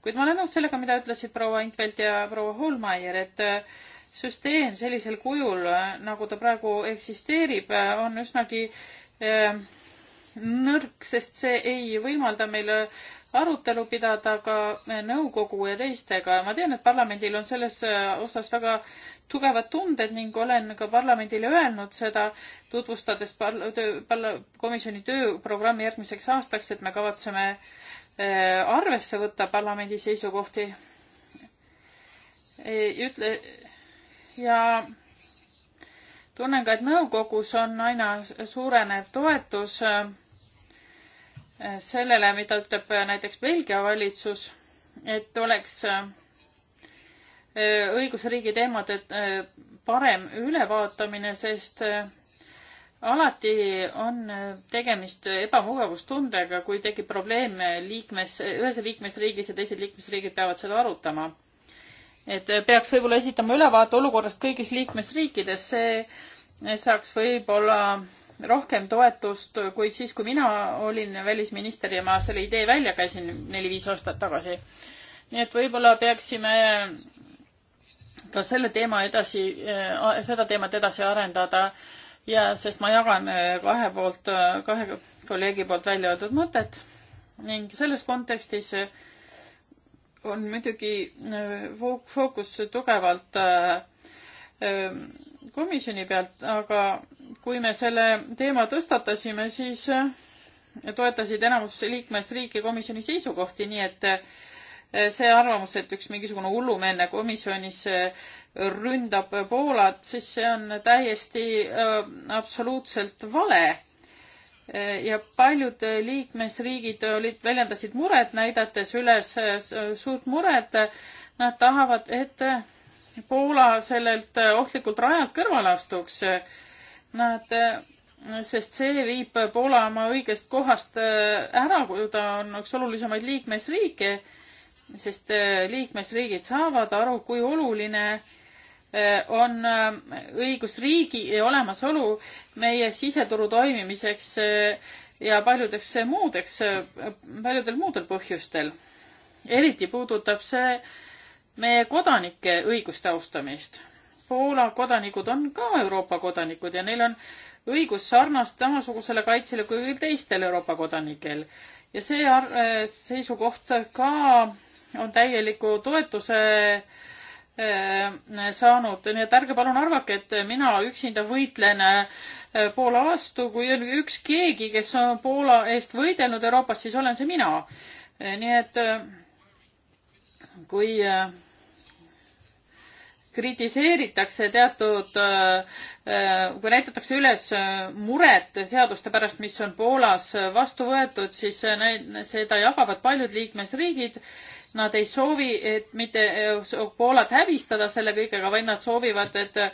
kuid ma olen nõus sellega, mida ütlesid proua Intvelt ja proua Holmeier, et äh, süsteem sellisel kujul, äh, nagu ta praegu eksisteerib, on üsnagi nõrk, sest see ei võimalda meil arutelu pidada ka nõukogu ja teistega. ma tean, et parlamendil on selles osas väga tugevad tunded ning olen ka parlamendile öelnud seda, tutvustades parla-, töö, parla-, komisjoni tööprogrammi järgmiseks aastaks, et me kavatseme äh, arvesse võtta parlamendi seisukohti. ütle ja tunnen ka, et nõukogus on aina suurenev toetus äh, sellele, mida ütleb äh, näiteks Belgia valitsus, et oleks Äh, õigusriigi teemade äh, parem ülevaatamine, sest äh, alati on tegemist ebamugavustundega, kui tekib probleem liikmes, ühes liikmesriigis ja teised liikmesriigid peavad seda arutama. et peaks võib-olla esitama ülevaate olukorrast kõigis liikmesriikides, see saaks võib-olla rohkem toetust, kuid siis, kui mina olin välisminister ja ma selle idee välja käisin neli-viis aastat tagasi. nii et võib-olla peaksime ka selle teema edasi, äh, seda teemat edasi arendada ja sest ma jagan äh, kahe poolt, äh, kahe kolleegi poolt välja öeldud mõtet ning selles kontekstis on muidugi fookus tugevalt ähm, komisjoni pealt, aga kui me selle teema tõstatasime, siis toetasid enamus liikmesriike komisjoni seisukohti, nii et see arvamus, et üks mingisugune hullumeelne komisjonis äh, ründab Poolat, siis see on täiesti äh, absoluutselt vale. Äh, ja paljud liikmesriigid olid, väljendasid muret, näidates üles äh, suurt muret. Nad tahavad, et Poola sellelt ohtlikult rajalt kõrvale astuks. Nad sest see viib Poola oma õigest kohast ära, kui ta on üks olulisemaid liikmesriike sest äh, liikmesriigid saavad aru, kui oluline äh, on äh, õigusriigi olemasolu meie siseturu toimimiseks ja paljudeks muudeks, paljudel muudel põhjustel. eriti puudutab see meie kodanike õiguste austamist. Poola kodanikud on ka Euroopa kodanikud ja neil on õigus sarnast samasugusele kaitsele kui teistel Euroopa kodanikel ja see seisukoht ka on täieliku toetuse eh, saanud, nii et ärge palun arvake, et mina üksinda võitlen eh, Poola vastu, kui on üks keegi, kes on Poola eest võidelnud Euroopas, siis olen see mina. Eh, nii et kui kritiseeritakse teatud, kui näidatakse üles muret seaduste pärast, mis on Poolas vastu võetud, siis neid, seda jagavad paljud liikmesriigid Nad ei soovi, et mitte äh, Poolat häbistada selle kõigega, vaid nad soovivad, et äh,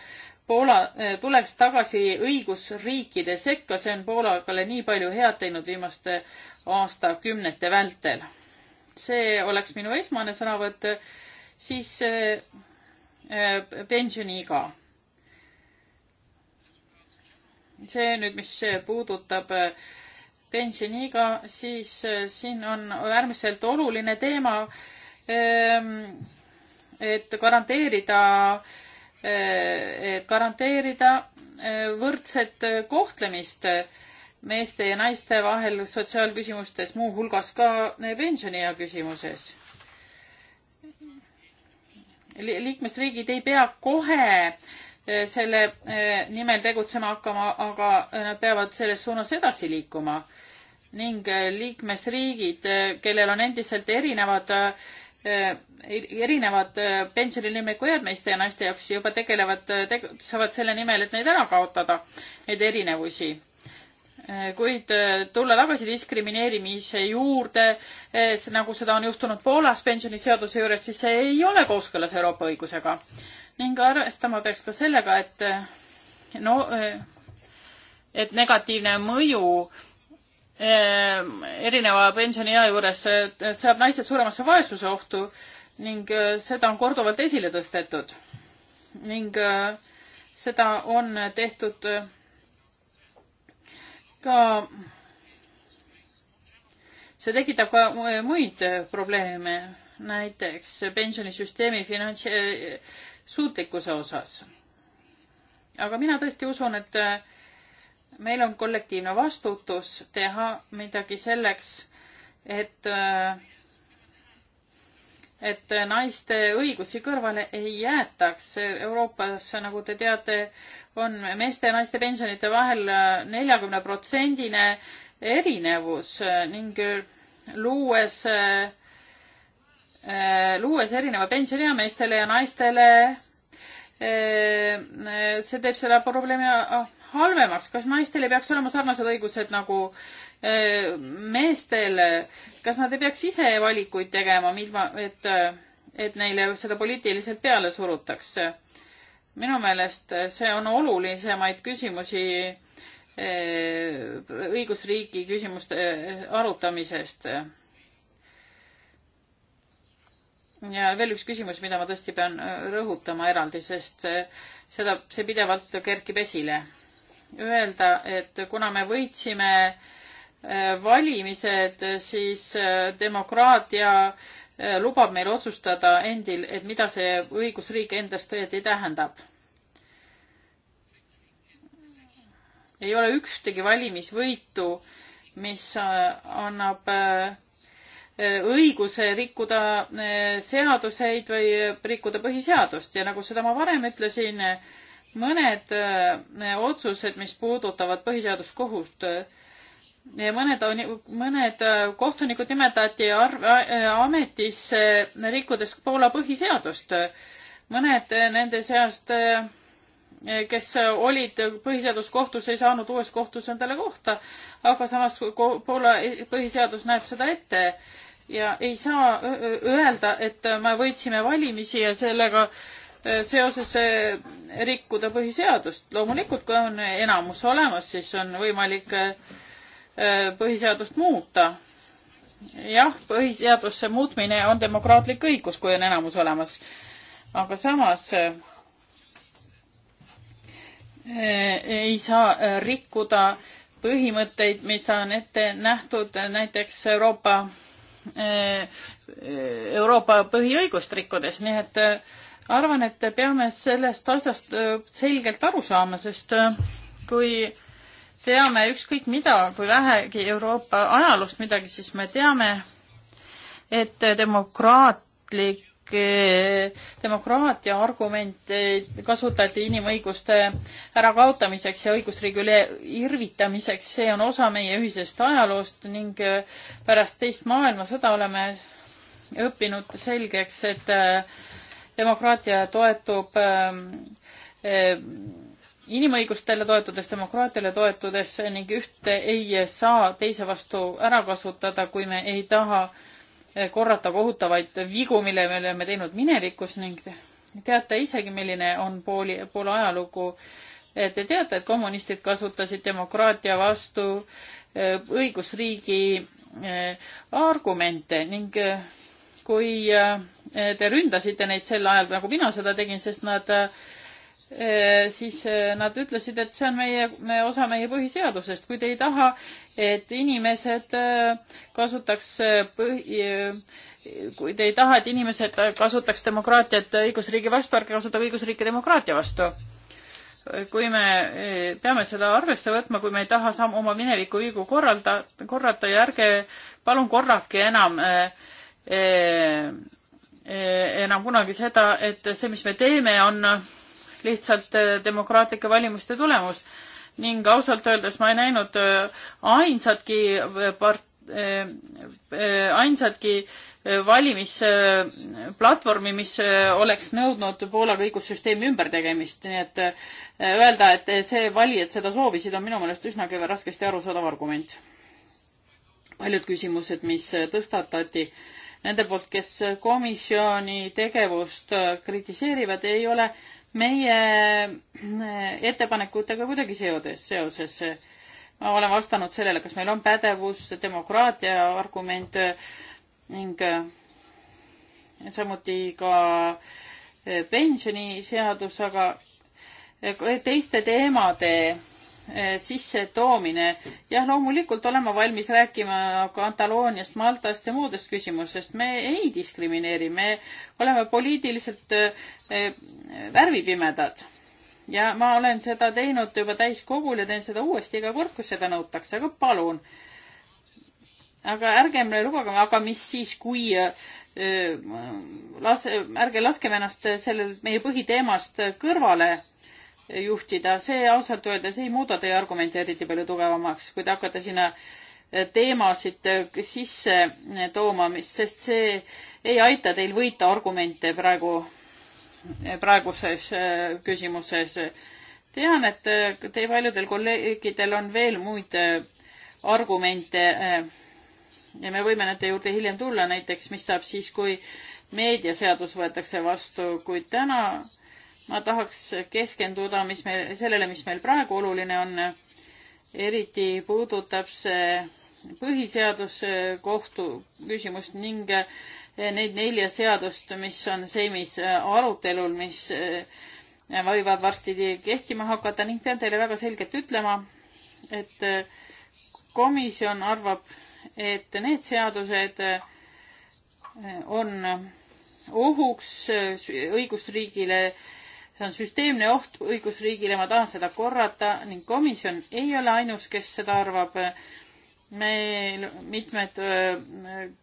Poola äh, tuleks tagasi õigusriikide sekka, see on Poolale nii palju head teinud viimaste aastakümnete vältel. see oleks minu esmane sõnavõtt, siis pensioniiga. see nüüd, mis puudutab äh, pensioniiga, siis äh, siin on äärmiselt oluline teema, ähm, et garanteerida, äh, et garanteerida äh, võrdset kohtlemist meeste ja naiste vahel sotsiaalküsimustes, muuhulgas ka pensioniea küsimuses. liikmesriigid ei pea kohe selle nimel tegutsema hakkama, aga nad peavad selles suunas edasi liikuma ning äh, liikmesriigid, äh, kellel on endiselt erinevad äh, e-, erinevad pensionilimikud meeste ja naiste jaoks juba tegelevad, tegutsevad selle nimel, et neid ära kaotada, neid erinevusi. kuid tulla tagasi diskrimineerimise juurde, nagu seda on juhtunud Poolas pensioniseaduse juures, siis see ei ole kooskõlas Euroopa õigusega. ning arvestama peaks ka sellega, et no, et negatiivne mõju Ehm, erineva pensioniea juures seab naised suuremasse vaesuse ohtu ning äh, seda on korduvalt esile tõstetud. ning äh, seda on tehtud äh, ka, see tekitab ka muid probleeme, näiteks pensionisüsteemi finants-, suutlikkuse osas. aga mina tõesti usun, et meil on kollektiivne vastutus teha midagi selleks, et, äh, et naiste õigusi kõrvale ei jäetaks. Euroopas, nagu te teate, on meeste ja naiste pensionite vahel äh, neljakümne protsendine erinevus äh, ning luues, luues erineva pensioni ja meestele ja naistele, see teeb selle probleemi ah, halvemaks, kas naistel ei peaks olema sarnased õigused nagu äh, meestel, kas nad ei peaks ise valikuid tegema, ilma et, äh, et neile seda poliitiliselt peale surutakse? minu meelest see on olulisemaid küsimusi äh, õigusriigi küsimuste arutamisest. ja veel üks küsimus, mida ma tõesti pean rõhutama eraldi, sest seda, see pidevalt kerkib esile öelda, et kuna me võitsime äh, valimised, siis äh, demokraatia äh, lubab meil otsustada endil, et mida see õigusriik endast õieti tähendab. ei ole ühtegi valimisvõitu, mis annab õiguse rikkuda seaduseid või rikkuda põhiseadust ja nagu seda ma varem ütlesin, mõned äh, otsused, mis puudutavad põhiseaduskohust, mõned on, mõned äh, kohtunikud nimetati arv, äh, ametisse rikkudes Poola põhiseadust. mõned nende seast, kes olid põhiseaduskohtus, ei saanud uues kohtus endale kohta, aga samas Poola põhiseadus näeb seda ette ja ei saa öelda, et me võitsime valimisi ja sellega äh, seoses eh, rikkuda põhiseadust. loomulikult, kui on enamus olemas, siis on võimalik eh, eh, põhiseadust muuta. jah, põhiseaduse muutmine on demokraatlik õigus, kui on enamus olemas. aga samas ei saa rikkuda põhimõtteid, mis on ette nähtud näiteks Euroopa, Euroopa põhiõigust rikkudes, nii et arvan, et peame sellest asjast äh, selgelt aru saama, sest äh, kui teame ükskõik mida, kui vähegi Euroopa ajaloost midagi, siis me teame, et demokraatlik, äh, demokraatia argumente kasutati inimõiguste ärakaotamiseks ja õigusriigi üle irvitamiseks, see on osa meie ühisest ajaloost ning pärast teist maailmasõda oleme õppinud selgeks, et demokraatia toetub ähm, äh, inimõigustele toetudes, demokraatiale toetudes ning ühte ei saa teise vastu ära kasutada, kui me ei taha äh, korrata kohutavaid vigu, mille me oleme teinud minevikus ning teate isegi, milline on Pooli, Poola ajalugu. Te teate, et kommunistid kasutasid demokraatia vastu äh, õigusriigi argumente ning kui eh, te ründasite neid sel ajal, nagu mina seda tegin, sest nad eh, siis eh, nad ütlesid, et see on meie me, osa meie põhiseadusest, kui te ei taha, et inimesed kasutaks põhi, kui te ei taha, et inimesed kasutaks demokraatiat õigusriigi vastu, ärge kasutage õigusriiki demokraatia vastu. kui me peame seda arvesse võtma, kui me ei taha samm oma mineviku viigu korralda, korrata ja ärge palun korrake enam äh, Äh, äh, enam kunagi seda, et see, mis me teeme, on lihtsalt äh, demokraatlike valimiste tulemus ning ausalt öeldes ma ei näinud ainsatki part-, ainsatki valimisplatvormi, mis oleks nõudnud Poola õigussüsteemi ümbertegemist, nii et öelda, et see valijad seda soovisid, on minu meelest üsnagi raskesti arusaadav argument. paljud küsimused, mis tõstatati, nende poolt, kes komisjoni tegevust kritiseerivad, ei ole meie ettepanekutega kuidagi seodes, seoses. ma olen vastanud sellele, kas meil on pädevus, demokraatia argument ning samuti ka pensioniseadus, aga teiste teemade Eh, sissetoomine. jah, loomulikult olen ma valmis rääkima Katalooniast, Maltast ja muudest küsimustest. me ei diskrimineeri, me oleme poliitiliselt eh, eh, värvipimedad. ja ma olen seda teinud juba täiskogul ja teen seda uuesti iga kord, kui seda nõutakse, aga palun. aga ärgem lubage, aga mis siis, kui las-, ärge laskem ennast sellel meie põhiteemast kõrvale juhtida, see ausalt öeldes ei muuda teie argumente eriti palju tugevamaks, kui te hakkate sinna teemasid sisse tooma, mis, sest see ei aita teil võita argumente praegu, praeguses äh, küsimuses. tean, et äh, teie paljudel kolleegidel on veel muid äh, argumente ja me võime nende juurde hiljem tulla, näiteks mis saab siis, kui meediaseadus võetakse vastu, kuid täna äh, ma tahaks keskenduda, mis meil, sellele, mis meil praegu oluline on. eriti puudutab see põhiseaduskohtu küsimust ning eh, neid nelja seadust, mis on seimis eh, arutelul, mis eh, võivad varsti kehtima hakata ning pean teile väga selgelt ütlema, et komisjon arvab, et need seadused on ohuks õigusriigile see on süsteemne oht õigusriigile, ma tahan seda korrata ning komisjon ei ole ainus, kes seda arvab. meil mitmed äh,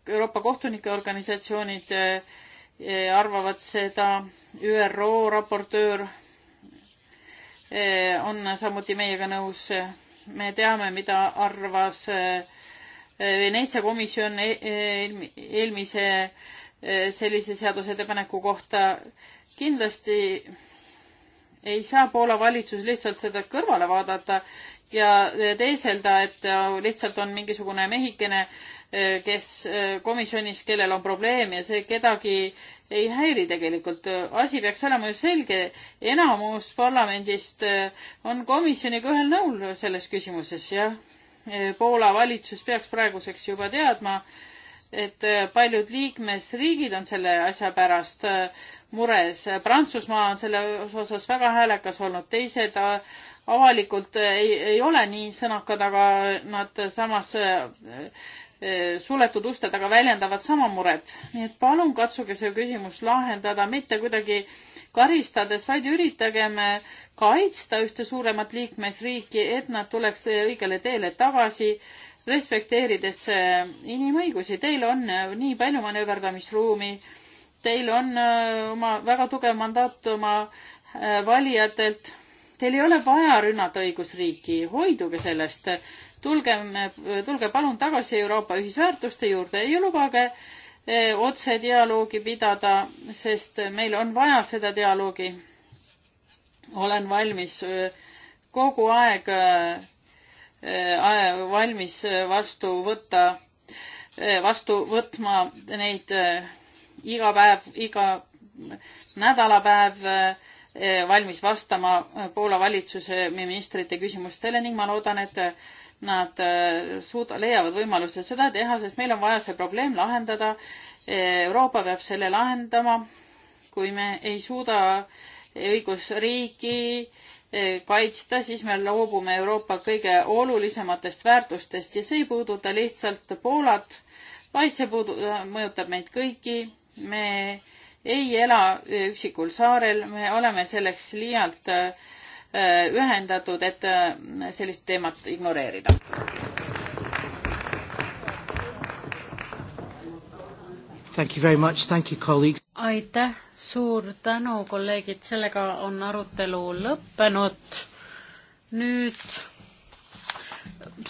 Euroopa kohtunike organisatsioonid äh, arvavad seda, ÜRO raportöör äh, on samuti meiega nõus. me teame, mida arvas Veneetsia komisjon e-, eelmise sellise seadusettepaneku kohta kindlasti ei saa Poola valitsus lihtsalt seda kõrvale vaadata ja teeselda, et lihtsalt on mingisugune mehikene, kes komisjonis, kellel on probleem ja see kedagi ei häiri tegelikult. asi peaks olema ju selge, enamus parlamendist on komisjoniga ühel nõul selles küsimuses ja Poola valitsus peaks praeguseks juba teadma, et äh, paljud liikmesriigid on selle asja pärast äh, mures. Prantsusmaa on selle osas väga häälekas olnud, teised äh, avalikult ei, ei ole nii sõnakad, aga nad samas suletud uste taga väljendavad sama muret. nii et palun katsuge see küsimus lahendada mitte kuidagi karistades, vaid üritagem kaitsta ühte suuremat liikmesriiki, et nad tuleks õigele teele tagasi respekteerides äh, inimõigusi. Teil on äh, nii palju manööverdamisruumi, teil on äh, oma väga tugev mandaat oma valijatelt. Teil ei ole vaja rünnata õigusriiki, hoiduge sellest. tulge, tulge palun tagasi Euroopa ühisväärtuste juurde ja lubage otse dialoogi pidada, sest meil on vaja seda dialoogi. olen valmis kogu aeg Äh, valmis äh, vastu võtta, äh, vastu võtma neid iga päev, iga nädalapäev valmis vastama Poola valitsuse ministrite küsimustele ning ma loodan, et nad suuda-, leiavad võimaluse seda teha, sest meil on vaja see probleem lahendada. Euroopa peab selle lahendama. kui me ei suuda õigusriigi Eh, kaitsta, siis me loobume Euroopa kõige olulisematest väärtustest ja see ei puuduta lihtsalt Poolat, vaid see puudu-, mõjutab meid kõiki. me ei ela eh, üksikul saarel, me oleme selleks liialt eh, ühendatud, et sellist teemat ignoreerida. aitäh, suur tänu, kolleegid, sellega on arutelu lõppenud. nüüd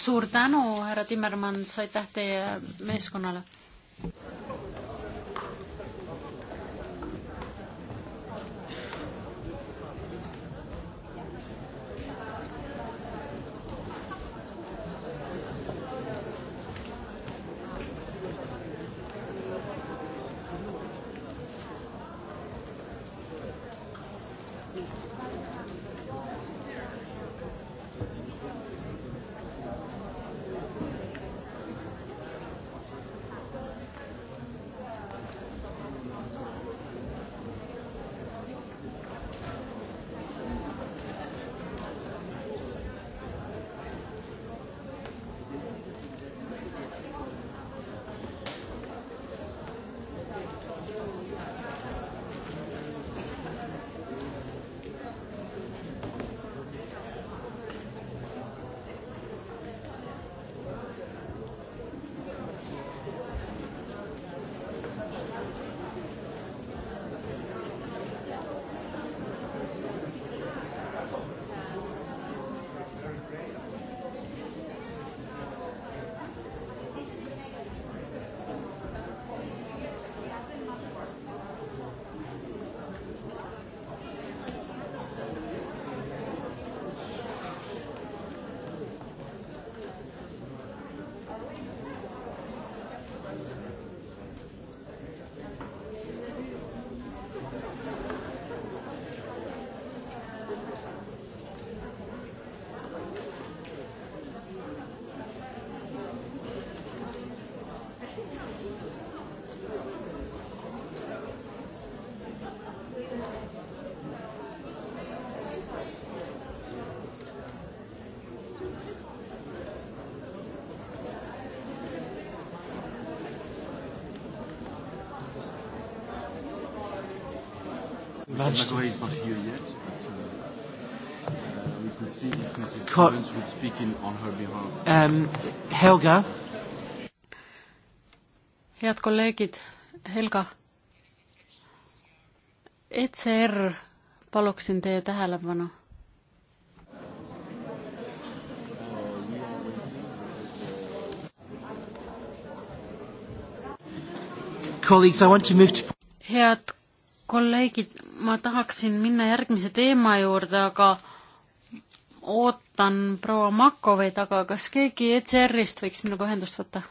suur tänu, härra Timmermann, aitäh teie meeskonnale Magoy is not here yet, but uh, uh we could see if Mrs. Co- Stevens would speak in, on her behalf. Um, Helga. head kolleegid, Helga. ECR, paluksin teie tähelepanu head kolleegid, ma tahaksin minna järgmise teema juurde, aga ootan proua Makoveid, aga kas keegi ECR-ist võiks minuga ühendust võtta?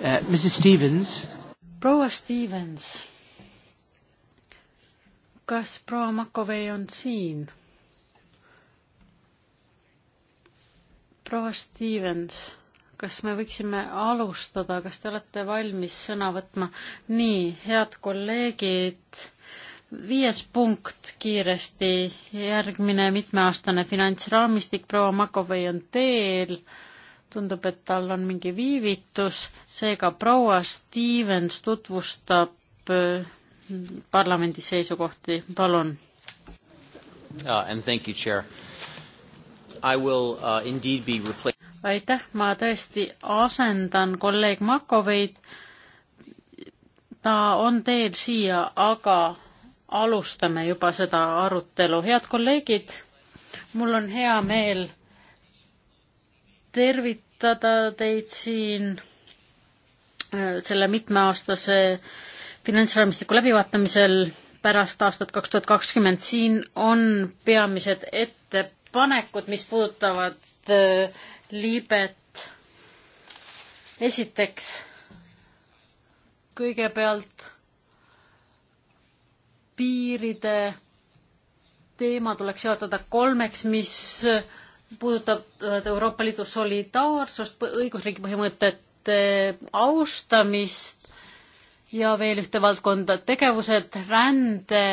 uh,. Mrs Stevens. proua Stevens. kas proua Makovei on siin? proua Stevens, kas me võiksime alustada, kas te olete valmis sõna võtma? nii, head kolleegid, viies punkt kiiresti, järgmine mitmeaastane finantsraamistik, proua Makovei on teel tundub, et tal on mingi viivitus, seega proua Stevens tutvustab äh, parlamendi seisukohti, palun uh,. And thank you, chair. I will uh, indeed be repla-. aitäh, ma tõesti asendan kolleeg Makoveid. ta on teel siia, aga alustame juba seda arutelu. head kolleegid, mul on hea meel tervitada teid siin äh, selle mitmeaastase finantsraamistiku läbivaatamisel pärast aastat kaks tuhat kakskümmend. siin on peamised ettepanekud, mis puudutavad äh, liibet. esiteks, kõigepealt piiride teema tuleks jaotada kolmeks, mis puudutab äh, Euroopa Liidu solidaarsust, õigusriigi põhimõtete äh, austamist ja veel ühte valdkonda, tegevused rände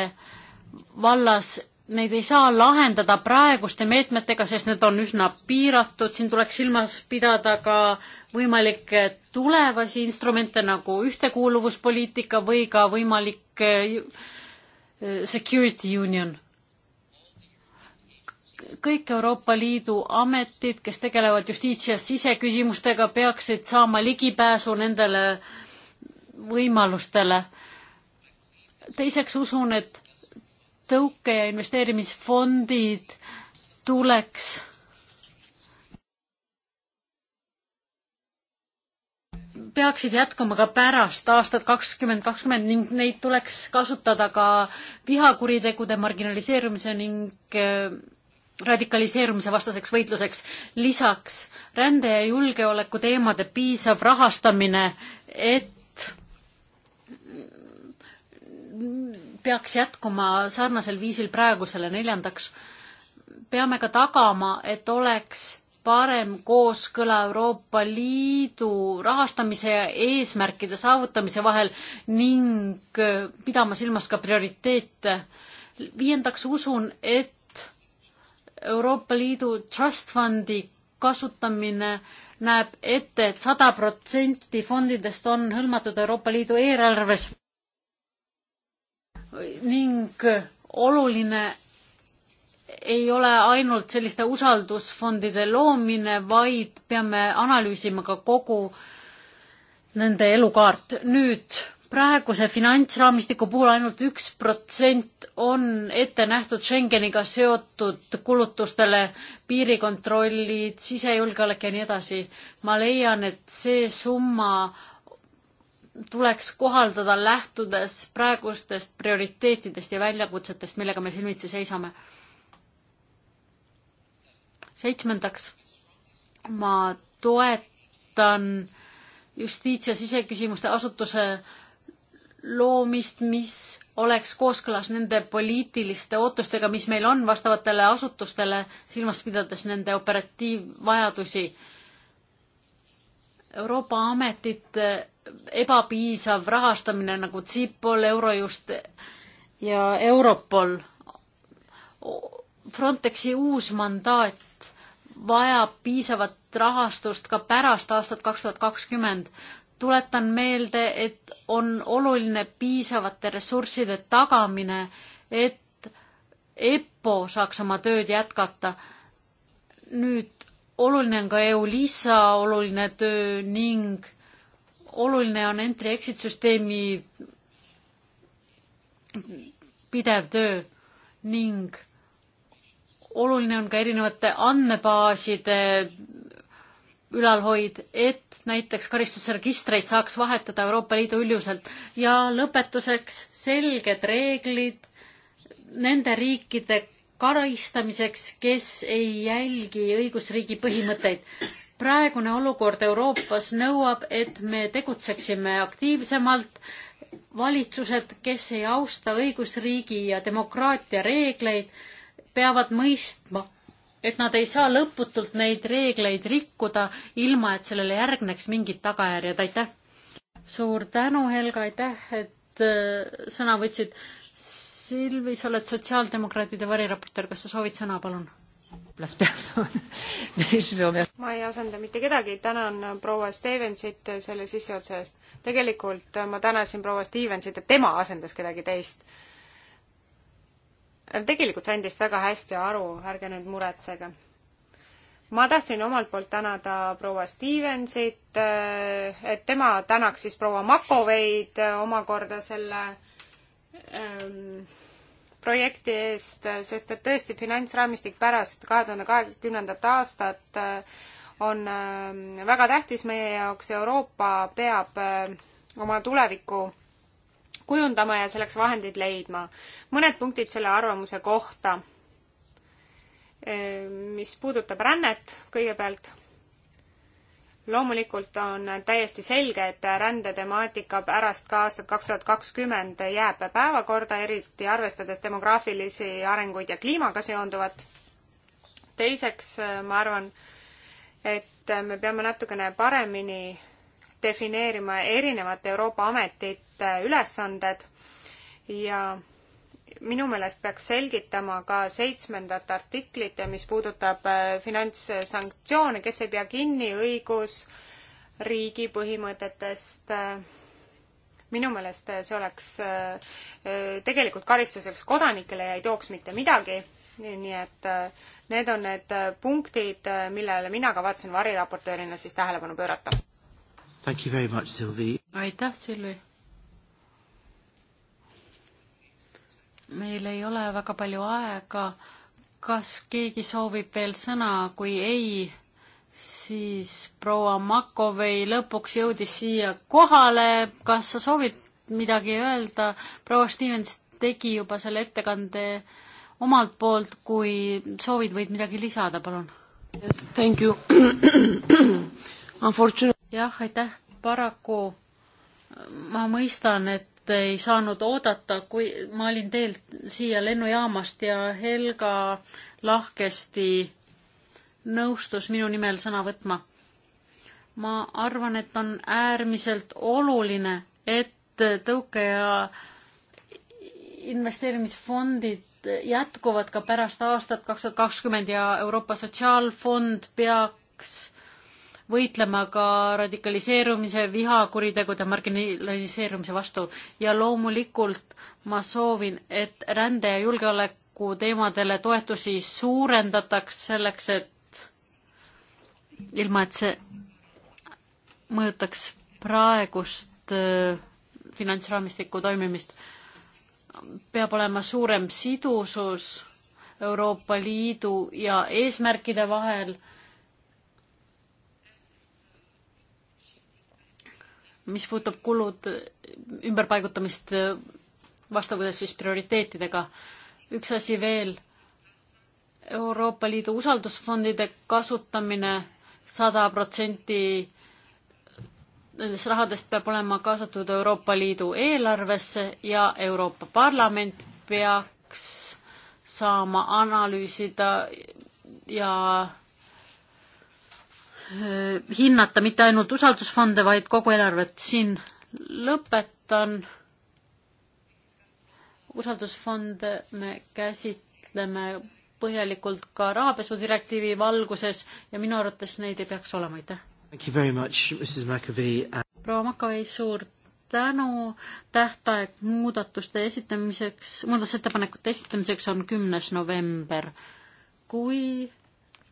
vallas, neid ei saa lahendada praeguste meetmetega, sest need on üsna piiratud, siin tuleks silmas pidada ka võimalikke tulevasi instrumente nagu ühtekuuluvuspoliitika või ka võimalik äh, security union kõik Euroopa Liidu ametid, kes tegelevad justiits- ja siseküsimustega, peaksid saama ligipääsu nendele võimalustele. teiseks usun, et tõuke- ja investeerimisfondid tuleks peaksid jätkuma ka pärast aastat kakskümmend kakskümmend ning neid tuleks kasutada ka vihakuritegude marginaliseerumise ning äh, radikaliseerumise vastaseks võitluseks. lisaks rände ja julgeoleku teemade piisav rahastamine, et peaks jätkuma sarnasel viisil praegusele neljandaks. peame ka tagama, et oleks parem kooskõla Euroopa Liidu rahastamise ja eesmärkide saavutamise vahel ning pidama silmas ka prioriteete. viiendaks usun, et Euroopa Liidu Trust Fundi kasutamine näeb ette et, et sada protsenti fondidest on hõlmatud Euroopa Liidu eelarves ning oluline ei ole ainult selliste usaldusfondide loomine, vaid peame analüüsima ka kogu nende elukaart. nüüd praeguse finantsraamistiku puhul ainult üks protsent on ette nähtud Schengeniga seotud kulutustele, piirikontrollid, sisejulgeolek ja nii edasi. ma leian, et see summa tuleks kohaldada lähtudes praegustest prioriteetidest ja väljakutsetest, millega me silmitsi seisame. seitsmendaks, ma toetan justiits- ja siseküsimuste asutuse loomist, mis oleks kooskõlas nende poliitiliste ootustega, mis meil on vastavatele asutustele, silmas pidades nende operatiivvajadusi. Euroopa ametite ebapiisav rahastamine nagu CIPOL, Eurojust ja Europol. Frontexi uus mandaat vajab piisavat rahastust ka pärast aastat kaks tuhat kakskümmend tuletan meelde, et on oluline piisavate ressursside tagamine, et EPPO saaks oma tööd jätkata. nüüd oluline on ka EULISA oluline töö ning oluline on entry-exit süsteemi pidev töö ning oluline on ka erinevate andmebaaside ülalhoid, et näiteks karistusregistreid saaks vahetada Euroopa Liidu üljuselt. ja lõpetuseks selged reeglid nende riikide karistamiseks, kes ei jälgi õigusriigi põhimõtteid. praegune olukord Euroopas nõuab, et me tegutseksime aktiivsemalt. valitsused, kes ei austa õigusriigi ja demokraatia reegleid, peavad mõistma, et nad ei saa lõputult neid reegleid rikkuda, ilma et sellele järgneks mingid tagajärjed, aitäh! suur tänu, Helga, aitäh, et äh, sõna võtsid. Silvi, sa oled sotsiaaldemokraatide variraportöör, kas sa soovid sõna, palun? ma ei asenda mitte kedagi, tänan äh, proua Stevensit äh, selle sisseotsa eest. tegelikult äh, ma tänasin proua Stevensit, et tema asendas kedagi teist tegelikult sain teist väga hästi aru, ärge nüüd muretsege. ma tahtsin omalt poolt tänada proua Stevensit, äh, et tema tänaks siis proua Makoveid äh, omakorda selle ähm, projekti eest, äh, sest et tõesti finantsraamistik pärast kahe tuhande kahekümnendat aastat on ähm, väga tähtis meie jaoks, Euroopa peab oma tulevikku kujundama ja selleks vahendid leidma. mõned punktid selle arvamuse kohta, e, mis puudutab rännet kõigepealt. loomulikult on täiesti selge, et rändetemaatika pärast ka aastat kaks tuhat kakskümmend jääb päevakorda, eriti arvestades demograafilisi arenguid ja kliimaga seonduvat. teiseks, ma arvan, et me peame natukene paremini defineerima erinevate Euroopa ametite äh, ülesanded ja minu meelest peaks selgitama ka seitsmendat artiklit, mis puudutab äh, finantssanktsioone, kes ei pea kinni õigusriigi põhimõtetest. Äh, minu meelest see oleks tegelikult karistuseks kodanikele ja ei tooks mitte midagi. nii et need on need punktid, millele mina kavatsen variraportöörina siis tähelepanu pöörata Thank you very much, Silvi. aitäh, Silvi. meil ei ole väga palju aega. kas keegi soovib veel sõna, kui ei, siis proua Makovei lõpuks jõudis siia kohale. kas sa soovid midagi öelda? proua Stevens tegi juba selle ettekande omalt poolt, kui soovid, võid midagi lisada, palun. Yes, thank you. Unfortunately jah, aitäh, paraku ma mõistan, et ei saanud oodata, kui ma olin teel siia lennujaamast ja Helga lahkesti nõustus minu nimel sõna võtma. ma arvan, et on äärmiselt oluline, et tõuke ja investeerimisfondid jätkuvad ka pärast aastat kaks tuhat kakskümmend ja Euroopa Sotsiaalfond peaks võitlema ka radikaliseerumise, vihakuritegude marginaliseerumise vastu ja loomulikult ma soovin, et rände ja julgeoleku teemadele toetusi suurendataks selleks, et ilma, et see mõjutaks praegust äh, finantsraamistiku toimimist, peab olema suurem sidusus Euroopa Liidu ja eesmärkide vahel mis puudutab kulud ümberpaigutamist vastavuses siis prioriteetidega. üks asi veel, Euroopa Liidu usaldusfondide kasutamine sada protsenti nendest rahadest peab olema kaasatud Euroopa Liidu eelarvesse ja Euroopa Parlament peaks saama analüüsida ja Äh, hinnata mitte ainult usaldusfonde, vaid kogu eelarvet. siin lõpetan. usaldusfonde me käsitleme põhjalikult ka rahapesudirektiivi valguses ja minu arvates neid ei peaks olema, aitäh. proua Makavei, suur tänu. tähtaeg muudatuste esitamiseks, muudatusettepanekute esitamiseks on kümnes november. kui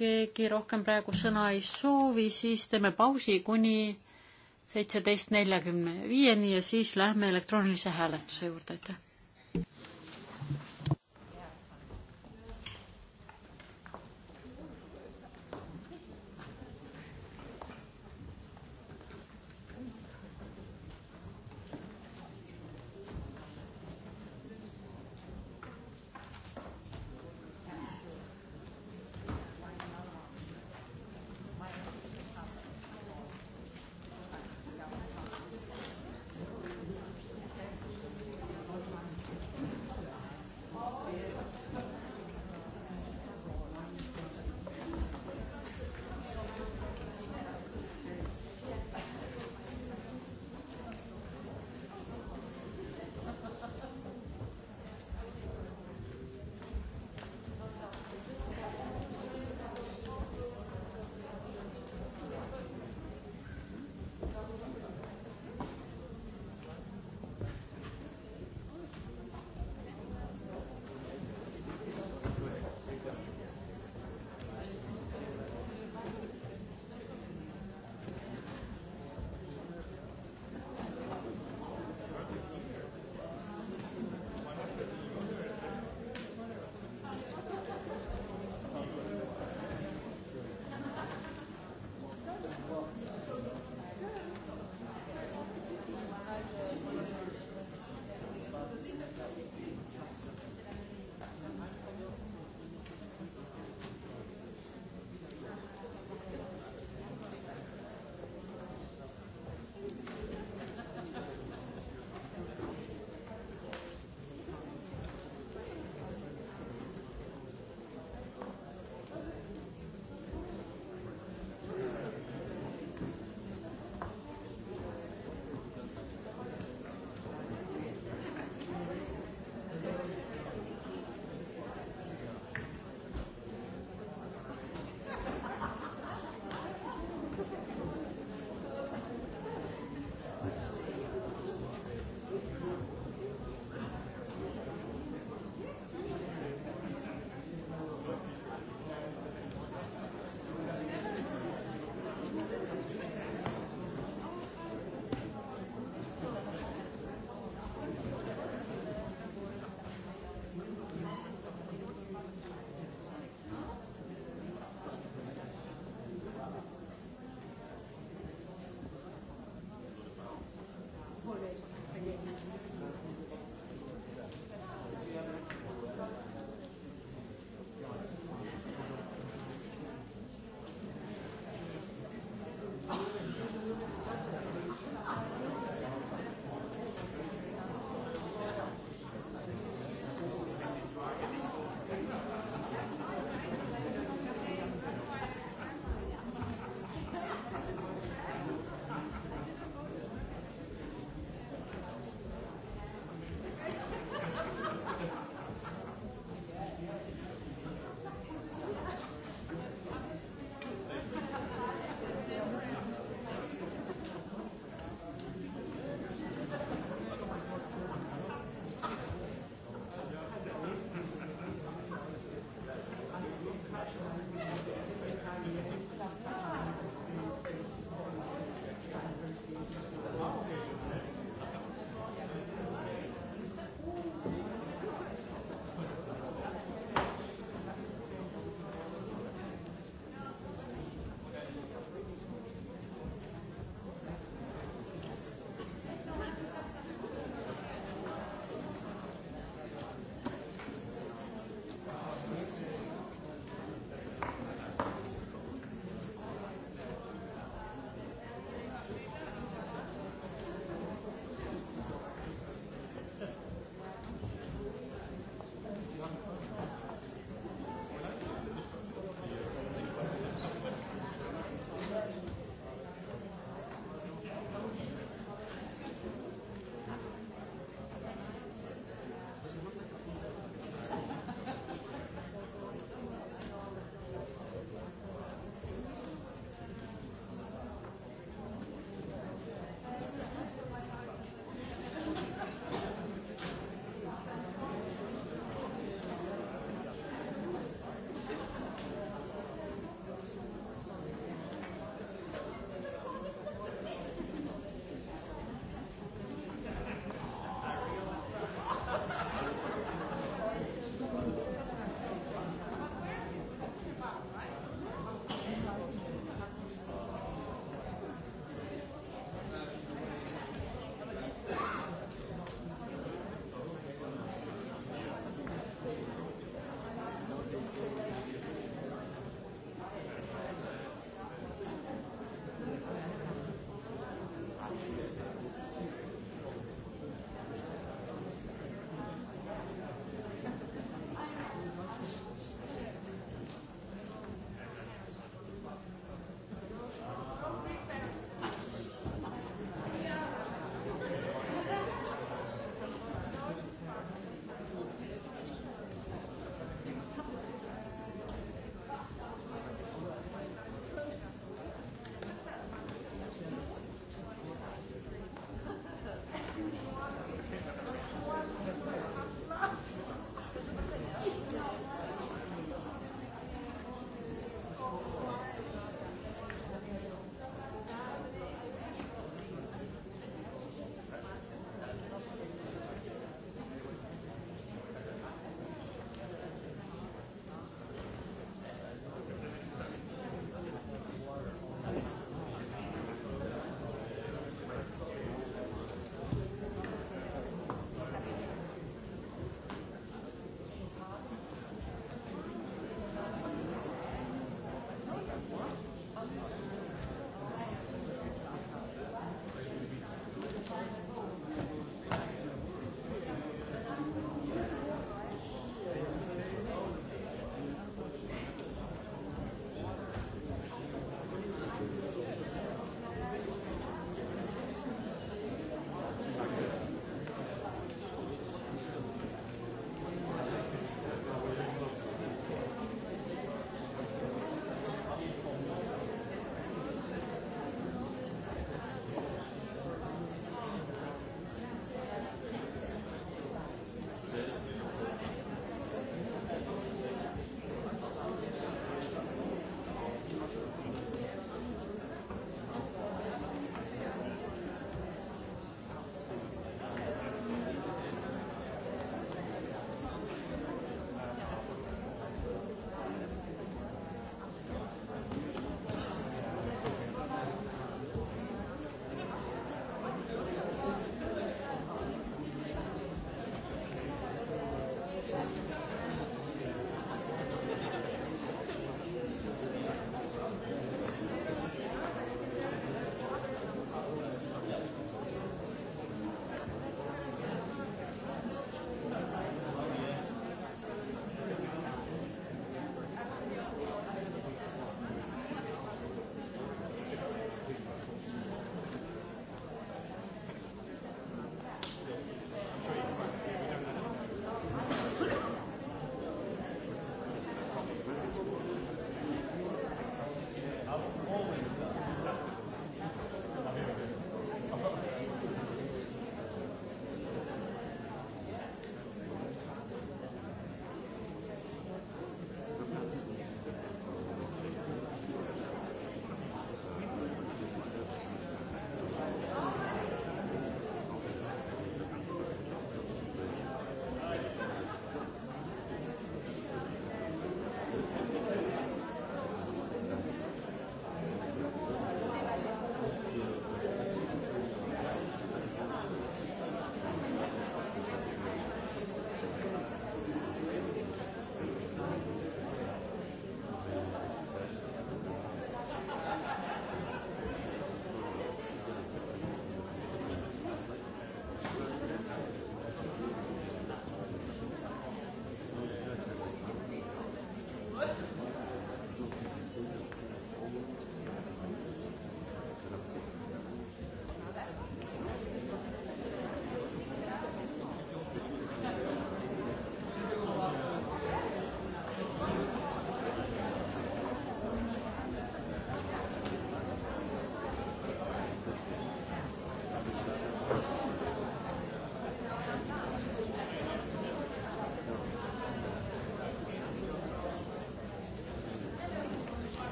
keegi rohkem praegu sõna ei soovi, siis teeme pausi kuni seitseteist neljakümne viieni ja siis lähme elektroonilise hääletuse juurde, aitäh.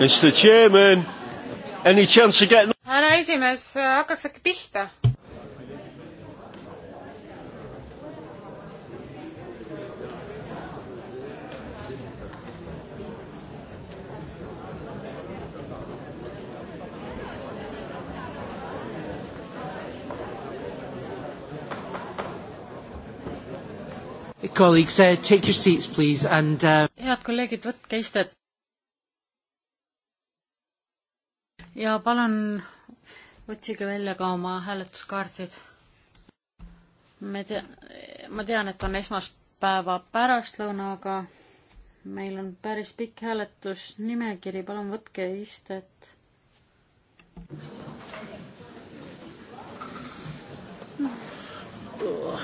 Mr Chairman, any chance to get härra esimees, hakkaks äkki pihta? Colleagues, uh, take your seats, please, and uh... head kolleegid, võtke istet. ja palun otsige välja ka oma hääletuskaardid. me tea-, ma tean, et on esmaspäeva pärastlõuna, aga meil on päris pikk hääletusnimekiri, palun võtke istet. Right. Oh,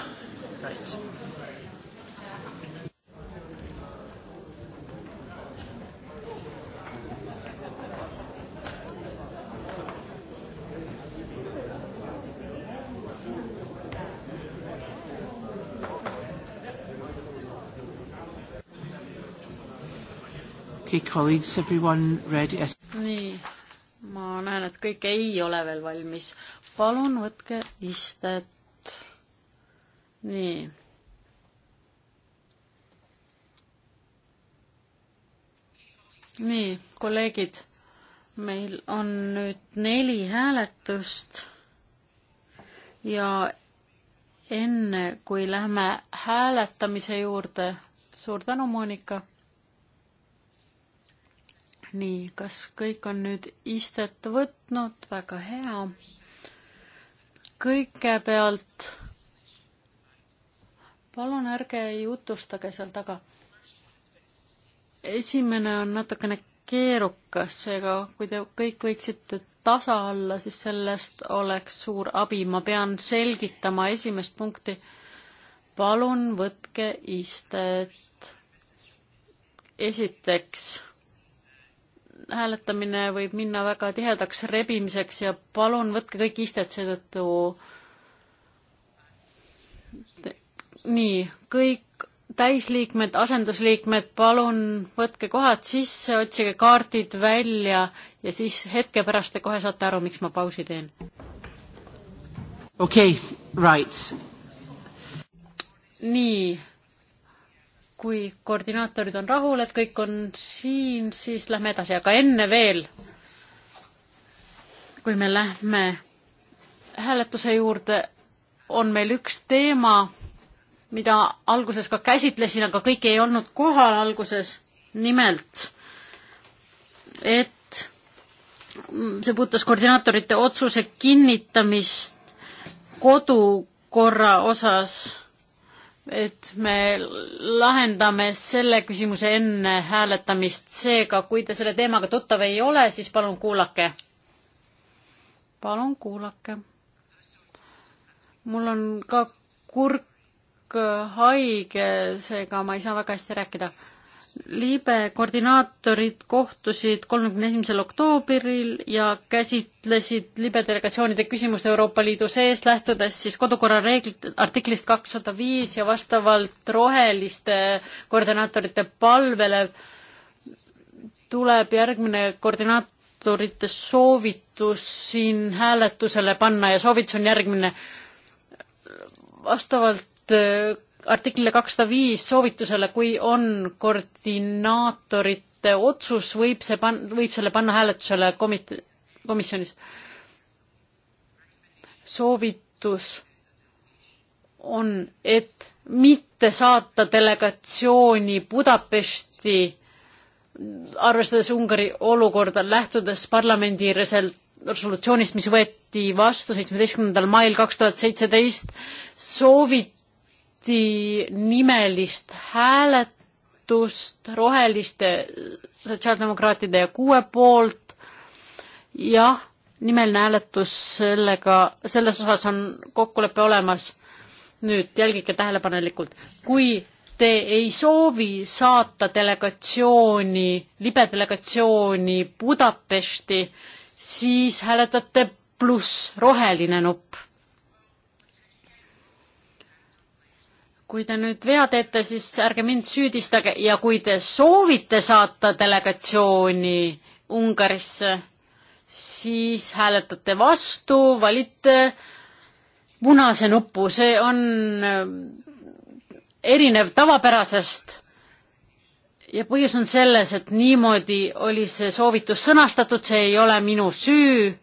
Okay, colleagues, everyone ready? nii, ma näen, et kõik ei ole veel valmis. palun võtke istet. nii. nii, kolleegid, meil on nüüd neli hääletust ja enne, kui lähme hääletamise juurde, suur tänu, Monika nii, kas kõik on nüüd istet võtnud, väga hea. kõigepealt palun ärge jutustage seal taga. esimene on natukene keerukas, seega kui te kõik võiksite tasa alla, siis sellest oleks suur abi. ma pean selgitama esimest punkti. palun võtke istet. esiteks hääletamine võib minna väga tihedaks rebimiseks ja palun võtke kõik istet seetõttu. nii, kõik täisliikmed, asendusliikmed, palun võtke kohad sisse, otsige kaardid välja ja siis hetke pärast te kohe saate aru, miks ma pausi teen. okei okay,, right. nii kui koordinaatorid on rahul, et kõik on siin, siis lähme edasi, aga enne veel, kui me lähme hääletuse juurde, on meil üks teema, mida alguses ka käsitlesin, aga kõik ei olnud kohal alguses. nimelt, et see puudutas koordinaatorite otsuse kinnitamist kodukorra osas et me lahendame selle küsimuse enne hääletamist, seega kui te selle teemaga tuttav ei ole, siis palun kuulake. palun kuulake. mul on ka kurk haige, seega ma ei saa väga hästi rääkida liibe koordinaatorid kohtusid kolmekümne esimesel oktoobril ja käsitlesid libe delegatsioonide küsimust Euroopa Liidu sees, lähtudes siis kodukorra reeglite artiklist kakssada viis ja vastavalt roheliste koordinaatorite palvele tuleb järgmine koordinaatorite soovitus siin hääletusele panna ja soovitus on järgmine. vastavalt artiklile kakssada viis soovitusele, kui on koordinaatorite otsus, võib see pan-, võib selle panna hääletusele komit-, komisjonis. soovitus on, et mitte saata delegatsiooni Budapesti, arvestades Ungari olukorda, lähtudes parlamendi resel-, resolutsioonist, mis võeti vastu seitsmeteistkümnendal mail kaks tuhat seitseteist, soovit-, lahti nimelist hääletust roheliste, sotsiaaldemokraatide ja kuue poolt. jah, nimeline hääletus sellega, selles osas on kokkulepe olemas. nüüd jälgige tähelepanelikult, kui te ei soovi saata delegatsiooni, libe delegatsiooni Budapesti, siis hääletate pluss roheline nupp kui te nüüd vea teete, siis ärge mind süüdistage ja kui te soovite saata delegatsiooni Ungarisse, siis hääletate vastu, valite punase nupu, see on äh, erinev tavapärasest. ja põhjus on selles, et niimoodi oli see soovitus sõnastatud, see ei ole minu süü.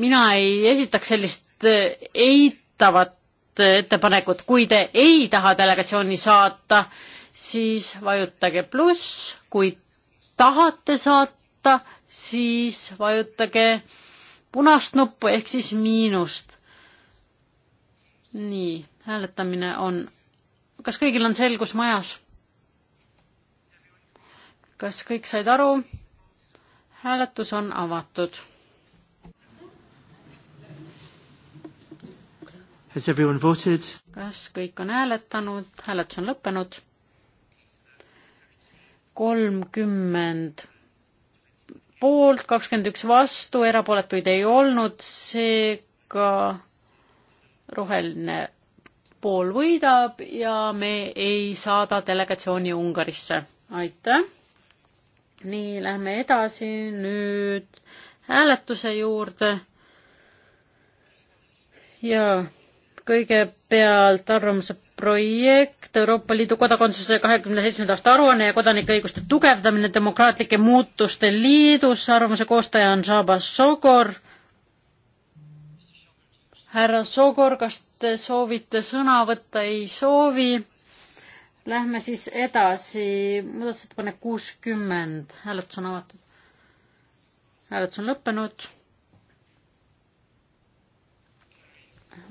mina ei esitaks sellist äh, eitavat ettepanekut. kui te ei taha delegatsiooni saata, siis vajutage pluss, kui tahate saata, siis vajutage punast nuppu ehk siis miinust. nii, hääletamine on. kas kõigil on selgus majas? kas kõik said aru? hääletus on avatud Has everyone voted? kas kõik on hääletanud, hääletus on lõppenud? kolmkümmend poolt, kakskümmend üks vastu, erapooletuid ei olnud, seega roheline pool võidab ja me ei saada delegatsiooni Ungarisse. aitäh! nii, lähme edasi nüüd hääletuse juurde. ja kõigepealt arvamuse projekt Euroopa Liidu kodakondsuse kahekümne seitsmenda aasta aruanne ja kodanikeõiguste tugevdamine demokraatlike muutuste liidus. arvamuse koostaja on Shaba Sogor. härra Sogor, kas te soovite sõna võtta? ei soovi. Lähme siis edasi. muudatusettepanek kuuskümmend. hääletus on avatud. hääletus on lõppenud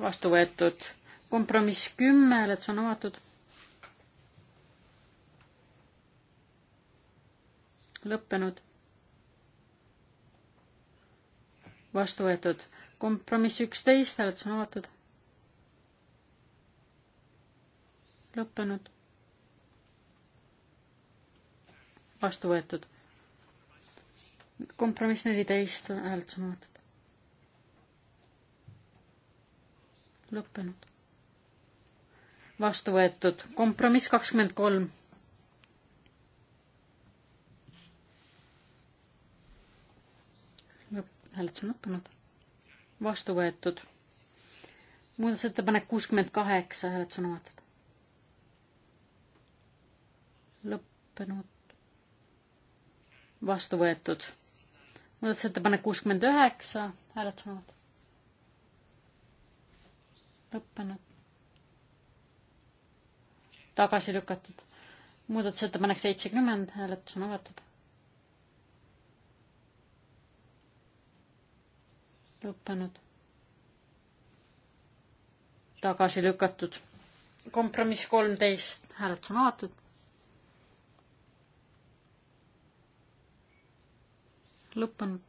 vastu võetud. kompromiss kümme, hääletus on avatud. lõppenud. vastu võetud. kompromiss üksteist, hääletus on avatud. lõppenud. vastu võetud. kompromiss neliteist, hääletus on avatud lõppenud. vastu võetud kompromiss kakskümmend kolm. hääletus on lõppenud. vastu võetud. muudatusettepanek kuuskümmend kaheksa, hääletus on avatud. lõppenud. vastu võetud. muudatusettepanek kuuskümmend üheksa, hääletus on avatud lõppenud. tagasi lükatud. muudatusettepanek seitsekümmend, hääletus on avatud. lõppenud. tagasi lükatud. kompromiss kolmteist, hääletus on avatud. lõppenud.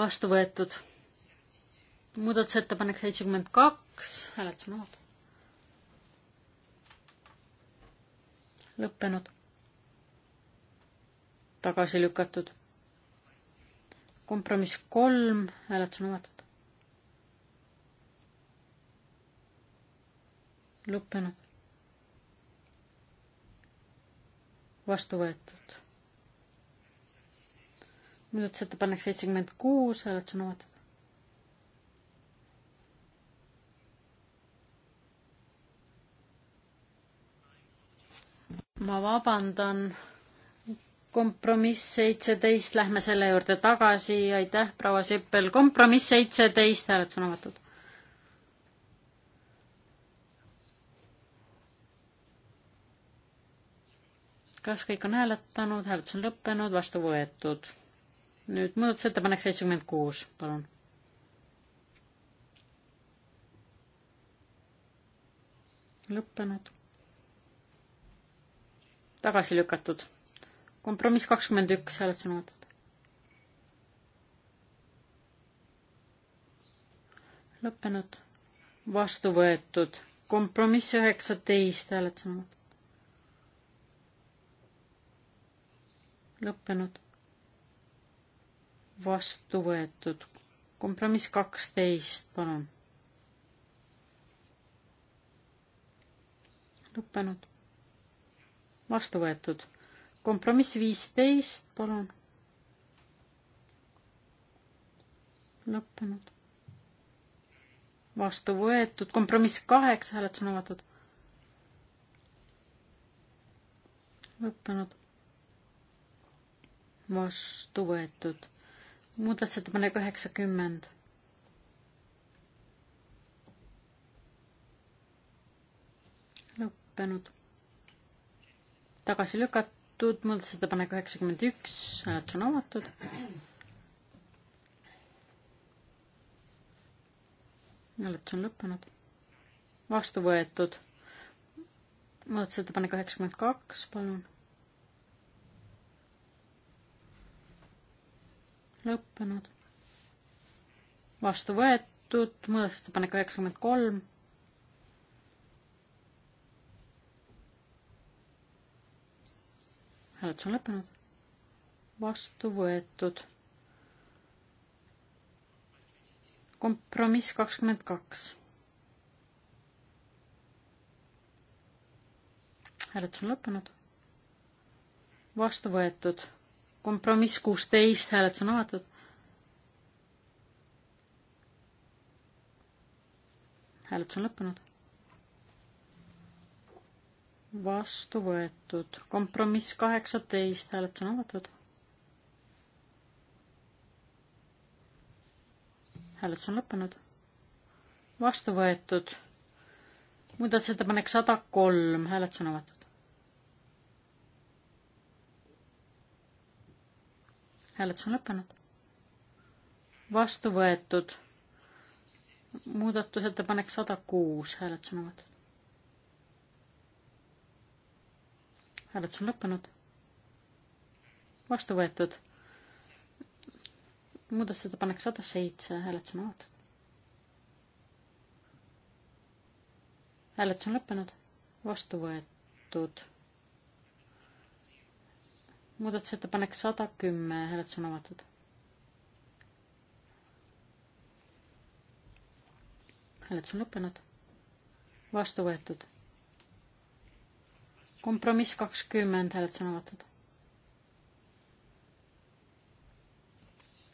vastu võetud muudatusettepanek seitsekümmend kaks, hääletus on avatud. lõppenud. tagasi lükatud. kompromiss kolm, hääletus on avatud. lõppenud. vastu võetud. muudatusettepanek seitsekümmend kuus, hääletus on avatud. ma vabandan. kompromiss seitseteist, lähme selle juurde tagasi, aitäh, proua Sippel. kompromiss seitseteist, hääled sõna võtnud kas kõik on hääletanud, hääletus on lõppenud, vastu võetud. nüüd muudatusettepanek seitsekümmend kuus, palun. lõppenud tagasi lükatud. kompromiss kakskümmend üks, hääled on oodatud. lõppenud, vastu võetud, kompromiss üheksateist, hääled on oodatud. lõppenud, vastu võetud, kompromiss kaksteist, palun lõppenud, vastu võetud. kompromiss viisteist, palun. lõppenud. vastu võetud, kompromiss kaheksa, hääletus on avatud. lõppenud. vastu võetud. muudatusettepanek üheksakümmend lõppenud tagasi lükatud, muudatusettepanek üheksakümmend üks, hääletus on avatud. hääletus on lõppenud. vastu võetud. muudatusettepanek üheksakümmend kaks, palun lõppenud. vastu võetud, muudatusettepanek üheksakümmend kolm. hääletus on lõppenud. vastu võetud. kompromiss kakskümmend kaks. hääletus on lõppenud. vastu võetud. kompromiss kuusteist, hääletus on avatud. hääletus on lõppenud vastu võetud. kompromiss kaheksateist, hääletus on avatud. hääletus on lõppenud. vastu võetud. muudatusettepanek sada kolm, hääletus on avatud. hääletus on lõppenud. vastu võetud. muudatusettepanek sada kuus, hääletus on avatud. hääletus on lõppenud. vastu võetud. muudatusettepanek sada seitse, hääletus on avatud. hääletus on lõppenud, vastu võetud. muudatusettepanek sada kümme, hääletus on avatud. hääletus on lõppenud, vastu võetud kompromiss kakskümmend, hääletus on avatud.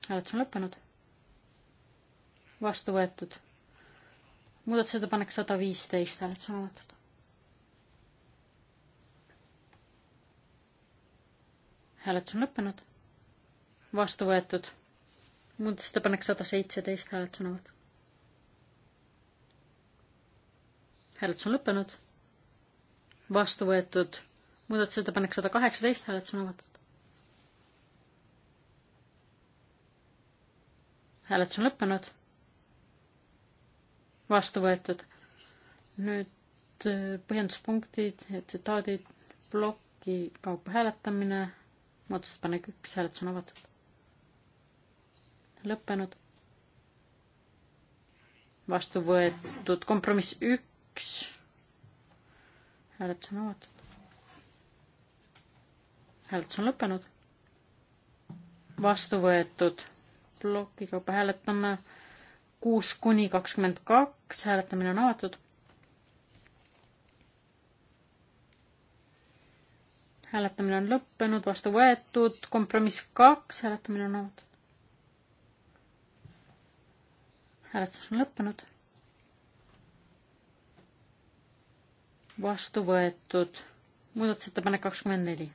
hääletus on lõppenud. vastu võetud. muudatusettepanek sada viisteist, hääletus on avatud. hääletus on lõppenud. vastu võetud. muudatusettepanek sada seitseteist, hääletus on avatud. hääletus on lõppenud vastu võetud muudatusettepanek sada kaheksateist, hääletus on avatud. hääletus on lõppenud. vastu võetud. nüüd äh, põhjenduspunktid ja tsitaadid, ploki kaupa hääletamine, muudatusettepanek üks, hääletus on avatud. lõppenud. vastu võetud kompromiss üks hääletus on avatud. hääletus on lõppenud. vastu võetud ploki kaupa hääletame kuus kuni kakskümmend kaks, hääletamine on avatud. hääletamine on lõppenud, vastu võetud, kompromiss kaks, hääletamine on avatud. hääletus on lõppenud vastu võetud. muudatusettepanek kakskümmend neli.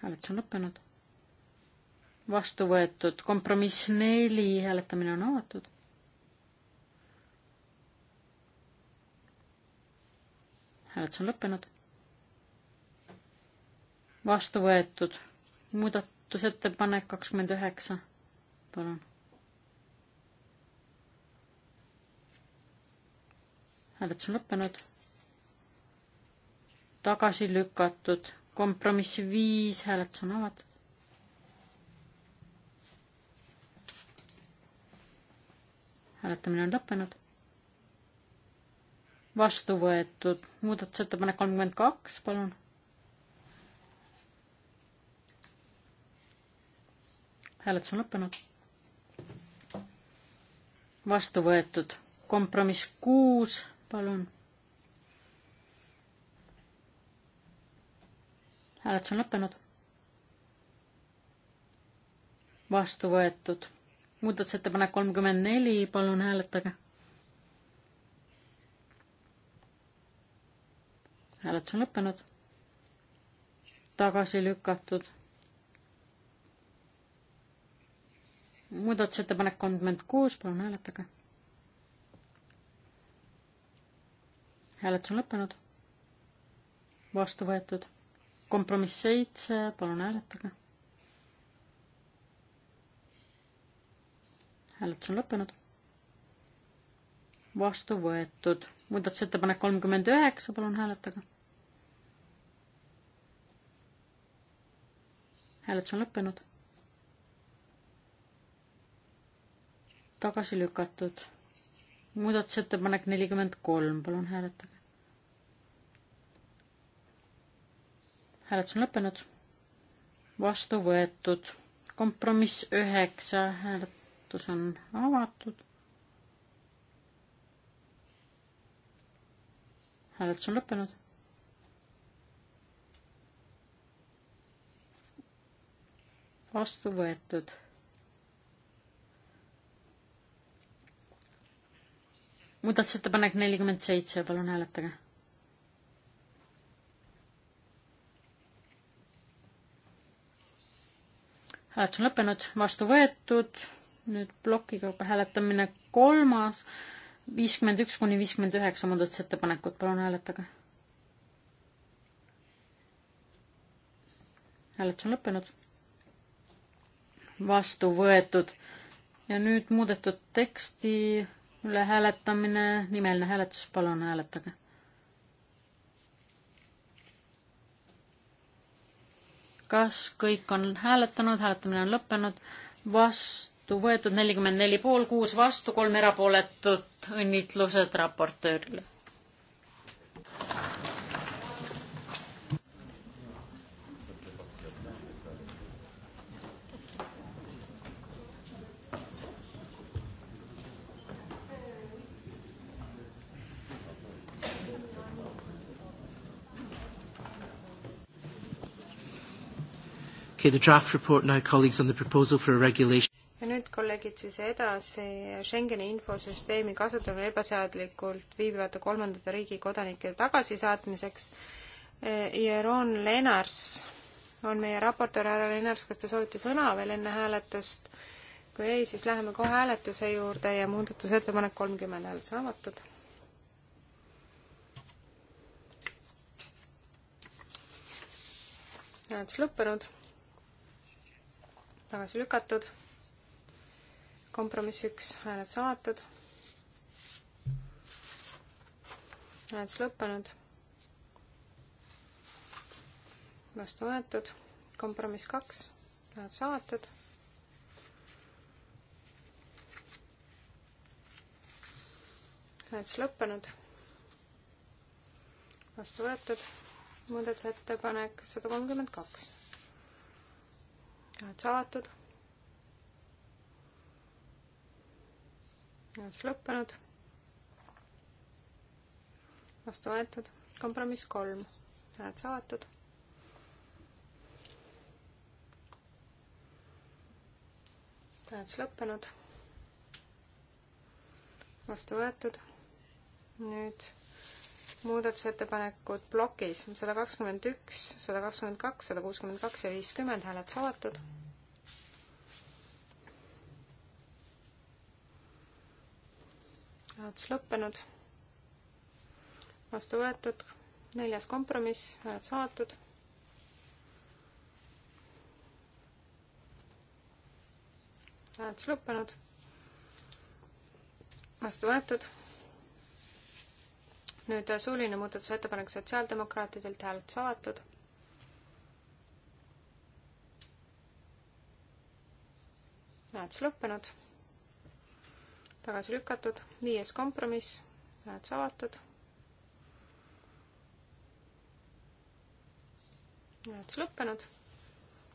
hääletus on lõppenud. vastu võetud kompromiss neli, hääletamine on avatud. hääletus on lõppenud. vastu võetud muudatusettepanek kakskümmend üheksa. palun hääletus on lõppenud. tagasi lükatud, kompromiss viis, hääletus on avatud. hääletamine on lõppenud. vastu võetud muudatusettepanek kolmkümmend kaks, palun. hääletus on lõppenud. vastu võetud kompromiss kuus palun. hääletus on lõppenud. vastu võetud. muudatusettepanek kolmkümmend neli, palun hääletage. hääletus on lõppenud. tagasi lükatud. muudatusettepanek kolmkümmend kuus, palun hääletage hääletus on lõppenud. vastu võetud. kompromiss seitse, palun hääletage. hääletus on lõppenud. vastu võetud. muudatusettepanek kolmkümmend üheksa, palun hääletage. hääletus on lõppenud tagasi lükatud. muudatusettepanek nelikümmend kolm, palun hääletage. hääletus on lõppenud. vastu võetud. kompromiss üheksa, hääletus on avatud. hääletus on lõppenud. vastu võetud. muudatusettepanek nelikümmend seitse, palun hääletage hääletus on lõppenud, vastu võetud, nüüd plokikaupa hääletamine kolmas, viiskümmend üks kuni viiskümmend üheksa muudatusettepanekut, palun hääletage. hääletus on lõppenud, vastu võetud ja nüüd muudetud teksti üle hääletamine, nimeline hääletus, palun hääletage kas kõik on hääletanud, hääletamine on lõppenud, vastu võetud nelikümmend neli pool, kuus vastu, kolm erapooletut, õnnitlused raportöörile. Okay, the draft report now, colleagues, on the proposal for a regulation. ja nüüd kolleegid siis edasi Schengeni infosüsteemi kasutamine ebaseadlikult viibivate kolmandate riigi kodanike tagasisaatmiseks. Jeroen eh, Lenars on meie raportöör, härra Lenars, kas te soovite sõna veel enne hääletust? kui ei, siis läheme kohe hääletuse juurde ja muudatusettepanek kolmkümmend hääletus avatud hääletus lõppenud tagasi lükatud. kompromiss üks, hääletus avatud. hääletus lõppenud. vastu võetud. kompromiss kaks, hääletus avatud. hääletus lõppenud. vastu võetud. muudatusettepanek sada kolmkümmend kaks oled sa avatud? oled sa lõppenud? vastu võetud. kompromiss kolm, oled sa avatud? oled sa lõppenud? vastu võetud. nüüd muudatusettepanekud plokis sada kakskümmend üks, sada kakskümmend kaks, sada kuuskümmend kaks ja viiskümmend hääled saadetud hääletus lõppenud. vastu võetud. neljas kompromiss, hääletus avatud. hääletus lõppenud. vastu võetud. nüüd suuline muudatusettepanek sotsiaaldemokraatidelt, hääletus avatud näed, see lõppenud tagasi lükatud, viies kompromiss, hääletus avatud. hääletus lõppenud,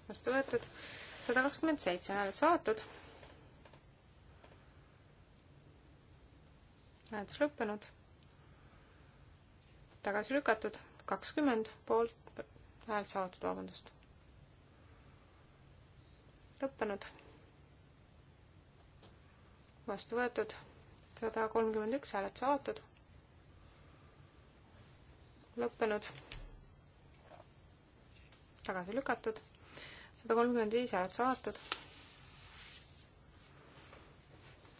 vastu võetud, sada kakskümmend seitse hääletus avatud. hääletus lõppenud, tagasi lükatud, kakskümmend poolt, hääletus avatud, vabandust. lõppenud vastu võetud, sada kolmkümmend üks hääletus avatud, lõppenud, tagasi lükatud, sada kolmkümmend viis hääletus avatud,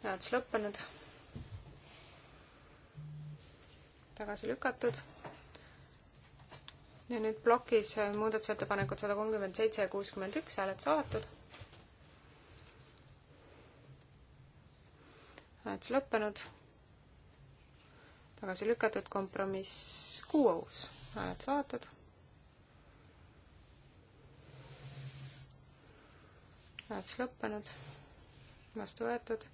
hääletus lõppenud, tagasi lükatud ja nüüd plokis muudatusettepanekud sada kolmkümmend seitse ja kuuskümmend üks hääletus avatud hääletus lõppenud. tagasi lükatud kompromiss kuus, hääletus avatud. hääletus lõppenud, vastu võetud.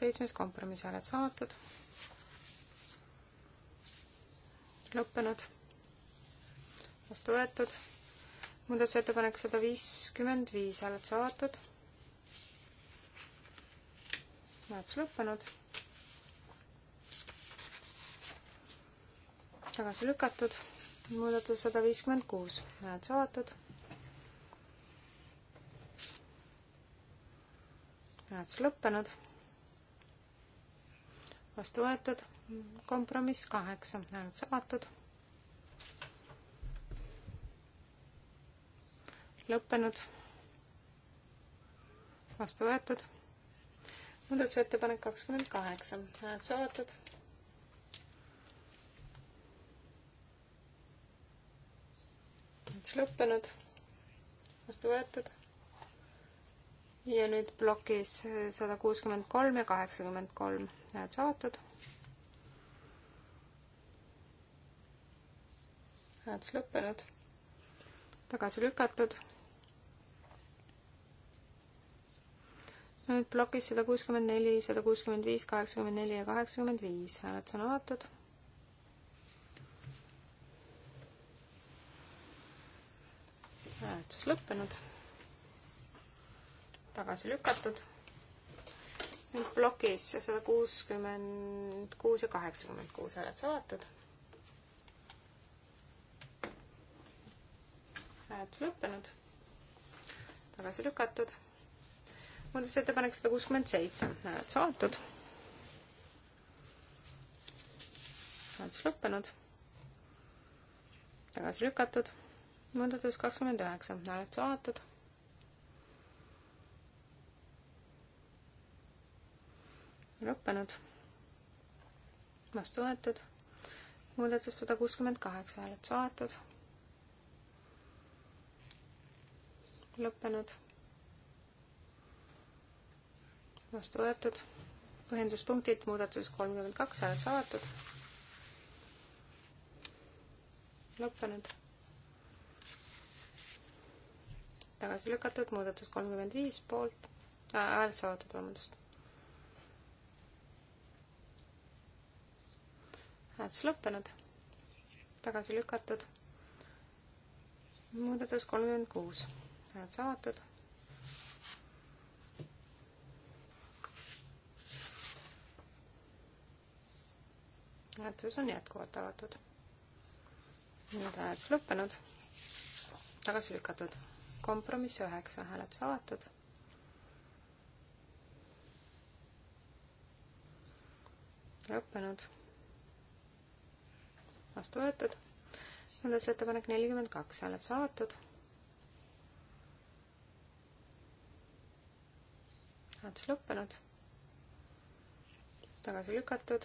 seitsmes kompromiss hääletus avatud. lõppenud, vastu võetud. muudatusettepanek sada viiskümmend viis hääletus avatud hääletus lõppenud. tagasi lükatud, muudatus sada viiskümmend kuus, hääletus avatud. hääletus lõppenud. vastu võetud, kompromiss kaheksa, hääletus avatud. lõppenud vastu võetud muudatusettepanek kakskümmend kaheksa, hääled saadud. hääletus lõppenud, vastu võetud. ja nüüd plokis sada kuuskümmend kolm ja kaheksakümmend kolm, hääled saadud. hääletus lõppenud, tagasi lükatud nüüd plokis sada kuuskümmend neli, sada kuuskümmend viis, kaheksakümmend neli ja kaheksakümmend viis. hääletus on avatud. hääletus lõppenud. tagasi lükatud. nüüd plokis sada kuuskümmend kuus ja kaheksakümmend kuus hääletus avatud. hääletus lõppenud. tagasi lükatud muudatusettepanek sada kuuskümmend seitse, hääletus avatud. hääletus lõppenud. tagasi lükatud. muudatus kakskümmend üheksa, hääletus avatud. lõppenud. vastu võetud. muudatus sada kuuskümmend kaheksa, hääletus avatud. lõppenud vastu võetud. põhjenduspunktid, muudatus kolmkümmend kaks, hääletus avatud. lõppenud. tagasi lükatud, muudatus kolmkümmend viis, poolt, äh, hääletus avatud, vabandust. hääletus lõppenud, tagasi lükatud. muudatus kolmkümmend kuus, hääletus avatud hääletus on jätkuvalt avatud. nüüd hääletus lõppenud, tagasi lükatud. kompromiss üheksa, hääletus avatud. lõppenud, vastu võetud. muudatusettepanek nelikümmend kaks, hääletus avatud. hääletus lõppenud tagasi lükatud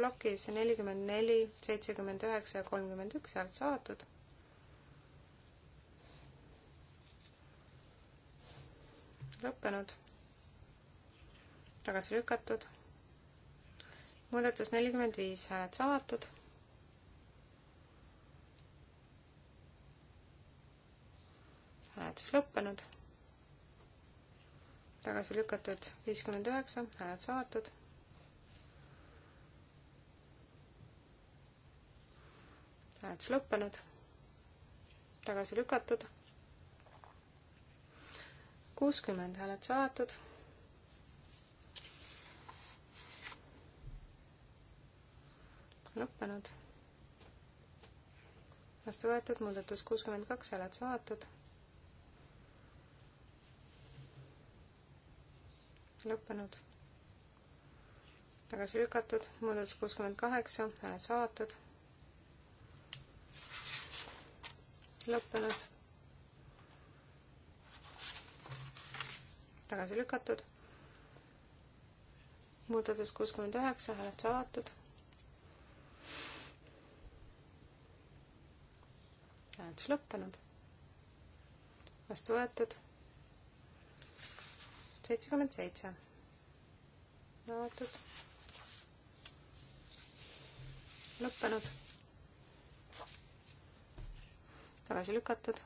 plokis nelikümmend neli, seitsekümmend üheksa ja kolmkümmend üks häält saadud. lõppenud. tagasi lükatud. muudatus nelikümmend viis hääled saadud. hääletus lõppenud tagasi lükatud viiskümmend üheksa, hääled saadud. hääletus lõppenud, tagasi lükatud, kuuskümmend hääletus avatud lõppenud. vastu võetud muudatus kuuskümmend kaks, hääled saadetud. lõppenud. tagasi lükatud, muudatus kuuskümmend kaheksa, hääled saadetud. lõppenud. tagasi lükatud. muudatus kuuskümmend üheksa, hääletus avatud. hääletus lõppenud. vastu võetud. seitsekümmend seitse. avatud. lõppenud tagasi lükatud.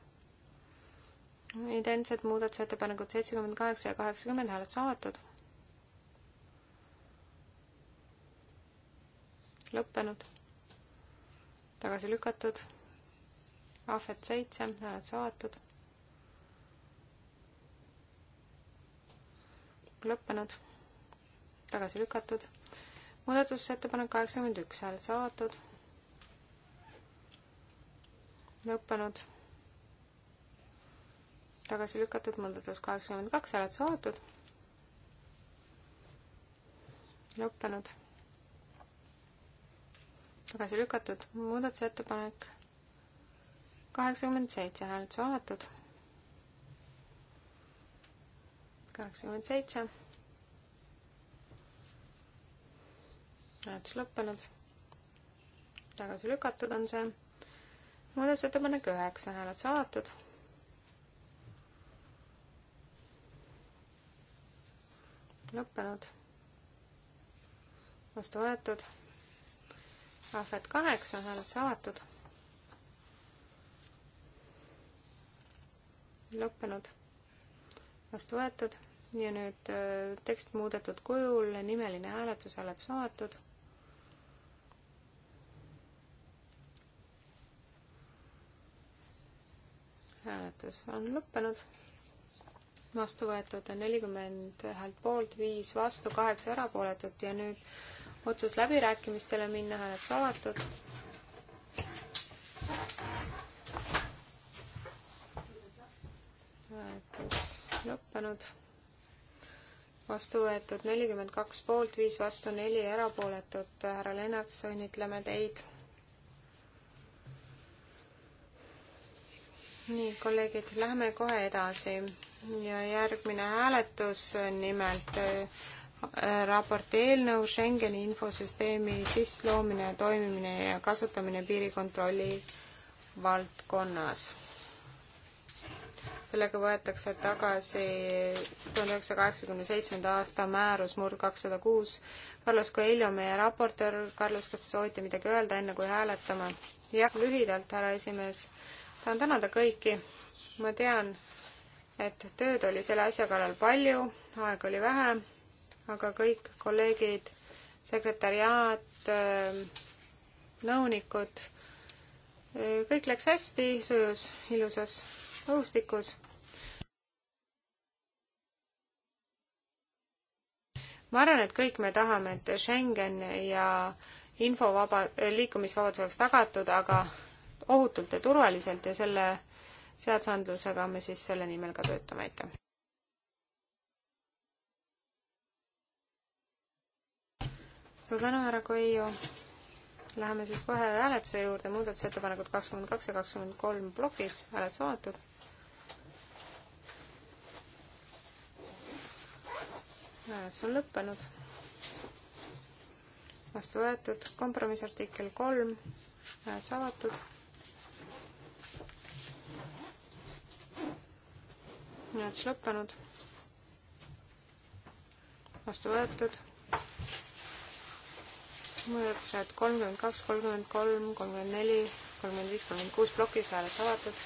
identsed muudatusettepanekud seitsekümmend kaheksa ja kaheksakümmend hääletus avatud. lõppenud. tagasi lükatud. ahvet seitse, hääletus avatud. lõppenud. tagasi lükatud. muudatusettepanek kaheksakümmend üks, hääletus avatud lõppenud. tagasi lükatud muudatus kaheksakümmend kaks, hääletus avatud. lõppenud. tagasi lükatud muudatusettepanek kaheksakümmend seitse, hääletus avatud. kaheksakümmend seitse. hääletus lõppenud. tagasi lükatud on see muudatusettepanek üheksa, hääletus avatud. lõppenud. vastu võetud. ahvet kaheksa, hääletus avatud. lõppenud. vastu võetud ja nüüd äh, tekst muudetud kujul, nimeline hääletus, hääletus avatud hääletus on lõppenud. vastu võetud nelikümmend häält poolt, viis vastu, kaheksa erapooletut ja nüüd otsus läbirääkimistele minna, hääletus avatud. hääletus lõppenud. vastu võetud nelikümmend kaks poolt, viis vastu, neli erapooletut. härra Lennart, õnnitleme teid nii, kolleegid, lähme kohe edasi ja järgmine hääletus nimelt äh, raporti eelnõu Schengeni infosüsteemi sissloomine, toimimine ja kasutamine piirikontrolli valdkonnas. sellega võetakse tagasi tuhande üheksasaja kaheksakümne seitsmenda aasta määrus murd kakssada kuus. Carlos Coelho, meie raportöör, Carlos, kas te soovite midagi öelda, enne kui hääletame? jah, lühidalt, härra esimees tahan tänada kõiki, ma tean, et tööd oli selle asja kallal palju, aega oli vähe, aga kõik kolleegid, sekretäriaat, ähm, nõunikud, äh, kõik läks hästi, sujus ilusas õhustikus. ma arvan, et kõik me tahame, et Schengen ja infovaba, liikumisvabadus oleks tagatud, aga ohutult ja turvaliselt ja selle seadusandlusega me siis selle nimel ka töötame, aitäh! suur tänu, härra Koiu! Läheme siis kohe hääletuse juurde, muudatusettepanekud kakskümmend kaks ja kakskümmend kolm plokis, hääletus avatud. hääletus on lõppenud. vastu võetud, kompromissartikkel kolm, hääletus avatud hääletus lõppenud. vastu võetud. muudatused kolmkümmend kaks, kolmkümmend kolm, kolmkümmend neli, kolmkümmend viis, kolmkümmend kuus plokis hääletus avatud.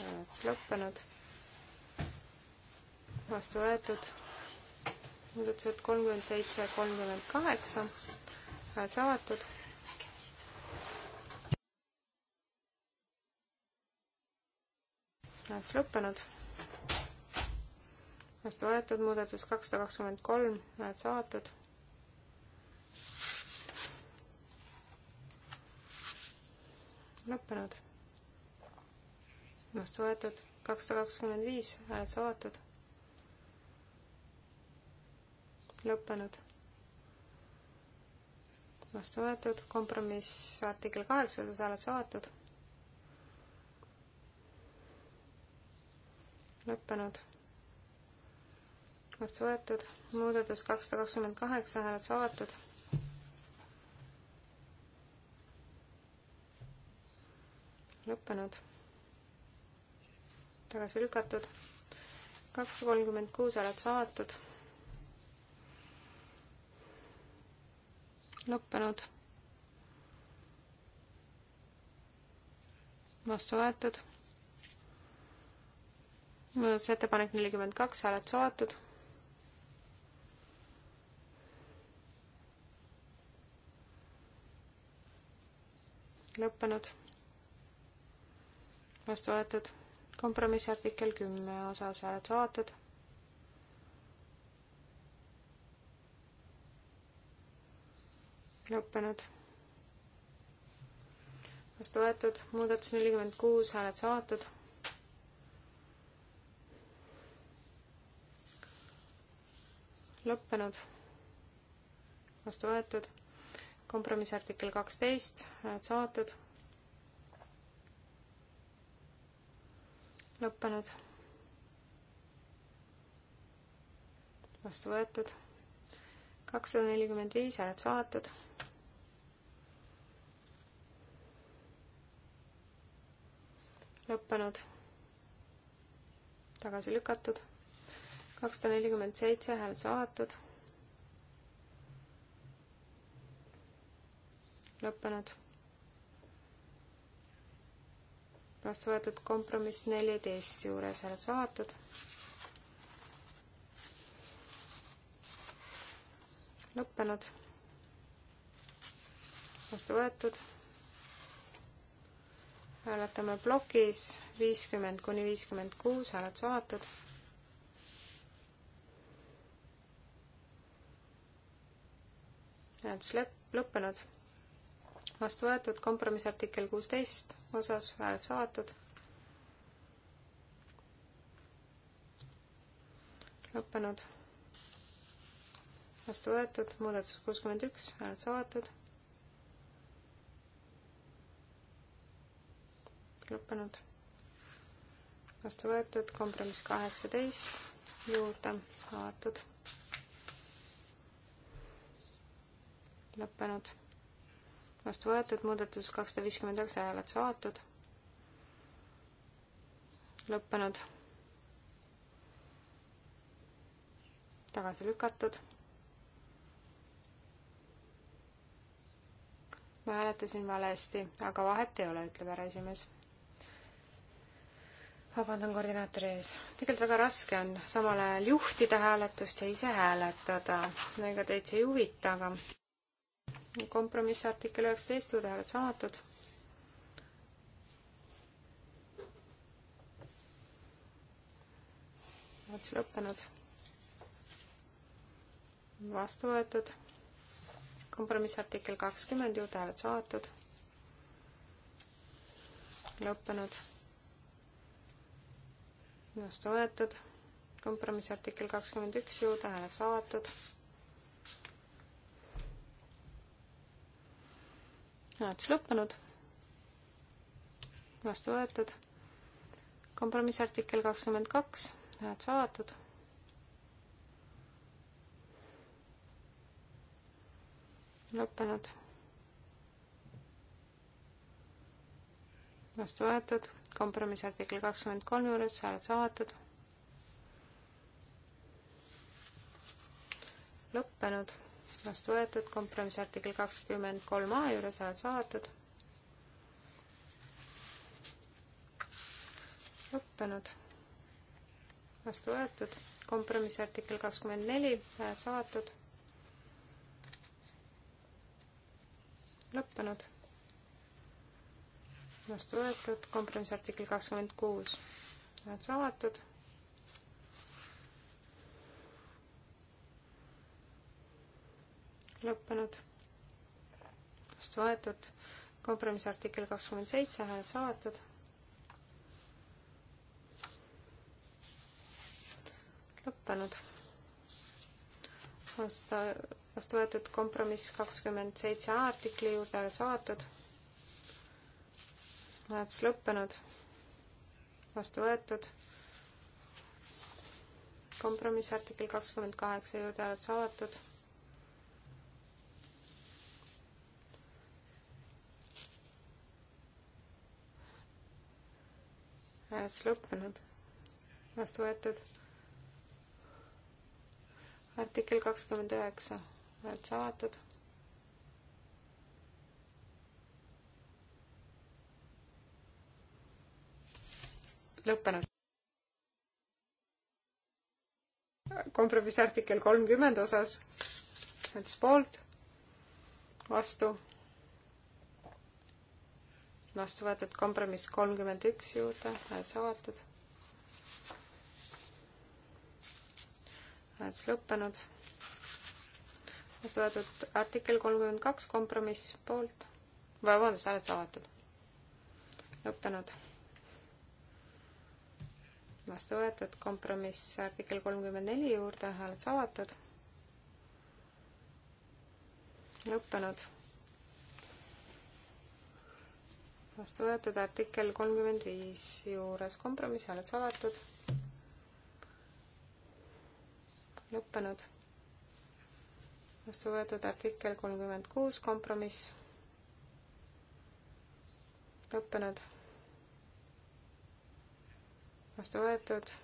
hääletus lõppenud. vastu võetud. muudatused kolmkümmend seitse, kolmkümmend kaheksa hääletus avatud hääletus lõppenud. vastu võetud muudatus kakssada kakskümmend kolm, hääletus avatud. lõppenud. vastu võetud kakssada kakskümmend viis, hääletus avatud. lõppenud. vastu võetud, kompromiss artikkel kaheksasada, hääletus avatud lõppenud, vastu võetud, muudatus kakssada kakskümmend kaheksa, hääletus avatud. lõppenud, tagasi lükatud, kakssada kolmkümmend kuus, hääletus avatud. lõppenud, vastu võetud muudatusettepanek nelikümmend kaks, hääletus avatud. lõppenud. vastu võetud. kompromissartikkel kümme osas hääletus avatud. lõppenud. vastu võetud. muudatus nelikümmend kuus, hääletus avatud lõppenud, vastu võetud, kompromissartikkel kaksteist, hääled saadud, lõppenud, vastu võetud, kakssada nelikümmend viis hääled saadud lõppenud, tagasi lükatud kakssada nelikümmend seitse hääletus avatud. lõppenud. vastu võetud kompromiss neliteist juures hääletus avatud. lõppenud. vastu võetud. hääletame plokis viiskümmend kuni viiskümmend kuus, hääletus avatud hääletus lõpp, lõppenud. vastu võetud kompromissartikkel kuusteist osas hääletus avatud. lõppenud. vastu võetud muudatus kuuskümmend üks, hääletus avatud lõppenud. vastu võetud, kompromiss kaheksateist juurde avatud. lõppenud, vastu võetud, muudatus kakssada viiskümmend üheksa hääletus avatud, lõppenud, tagasi lükatud. ma hääletasin valesti, aga vahet ei ole, ütleb härra esimees vabandan koordinaatori ees. tegelikult väga raske on samal ajal juhtida hääletust ja ise hääletada. ega teid see ei huvita, aga kompromiss artikkel üheksateist juurde hääletus avatud. hääletus lõppenud. vastu võetud. kompromiss artikkel kakskümmend juurde hääletus avatud. lõppenud. vastu võetud. kompromiss artikkel kakskümmend üks juurde hääletus avatud hääletus lõppenud. vastu võetud. kompromissartikkel kakskümmend kaks, hääletus avatud. lõppenud. vastu võetud. kompromissartikkel kakskümmend kolm juures hääletus avatud. lõppenud vastu võetud, kompromiss artikkel kakskümmend kolm A juures hääled saadetud. lõppenud, vastu võetud, kompromiss artikkel kakskümmend neli hääled saadetud. lõppenud, vastu võetud, kompromiss artikkel kakskümmend kuus hääled saadetud lõppenud, vastu võetud, kompromissi artikkel kakskümmend seitse, hääled saadetud. lõppenud, vastu, vastu võetud kompromiss kakskümmend seitse A artikli juurde, hääled saadetud. hääletus lõppenud, vastu võetud kompromiss artikkel kakskümmend kaheksa juurde hääled saadetud hääletus lõppenud, vastu võetud. artikkel kakskümmend üheksa, hääletus avatud. lõppenud. kompromiss artikkel kolmkümmend osas, hääletus poolt, vastu vastu võetud kompromiss kolmkümmend üks juurde, hääletus avatud. hääletus lõppenud. vastu võetud artikkel kolmkümmend kaks, kompromiss poolt, vabandust, hääletus avatud. lõppenud. vastu võetud kompromiss artikkel kolmkümmend neli juurde, hääletus avatud lõppenud vastu võetud artikkel kolmkümmend viis juures kompromiss, hääletus avatud. lõppenud. vastu võetud artikkel kolmkümmend kuus kompromiss. lõppenud. vastu võetud.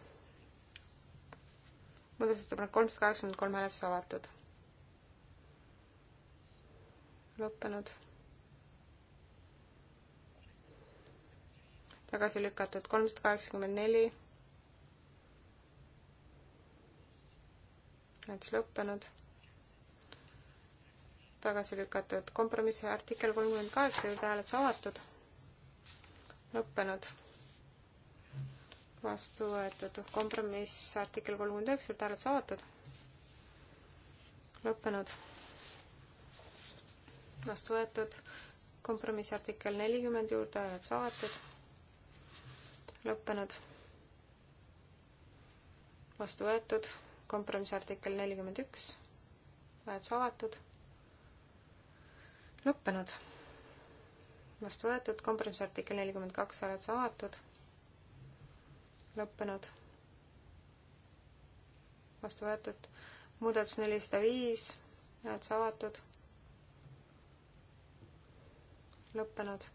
muudatusettepanek kolmsada kaheksakümmend kolm hääletus avatud. lõppenud tagasi lükatud kolmsada kaheksakümmend neli. näiteks lõppenud. tagasi lükatud kompromissi artikkel kolmkümmend kaheksa juurde hääletus avatud. lõppenud. vastu võetud kompromiss artikkel kolmkümmend üheksa juurde hääletus avatud. lõppenud vastu võetud, kompromissi artikkel nelikümmend juurde hääletus avatud, lõppenud. vastu võetud, kompromissi artikkel nelikümmend üks, hääletus avatud, lõppenud. vastu võetud, kompromissi artikkel nelikümmend kaks, hääletus avatud, lõppenud. vastu võetud, muudatus nelisada viis, hääletus avatud, lõppenud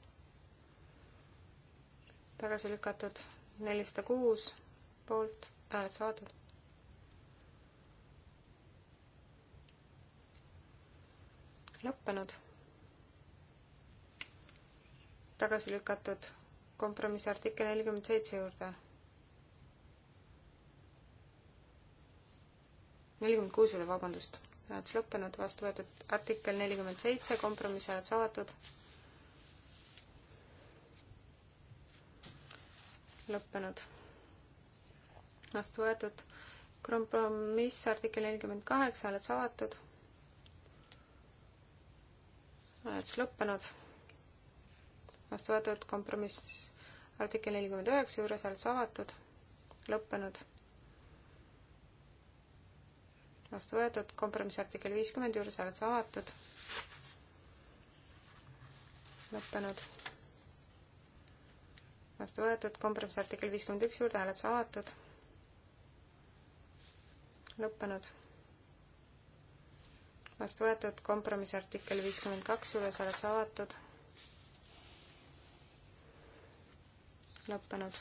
tagasi lükatud, nelisada kuus poolt, hääled saadud. lõppenud. tagasi lükatud kompromissi artikkel nelikümmend seitse juurde. nelikümmend kuus üle, vabandust. hääletus lõppenud, vastu võetud artikkel nelikümmend seitse, kompromiss hääled saadud lõppenud. vastu võetud. kompromiss artikkel nelikümmend kaheksa, hääletus avatud. hääletus lõppenud. vastu võetud kompromiss artikkel nelikümmend üheksa juures, hääletus avatud. lõppenud. vastu võetud kompromiss artikkel viiskümmend juures, hääletus avatud. lõppenud vastu võetud, kompromiss artikkel viiskümmend üks juurde, hääletus avatud, lõppenud, vastu võetud, kompromiss artikkel viiskümmend kaks juures, hääletus avatud, lõppenud,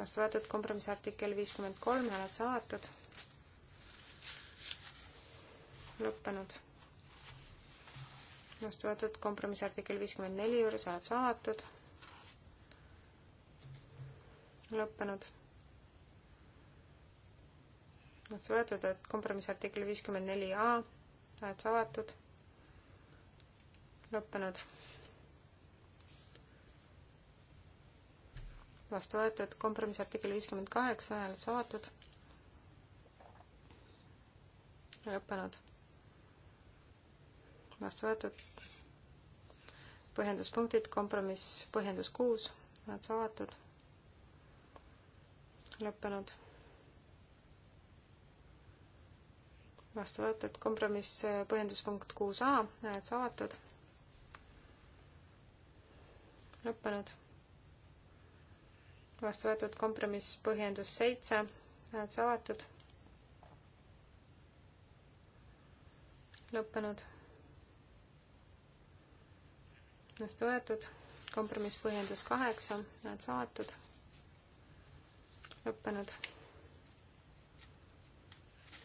vastu võetud, kompromiss artikkel viiskümmend kolm, hääletus avatud, lõppenud, vastu võetud, kompromiss artikkel viiskümmend neli juures, hääletus avatud lõppenud. vastu võetud, et kompromissartikli viiskümmend neli A, hääled avatud, lõppenud. vastu võetud, kompromissartikli viiskümmend kaheksa, hääled avatud, lõppenud. vastu võetud, põhjenduspunktid, kompromiss, põhjendus kuus, hääled avatud lõppenud. vastu võetud kompromiss äh, põhjenduspunkt kuus A, hääletus avatud. lõppenud. vastu võetud kompromiss põhjendus seitse, hääletus avatud. lõppenud. vastu võetud kompromiss põhjendus kaheksa, hääletus avatud lõppenud.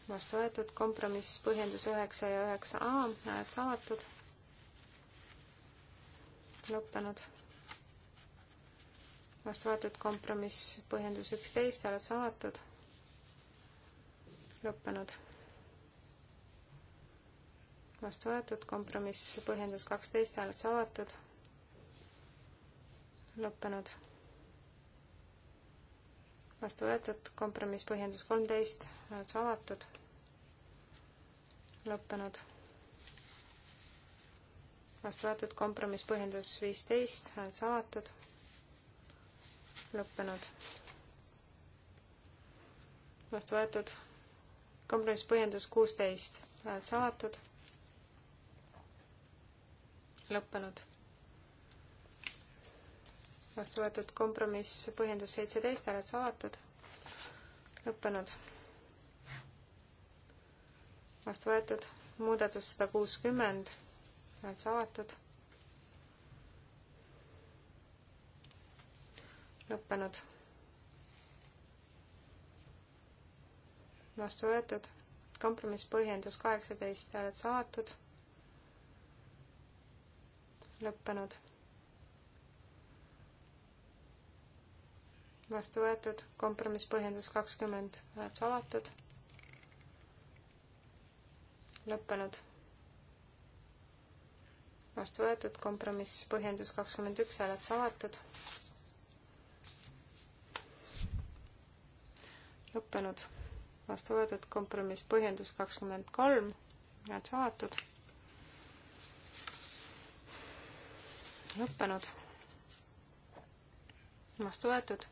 vastu võetud, kompromiss, põhjendus üheksa ja üheksa A, hääletus avatud. lõppenud. vastu võetud, kompromiss, põhjendus üksteist, hääletus avatud. lõppenud. vastu võetud, kompromiss, põhjendus kaksteist, hääletus avatud. lõppenud vastu võetud, kompromiss põhjendus kolmteist, hääletus avatud, lõppenud. vastu võetud, kompromiss põhjendus viisteist, hääletus avatud, lõppenud. vastu võetud, kompromiss põhjendus kuusteist, hääletus avatud, lõppenud vastu võetud kompromiss, põhjendus seitseteist, hääletus avatud, lõppenud, vastu võetud, muudatus sada kuuskümmend, hääletus avatud, lõppenud, vastu võetud, kompromiss põhjendus kaheksateist, hääletus avatud, lõppenud vastu võetud, kompromisspõhjendus kakskümmend, hääletus avatud, lõppenud, vastu võetud, kompromisspõhjendus kakskümmend üks, hääletus avatud, lõppenud, vastu võetud, kompromisspõhjendus kakskümmend kolm, hääletus avatud, lõppenud, vastu võetud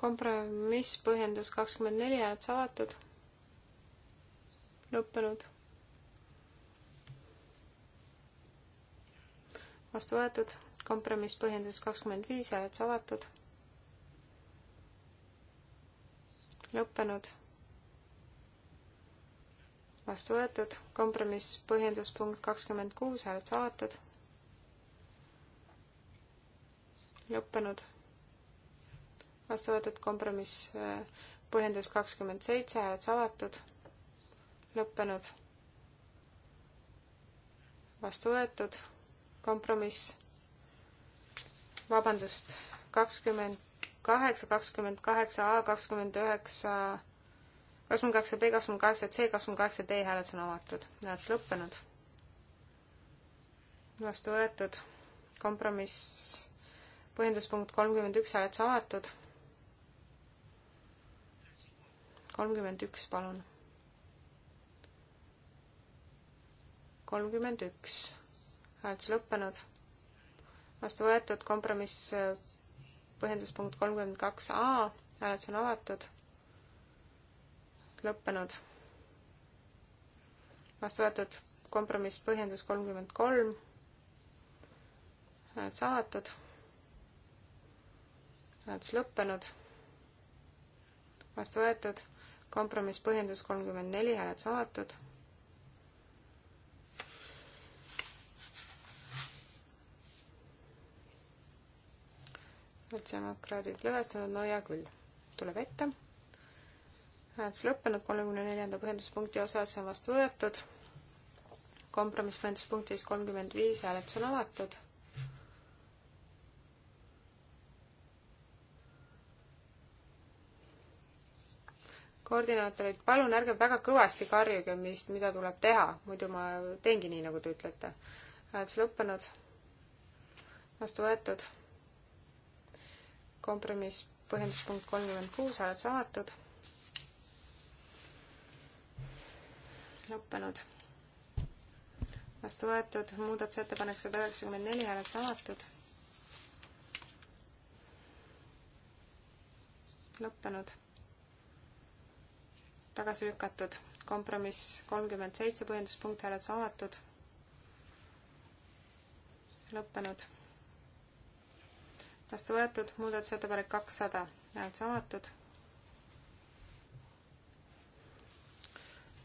kompromiss, põhjendus kakskümmend neli, hääled avatud. lõppenud. vastu võetud, kompromiss, põhjendus kakskümmend viis, hääled avatud. lõppenud. vastu võetud, kompromiss, põhjendus punkt kakskümmend kuus, hääled avatud. lõppenud vastu võetud kompromiss äh, põhjendus kakskümmend seitse, hääled avatud, lõppenud, vastu võetud, kompromiss, vabandust, kakskümmend kaheksa, kakskümmend kaheksa A, kakskümmend üheksa, kakskümmend kaheksa B, kakskümmend kaheksa C, kakskümmend kaheksa D hääletus on avatud, hääletus lõppenud, vastu võetud, kompromiss, põhjenduspunkt kolmkümmend üks, hääletus avatud kolmkümmend üks, palun. kolmkümmend üks, hääletus lõppenud. vastu võetud kompromiss, äh, põhjenduspunkt kolmkümmend kaks A, hääletus on avatud, lõppenud. vastu võetud kompromiss, põhjendus kolmkümmend kolm, hääletus avatud, hääletus lõppenud, vastu võetud kompromisspõhjendus kolmkümmend neli, hääled saadetud. sotsiaaldemokraadid lõhestunud, no hea küll, tuleb ette. hääletus lõppenud kolmekümne neljanda põhjenduspunkti osas on vastu võetud. kompromisspõhjenduspunktis kolmkümmend viis hääletus on avatud koordinaatorid, palun ärge väga kõvasti karjuge, mis, mida tuleb teha, muidu ma teengi nii, nagu te ütlete. hääletus lõppenud. vastu võetud. kompromiss põhjenduspunkt kolmkümmend kuus, hääletus avatud. lõppenud. vastu võetud muudatusettepanek sada üheksakümmend neli, hääletus avatud. lõppenud tagasi lükatud, kompromiss kolmkümmend seitse, põhjenduspunkt hääletus avatud, lõppenud, vastu võetud, muudatusettepanek kakssada, hääletus avatud,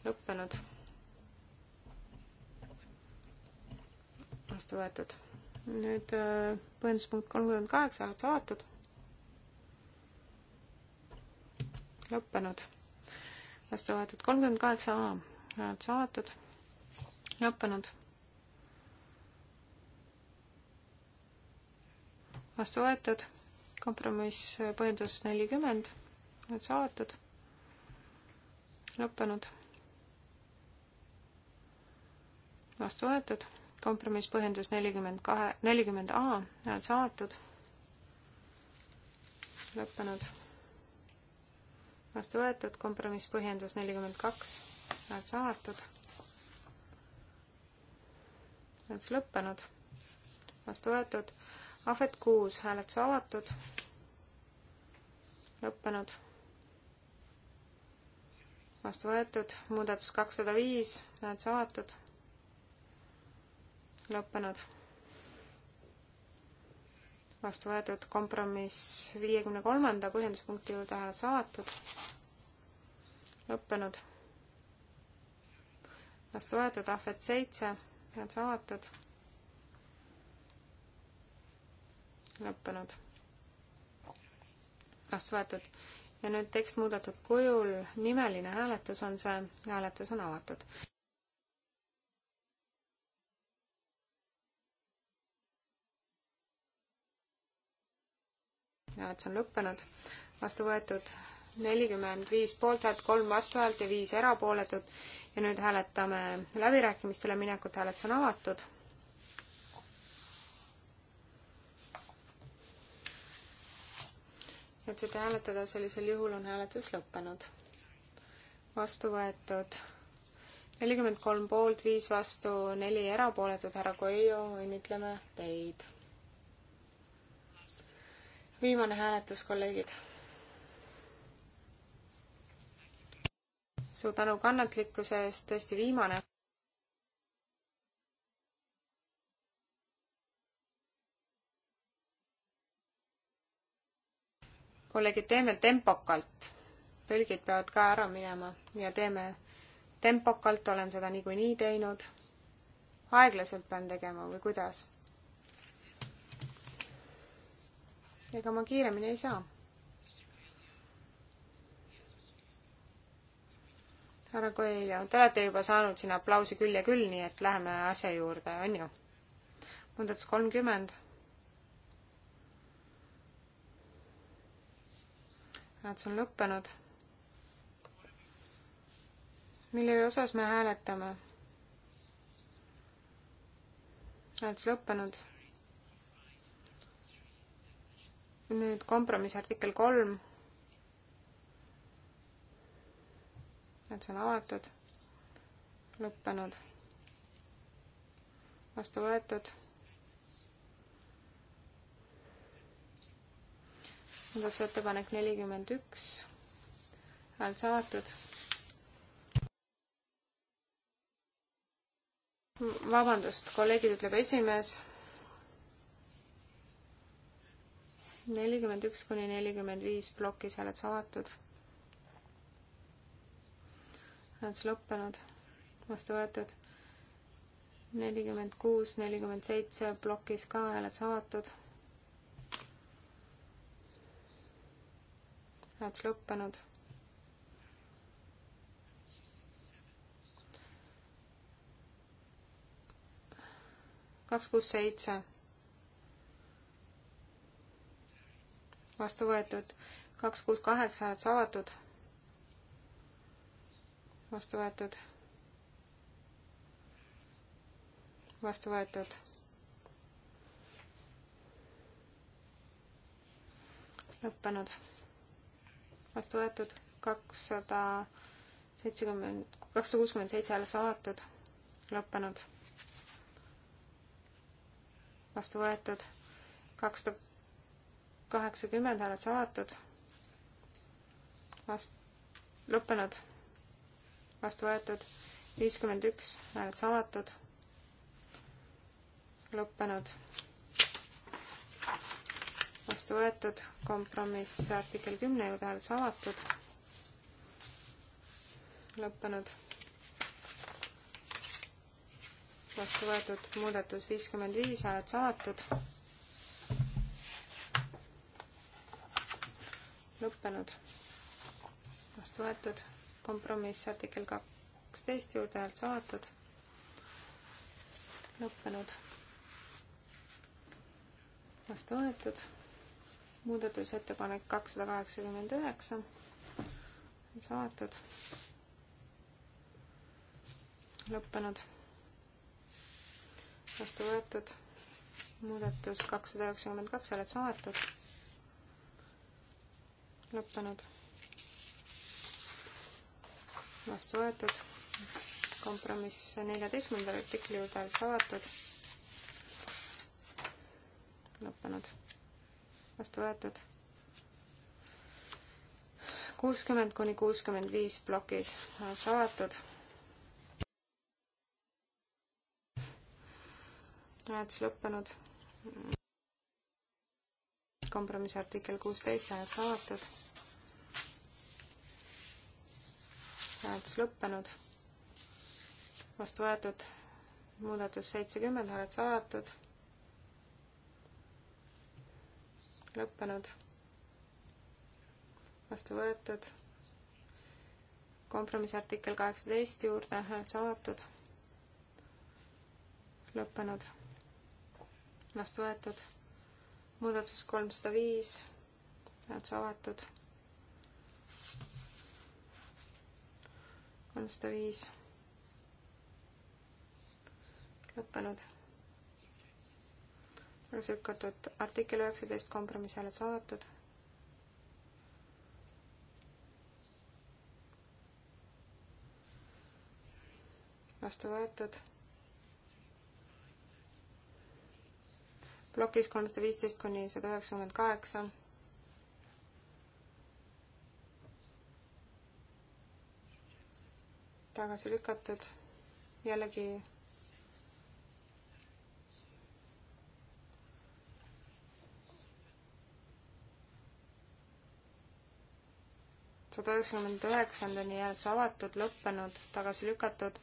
lõppenud, vastu võetud. nüüd äh, põhjenduspunkt kolmkümmend kaheksa, hääletus avatud, lõppenud vastu võetud kolmkümmend kaheksa A, hääletus avatud, lõppenud. vastu võetud, kompromiss äh, põhjendus nelikümmend, hääletus avatud, lõppenud. vastu võetud, kompromiss põhjendus nelikümmend kahe, nelikümmend A, hääletus avatud, lõppenud vastu võetud, kompromisspõhjendus nelikümmend kaks, hääletus avatud, hääletus lõppenud, vastu võetud, ahvet kuus, hääletus avatud, lõppenud vastu võetud, muudatus kakssada viis, näed, saadetud, lõppenud vastu võetud kompromiss viiekümne kolmanda põhjenduspunkti juurde hääled saadetud, lõppenud, vastu võetud ahvet seitse, hääled saadetud, lõppenud, vastu võetud ja nüüd tekst muudetud kujul, nimeline hääletus on see, hääletus on avatud. hääletus on lõppenud, vastu võetud nelikümmend viis poolthäält, kolm vastuhäält ja viis erapooletut ja nüüd hääletame läbirääkimistele minekut, hääletus on avatud. et seda hääletada, sellisel juhul on hääletus lõppenud. vastu võetud nelikümmend kolm poolt, viis vastu, neli erapooletut, härra Koio, õnnitleme teid viimane hääletus, kolleegid. suur tänu kannatlikkuse eest, tõesti viimane. kolleegid, teeme tempokalt. tõlgid peavad ka ära minema ja teeme tempokalt, olen seda niikuinii teinud. aeglaselt pean tegema või kuidas? ega ma kiiremini ei saa. härra Koeljo, te olete juba saanud siin aplausi küll ja küll, nii et läheme asja juurde, on ju? muudatus kolmkümmend. hääletus on lõppenud. mille osas me hääletame? hääletus lõppenud nüüd kompromissi artikkel kolm. et see on avatud, lõppenud, vastu võetud. muudatusettepanek nelikümmend üks, hääl saatud. vabandust, kolleegid, ütleb esimees nelikümmend üks kuni nelikümmend viis plokis hääletus avatud. hääletus lõppenud, vastu võetud. nelikümmend kuus, nelikümmend seitse plokis ka hääletus avatud. hääletus lõppenud. kaks, kuus, seitse vastu võetud, kaks, kuus, kaheksa hääletus avatud, vastu võetud, vastu võetud. lõppenud, vastu võetud kakssada seitsekümmend, kakssada kuuskümmend seitse hääletus avatud, lõppenud, vastu võetud kakssada kaheksakümmend hääletus avatud. vast-, lõppenud. vastu võetud. viiskümmend üks hääletus avatud. lõppenud. vastu võetud. kompromiss artikkel kümne juurde hääletus avatud. lõppenud. vastu võetud muudatus viiskümmend viis hääletus avatud lõppenud, vastu võetud, kompromiss artikkel kaksteist juurde häält saadetud, lõppenud, vastu võetud, muudatusettepanek kakssada kaheksakümmend üheksa, saadetud, lõppenud, vastu võetud, muudatus kakssada üheksakümmend kaks, oled saadetud lõppenud. vastu võetud. kompromiss neljateistkümnendal artikli juurde hääletus avatud. lõppenud. vastu võetud. kuuskümmend kuni kuuskümmend viis plokis hääletus avatud. hääletus lõppenud kompromissi artikkel kuusteist, hääletus avatud. hääletus lõppenud. vastu võetud muudatus seitsekümmend, hääletus avatud. lõppenud. vastu võetud. kompromissi artikkel kaheksateist juurde, hääletus avatud. lõppenud. vastu võetud muudatus kolmsada viis, hääletus avatud. kolmsada viis. lõppenud. tagasi lükatud artikkel üheksateist kompromiss hääletus avatud vastu võetud plokis kolmsada viisteist kuni sada üheksakümmend kaheksa. tagasi lükatud, jällegi sada üheksakümmend üheksandani hääletus avatud, lõppenud, tagasi lükatud,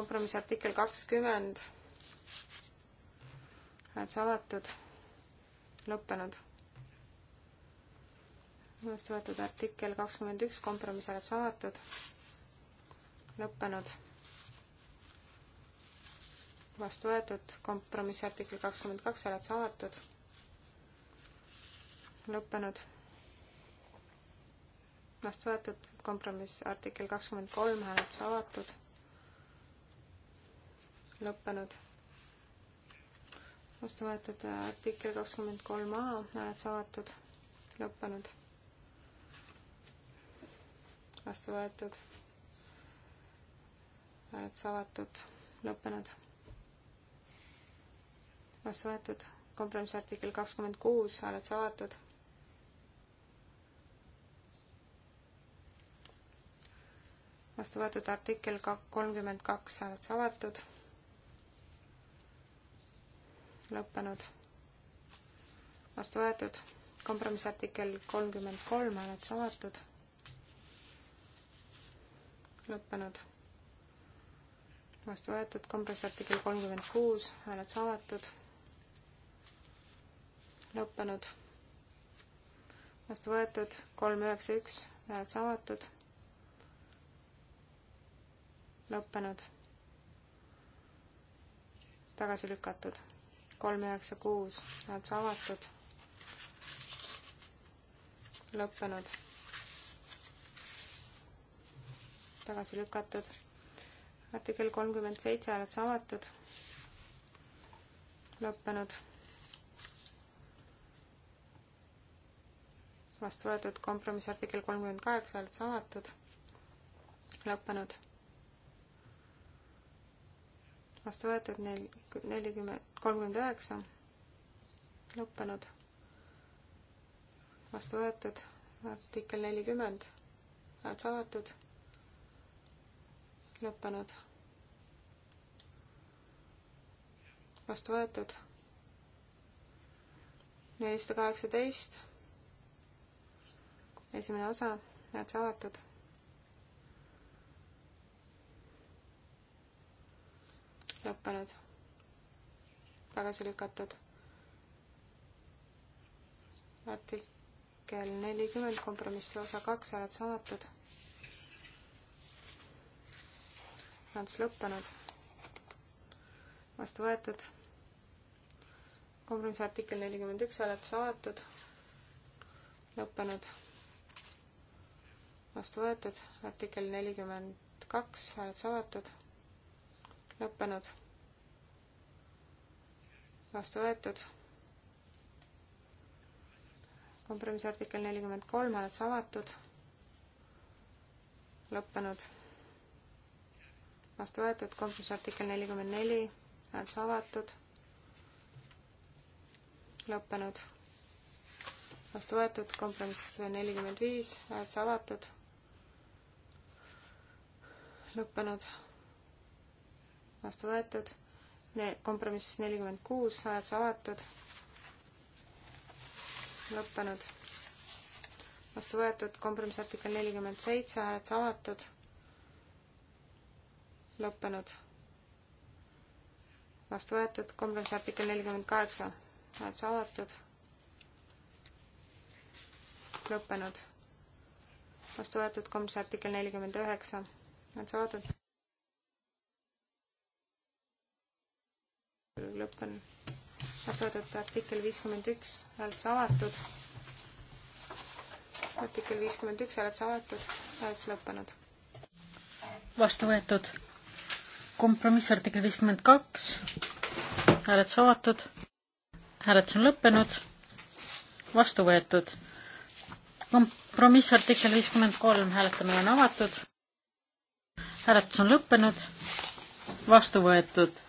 kompromiss artikkel kakskümmend hääletus avatud, lõppenud. vastu võetud artikkel kakskümmend üks, kompromiss hääletus avatud, lõppenud. vastu võetud kompromiss artikkel kakskümmend kaks, hääletus avatud, lõppenud vastu võetud, kompromiss artikkel kakskümmend kolm, hääletus avatud, lõppenud vastu võetud äh, artikkel kakskümmend kolm A, hääletus avatud, lõppenud, vastu võetud, hääletus avatud, lõppenud, vastu võetud, kompromissi artikkel kakskümmend kuus, hääletus avatud, vastu võetud artikkel kolmkümmend kaks, hääletus avatud lõppenud, vastu võetud, kompromissartikkel kolmkümmend kolm, hääletus avatud, lõppenud, vastu võetud, kompromissartikkel kolmkümmend kuus, hääletus avatud, lõppenud, vastu võetud, kolm üheksa üks, hääletus avatud, lõppenud tagasi lükatud kolm üheksa kuus, oled sa avatud? lõppenud. tagasi lükatud. artikkel kolmkümmend seitse, oled sa avatud? lõppenud. vastu võetud kompromiss artikkel kolmkümmend kaheksa, oled sa avatud? lõppenud. vastu võetud nel-, nelikümmend kolmkümmend üheksa, lõppenud, vastu võetud, artikkel nelikümmend, hääled saadetud, lõppenud, vastu võetud, nelisada kaheksateist, esimene osa, hääled saadetud lõppenud tagasi lükatud. artikkel nelikümmend, kompromissi osa kaks, hääletus avatud. hääletus lõppenud. vastu võetud. kompromissi artikkel nelikümmend üks, hääletus avatud. lõppenud. vastu võetud. artikkel nelikümmend kaks, hääletus avatud. lõppenud vastu võetud. kompromissi artikkel nelikümmend kolm, hääletus avatud, lõppenud, vastu võetud, kompromissi artikkel nelikümmend neli, hääletus avatud, lõppenud, vastu võetud, kompromiss nelikümmend viis, hääletus avatud, lõppenud, vastu võetud kompromiss nelikümmend kuus, hääletus avatud, lõppenud, vastu võetud, kompromiss artikkel nelikümmend seitse, hääletus avatud, lõppenud, vastu võetud, kompromiss artikkel nelikümmend kaheksa, hääletus avatud, lõppenud, vastu võetud, kompromiss artikkel nelikümmend üheksa, hääletus avatud lõppen. vastu võetud artikkel viiskümmend üks, hääletus avatud. artikkel viiskümmend üks, hääletus avatud, hääletus lõppenud. vastu võetud kompromiss artikkel viiskümmend kaks, hääletus avatud, hääletus on lõppenud, vastu võetud. kompromiss artikkel viiskümmend kolm, hääletamine on avatud hääletus on lõppenud, vastu võetud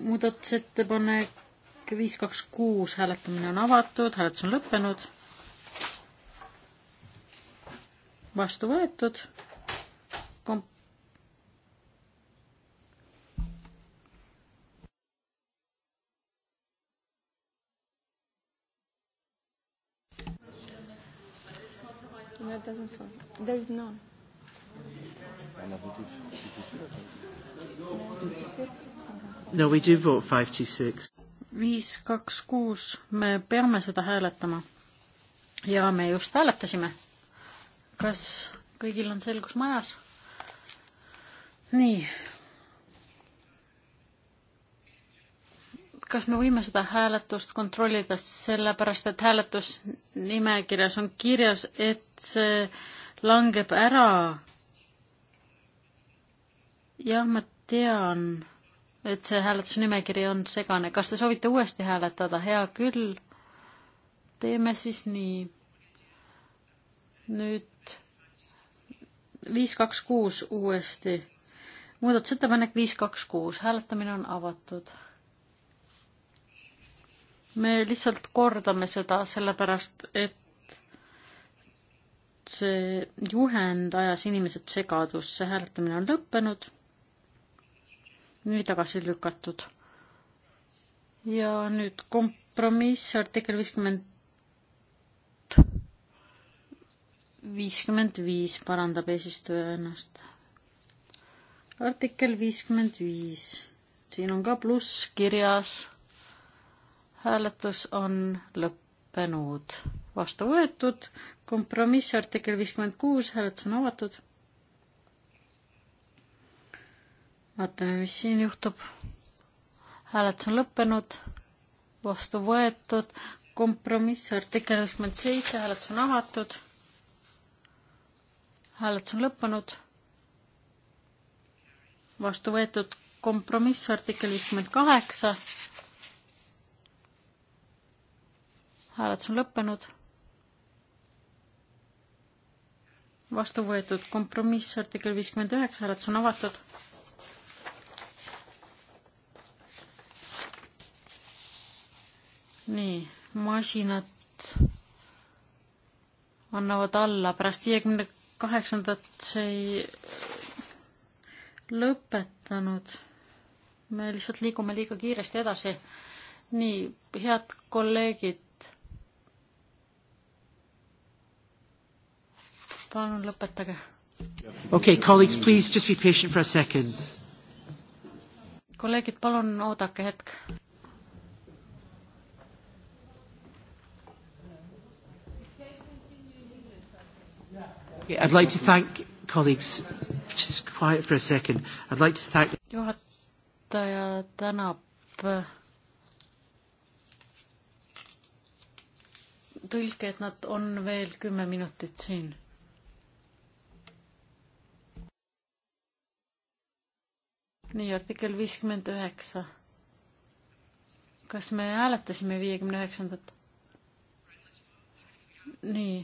muudatusettepanek viis, kaks, kuus, hääletamine on avatud, hääletus on lõppenud. vastu võetud. Kom-. No, it doesn't fall. There is none. On a voté. C'était sûr no we do vote five to six. viis, kaks, kuus, me peame seda hääletama. ja me just hääletasime. kas kõigil on selgus majas? nii. kas me võime seda hääletust kontrollida, sellepärast et hääletusnimekirjas on kirjas, et see langeb ära. jah, ma tean et see hääletusnimekiri on segane. kas te soovite uuesti hääletada? hea küll. teeme siis nii. nüüd viis, kaks, kuus uuesti. muudatusettepanek viis, kaks, kuus, hääletamine on avatud. me lihtsalt kordame seda sellepärast, et see juhend ajas inimesed segadusse, hääletamine on lõppenud või tagasi lükatud. ja nüüd kompromiss artikkel viiskümmend, viiskümmend viis parandab eesistuja ennast. artikkel viiskümmend viis, siin on ka pluss kirjas. hääletus on lõppenud, vastu võetud, kompromiss artikkel viiskümmend kuus, hääletus on avatud vaatame, mis siin juhtub. hääletus on lõppenud, vastu võetud, kompromiss artikkel üheksakümmend seitse, hääletus on avatud. hääletus on lõppenud, vastu võetud, kompromiss artikkel viiskümmend kaheksa. hääletus on lõppenud vastu võetud kompromiss artikkel viiskümmend üheksa, hääletus on avatud. nii, masinad annavad alla pärast viiekümne kaheksandat, see ei lõpetanud. me lihtsalt liigume liiga kiiresti edasi. nii, head kolleegid. palun lõpetage. okei okay,, colleagues, please just be patient for a second. kolleegid, palun oodake hetk. I'd like to thank colleagues, just quiet for a second. I'd like to thank juhataja tänab tõlke, et nad on veel kümme minutit siin. nii, artikkel viiskümmend üheksa. kas me hääletasime viiekümne üheksandat? nii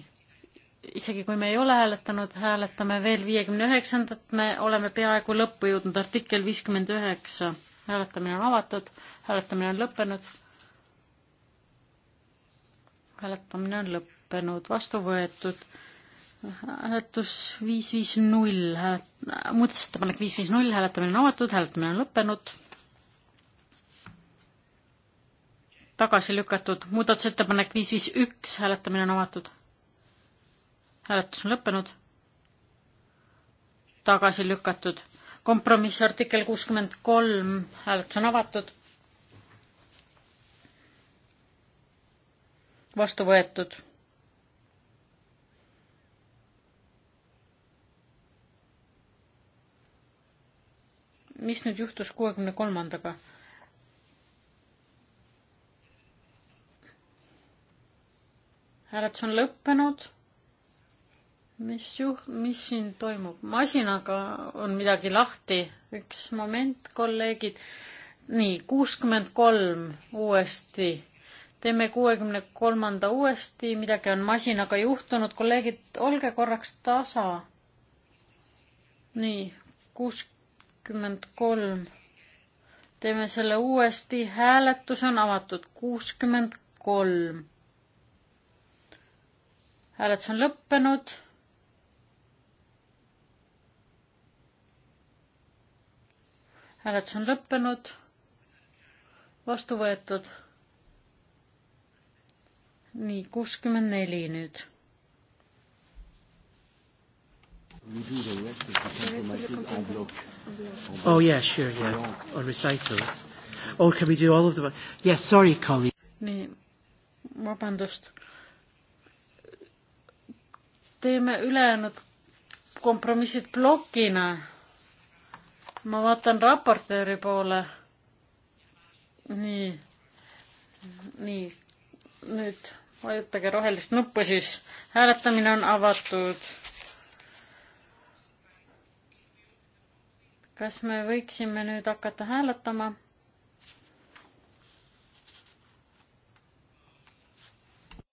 isegi kui me ei ole hääletanud, hääletame veel viiekümne üheksandat, me oleme peaaegu lõppu jõudnud, artikkel viiskümmend üheksa. hääletamine on avatud, hääletamine on lõppenud. hääletamine on lõppenud, vastu võetud. hääletus viis, viis, null, muudatusettepanek viis, viis, null, hääletamine on avatud, hääletamine on lõppenud. tagasi lükatud muudatusettepanek viis, viis, üks, hääletamine on avatud hääletus on lõppenud. tagasi lükatud. kompromiss artikkel kuuskümmend kolm, hääletus on avatud. vastu võetud. mis nüüd juhtus kuuekümne kolmandaga? hääletus on lõppenud mis juht-, mis siin toimub? masinaga on midagi lahti, üks moment, kolleegid. nii, kuuskümmend kolm uuesti. teeme kuuekümne kolmanda uuesti, midagi on masinaga juhtunud, kolleegid, olge korraks tasa. nii, kuuskümmend kolm. teeme selle uuesti, hääletus on avatud, kuuskümmend kolm. hääletus on lõppenud hääletus on lõppenud, vastu võetud. nii, kuuskümmend neli nüüd We do the rest of the compromises en bloc. Oh, yeah, sure, yeah. Or recitals. Or oh, can we do all of them? Yes, yeah, sorry, colleague. Nii, vabandust. Teeme ülejäänud kompromissid blokina ma vaatan raportööri poole. nii, nii, nüüd vajutage rohelist nuppu siis. hääletamine on avatud. kas me võiksime nüüd hakata hääletama?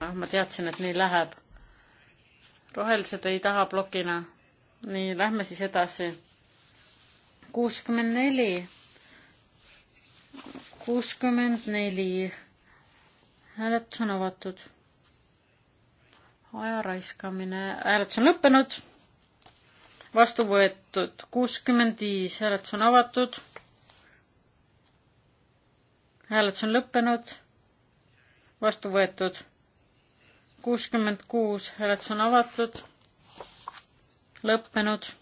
Ah, ma teadsin, et nii läheb. rohelised ei taha plokina. nii, lähme siis edasi kuuskümmend neli, kuuskümmend neli, hääletus on avatud. aja raiskamine, hääletus on lõppenud, vastu võetud, kuuskümmend viis, hääletus on avatud hääletus on lõppenud, vastu võetud kuuskümmend kuus, hääletus on avatud, lõppenud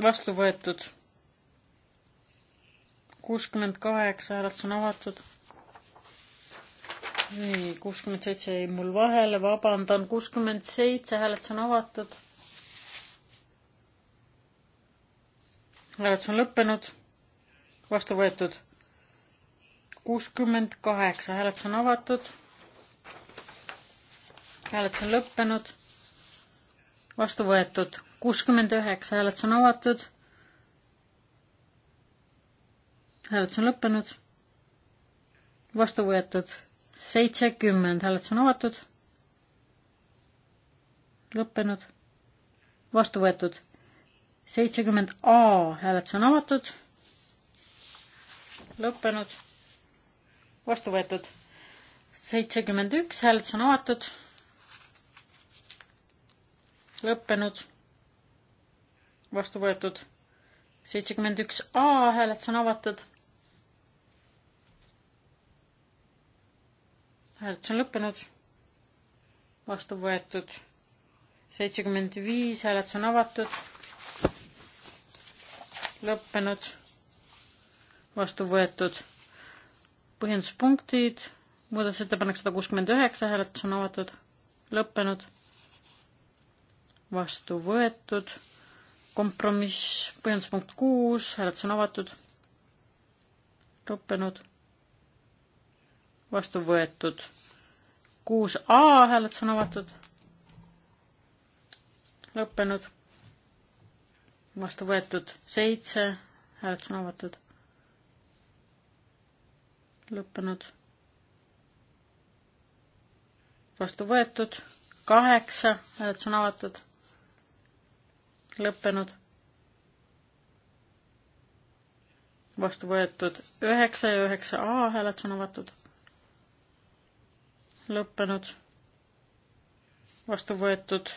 vastu võetud. kuuskümmend kaheksa hääletus on avatud. nii, kuuskümmend seitse jäi mul vahele, vabandan, kuuskümmend seitse hääletus on avatud. hääletus on lõppenud, vastu võetud. kuuskümmend kaheksa hääletus on avatud. hääletus on lõppenud, vastu võetud kuuskümmend üheksa, hääletus on avatud. hääletus on lõppenud. vastu võetud seitsekümmend, hääletus on avatud. lõppenud. vastu võetud seitsekümmend A, hääletus on avatud. lõppenud. vastu võetud seitsekümmend üks, hääletus on avatud lõppenud vastu võetud. seitsekümmend üks A hääletus on avatud. hääletus on lõppenud. vastu võetud. seitsekümmend viis hääletus on avatud. lõppenud. vastu võetud. põhjenduspunktid muudatusettepanek sada kuuskümmend üheksa, hääletus on avatud, lõppenud, vastu võetud, kompromiss, põhjenduspunkt kuus, hääletus on avatud, lõppenud, vastu võetud. kuus A hääletus on avatud, lõppenud, vastu võetud. seitse hääletus on avatud, lõppenud, vastu võetud. kaheksa hääletus on avatud lõppenud. vastu võetud üheksa ja üheksa A hääletus on avatud. lõppenud. vastu võetud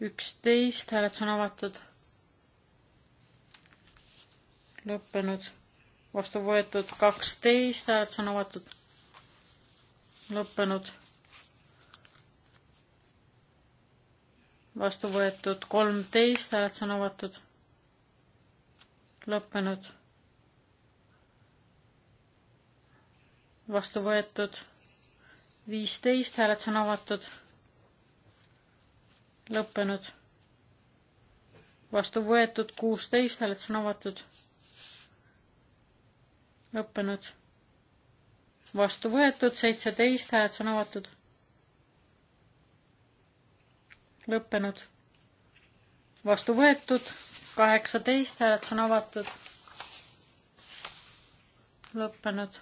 üksteist hääletus on avatud. lõppenud. vastu võetud kaksteist hääletus on avatud. lõppenud vastu võetud kolmteist, hääletus on avatud, lõppenud, vastu võetud viisteist, hääletus on avatud, lõppenud, vastu võetud kuusteist, hääletus on avatud, lõppenud, vastu võetud seitseteist, hääletus on avatud lõppenud, vastu võetud, kaheksateist, hääletus on avatud, lõppenud,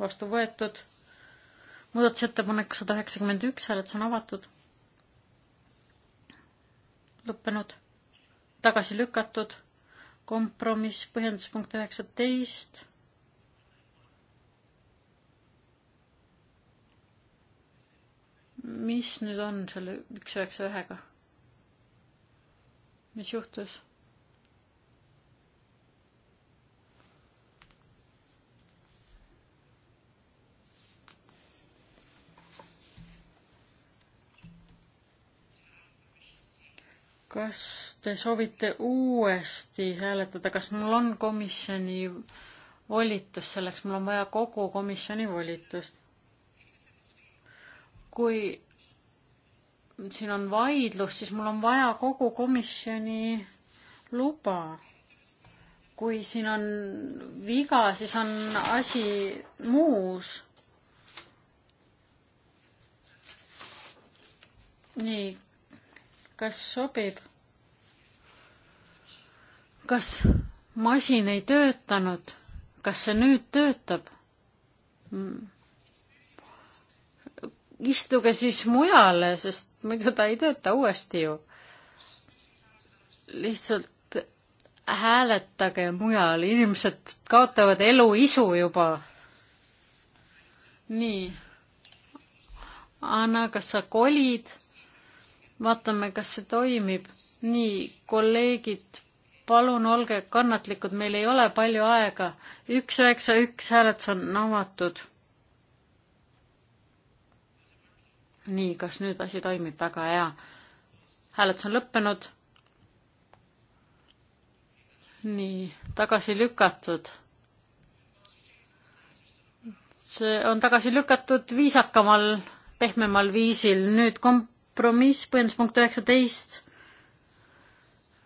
vastu võetud, muudatusettepanek sada üheksakümmend üks, hääletus on avatud, lõppenud, tagasi lükatud, kompromiss, põhjenduspunkt üheksateist mis nüüd on selle üks üheksa ühega? mis juhtus? kas te soovite uuesti hääletada, kas mul on komisjoni volitus selleks, mul on vaja kogu komisjoni volitust? kui siin on vaidlus, siis mul on vaja kogu komisjoni luba. kui siin on viga, siis on asi muus. nii, kas sobib? kas masin ei töötanud, kas see nüüd töötab mm.? istuge siis mujale, sest muidu ta ei tööta uuesti ju. lihtsalt hääletage mujal, inimesed kaotavad elu isu juba. nii. Anna, kas sa kolid? vaatame, kas see toimib. nii, kolleegid, palun olge kannatlikud, meil ei ole palju aega. üks üheksa üks hääletus on avatud nii, kas nüüd asi toimib? väga hea. hääletus on lõppenud. nii, tagasi lükatud. see on tagasi lükatud viisakamal, pehmemal viisil. nüüd kompromiss, põhjenduspunkt üheksateist.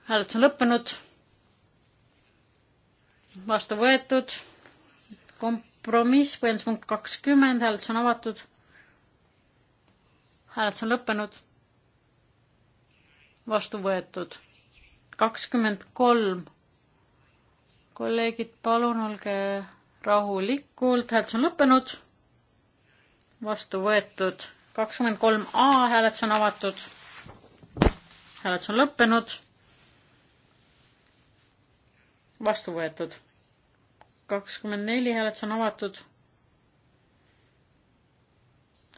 hääletus on lõppenud. vastu võetud. kompromiss, põhjenduspunkt kakskümmend, hääletus on avatud hääletus on lõppenud. vastu võetud kakskümmend kolm. kolleegid, palun olge rahulikult, hääletus on lõppenud. vastu võetud kakskümmend kolm A, hääletus on avatud. hääletus on lõppenud. vastu võetud kakskümmend neli, hääletus on avatud.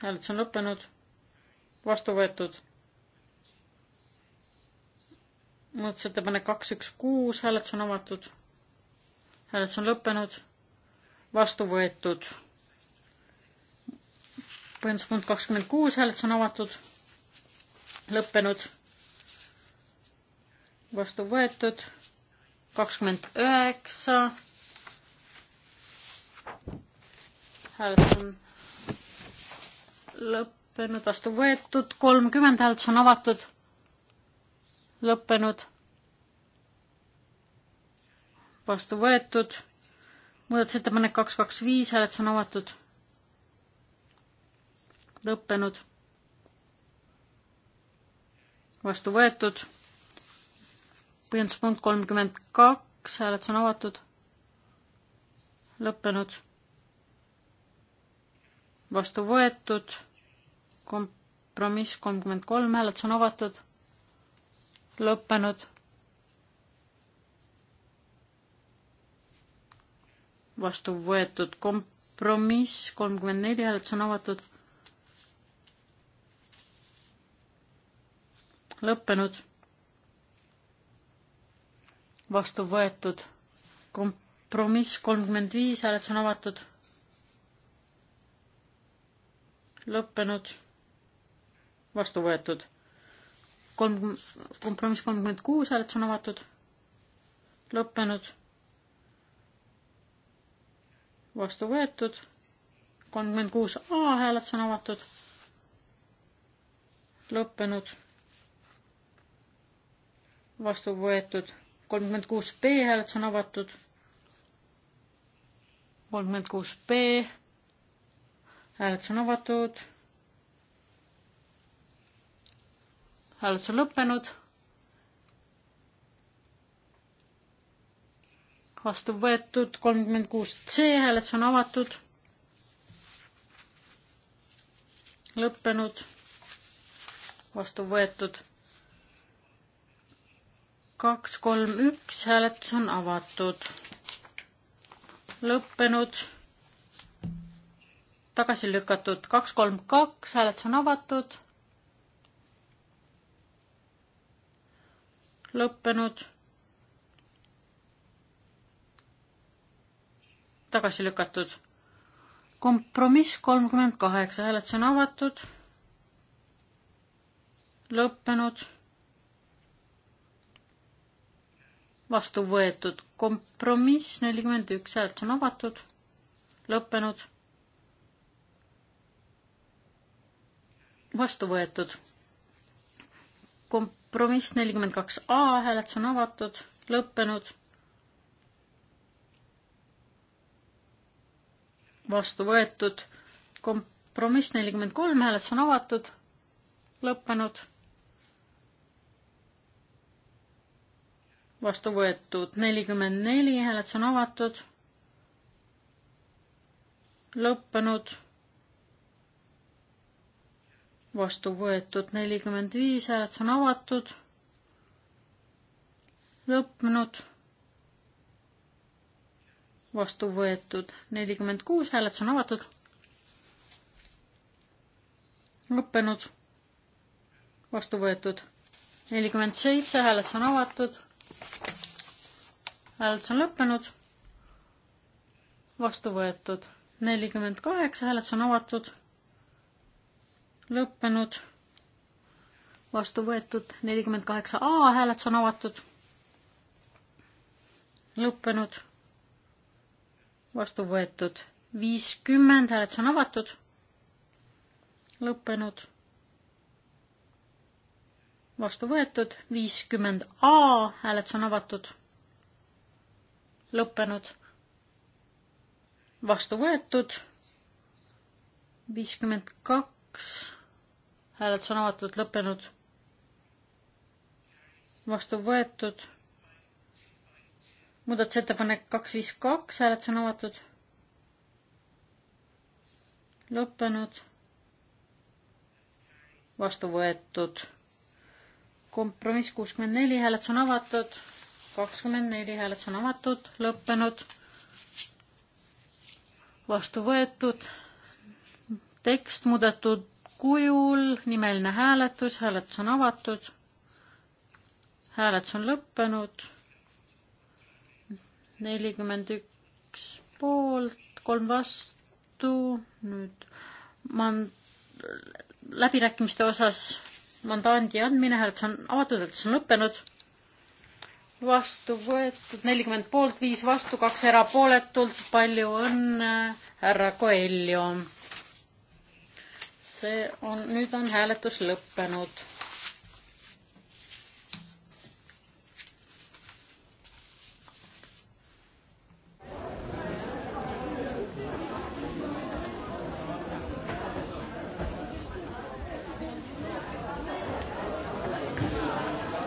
hääletus on lõppenud vastu võetud. muudatusettepanek kaks, üks, kuus, hääletus on avatud. hääletus on lõppenud. vastu võetud. põhjenduspunkt kakskümmend kuus, hääletus on avatud. lõppenud. vastu võetud. kakskümmend üheksa. hääletus on lõppenud lõppenud, vastu võetud, kolmkümmend hääletus on avatud, lõppenud, vastu võetud, muudatusettepanek kaks, kaks, viis, hääletus on avatud, lõppenud, vastu võetud, põhjenduspunkt kolmkümmend kaks, hääletus on avatud, lõppenud vastu võetud kompromiss kolmkümmend kolm, hääletus on avatud, lõppenud. vastu võetud kompromiss kolmkümmend neli, hääletus on avatud, lõppenud. vastu võetud kompromiss kolmkümmend viis, hääletus on avatud lõppenud vastu võetud. kolm, kompromiss kolmkümmend kuus hääletus on avatud, lõppenud, vastu võetud, kolmkümmend kuus A hääletus on avatud, lõppenud, vastu võetud, kolmkümmend kuus B hääletus on avatud, kolmkümmend kuus B hääletus on avatud hääletus on lõppenud. vastu võetud kolmkümmend kuus C, hääletus on avatud. lõppenud. vastu võetud kaks, kolm, üks, hääletus on avatud. lõppenud. tagasi lükatud kaks, kolm, kaks, hääletus on avatud. lõppenud. tagasi lükatud. kompromiss kolmkümmend kaheksa, hääletus on avatud. lõppenud. vastu võetud. kompromiss nelikümmend üks, hääletus on avatud. lõppenud. vastu võetud. komp-, kompromiss nelikümmend kaks A, hääletus on avatud, lõppenud. vastu võetud kompromiss nelikümmend kolm, hääletus on avatud, lõppenud. vastu võetud nelikümmend neli, hääletus on avatud, lõppenud vastu võetud nelikümmend viis, hääletus on avatud, lõppenud, vastu võetud nelikümmend kuus, hääletus on avatud, lõppenud, vastu võetud nelikümmend seitse, hääletus on avatud, hääletus on lõppenud, vastu võetud nelikümmend kaheksa, hääletus on avatud lõppenud, vastu võetud nelikümmend kaheksa A hääletus on avatud, lõppenud, vastu võetud viiskümmend hääletus on avatud, lõppenud, vastu võetud viiskümmend A hääletus on avatud, lõppenud, vastu võetud viiskümmend kaks hääletus on avatud, lõppenud, vastu võetud. muudatusettepanek kaks, viis, kaks, hääletus on avatud, lõppenud, vastu võetud. kompromiss kuuskümmend neli, hääletus on avatud, kakskümmend neli, hääletus on avatud, lõppenud, vastu võetud tekst muudetud kujul, nimeline hääletus, hääletus on avatud, hääletus on lõppenud, nelikümmend üks poolt, kolm vastu, nüüd mand-, läbirääkimiste osas mandaandi andmine, hääletus on avatud, hääletus on lõppenud, vastu võetud nelikümmend poolt, viis vastu, kaks erapooletult, palju õnne, härra Coelho! see on, nüüd on hääletus lõppenud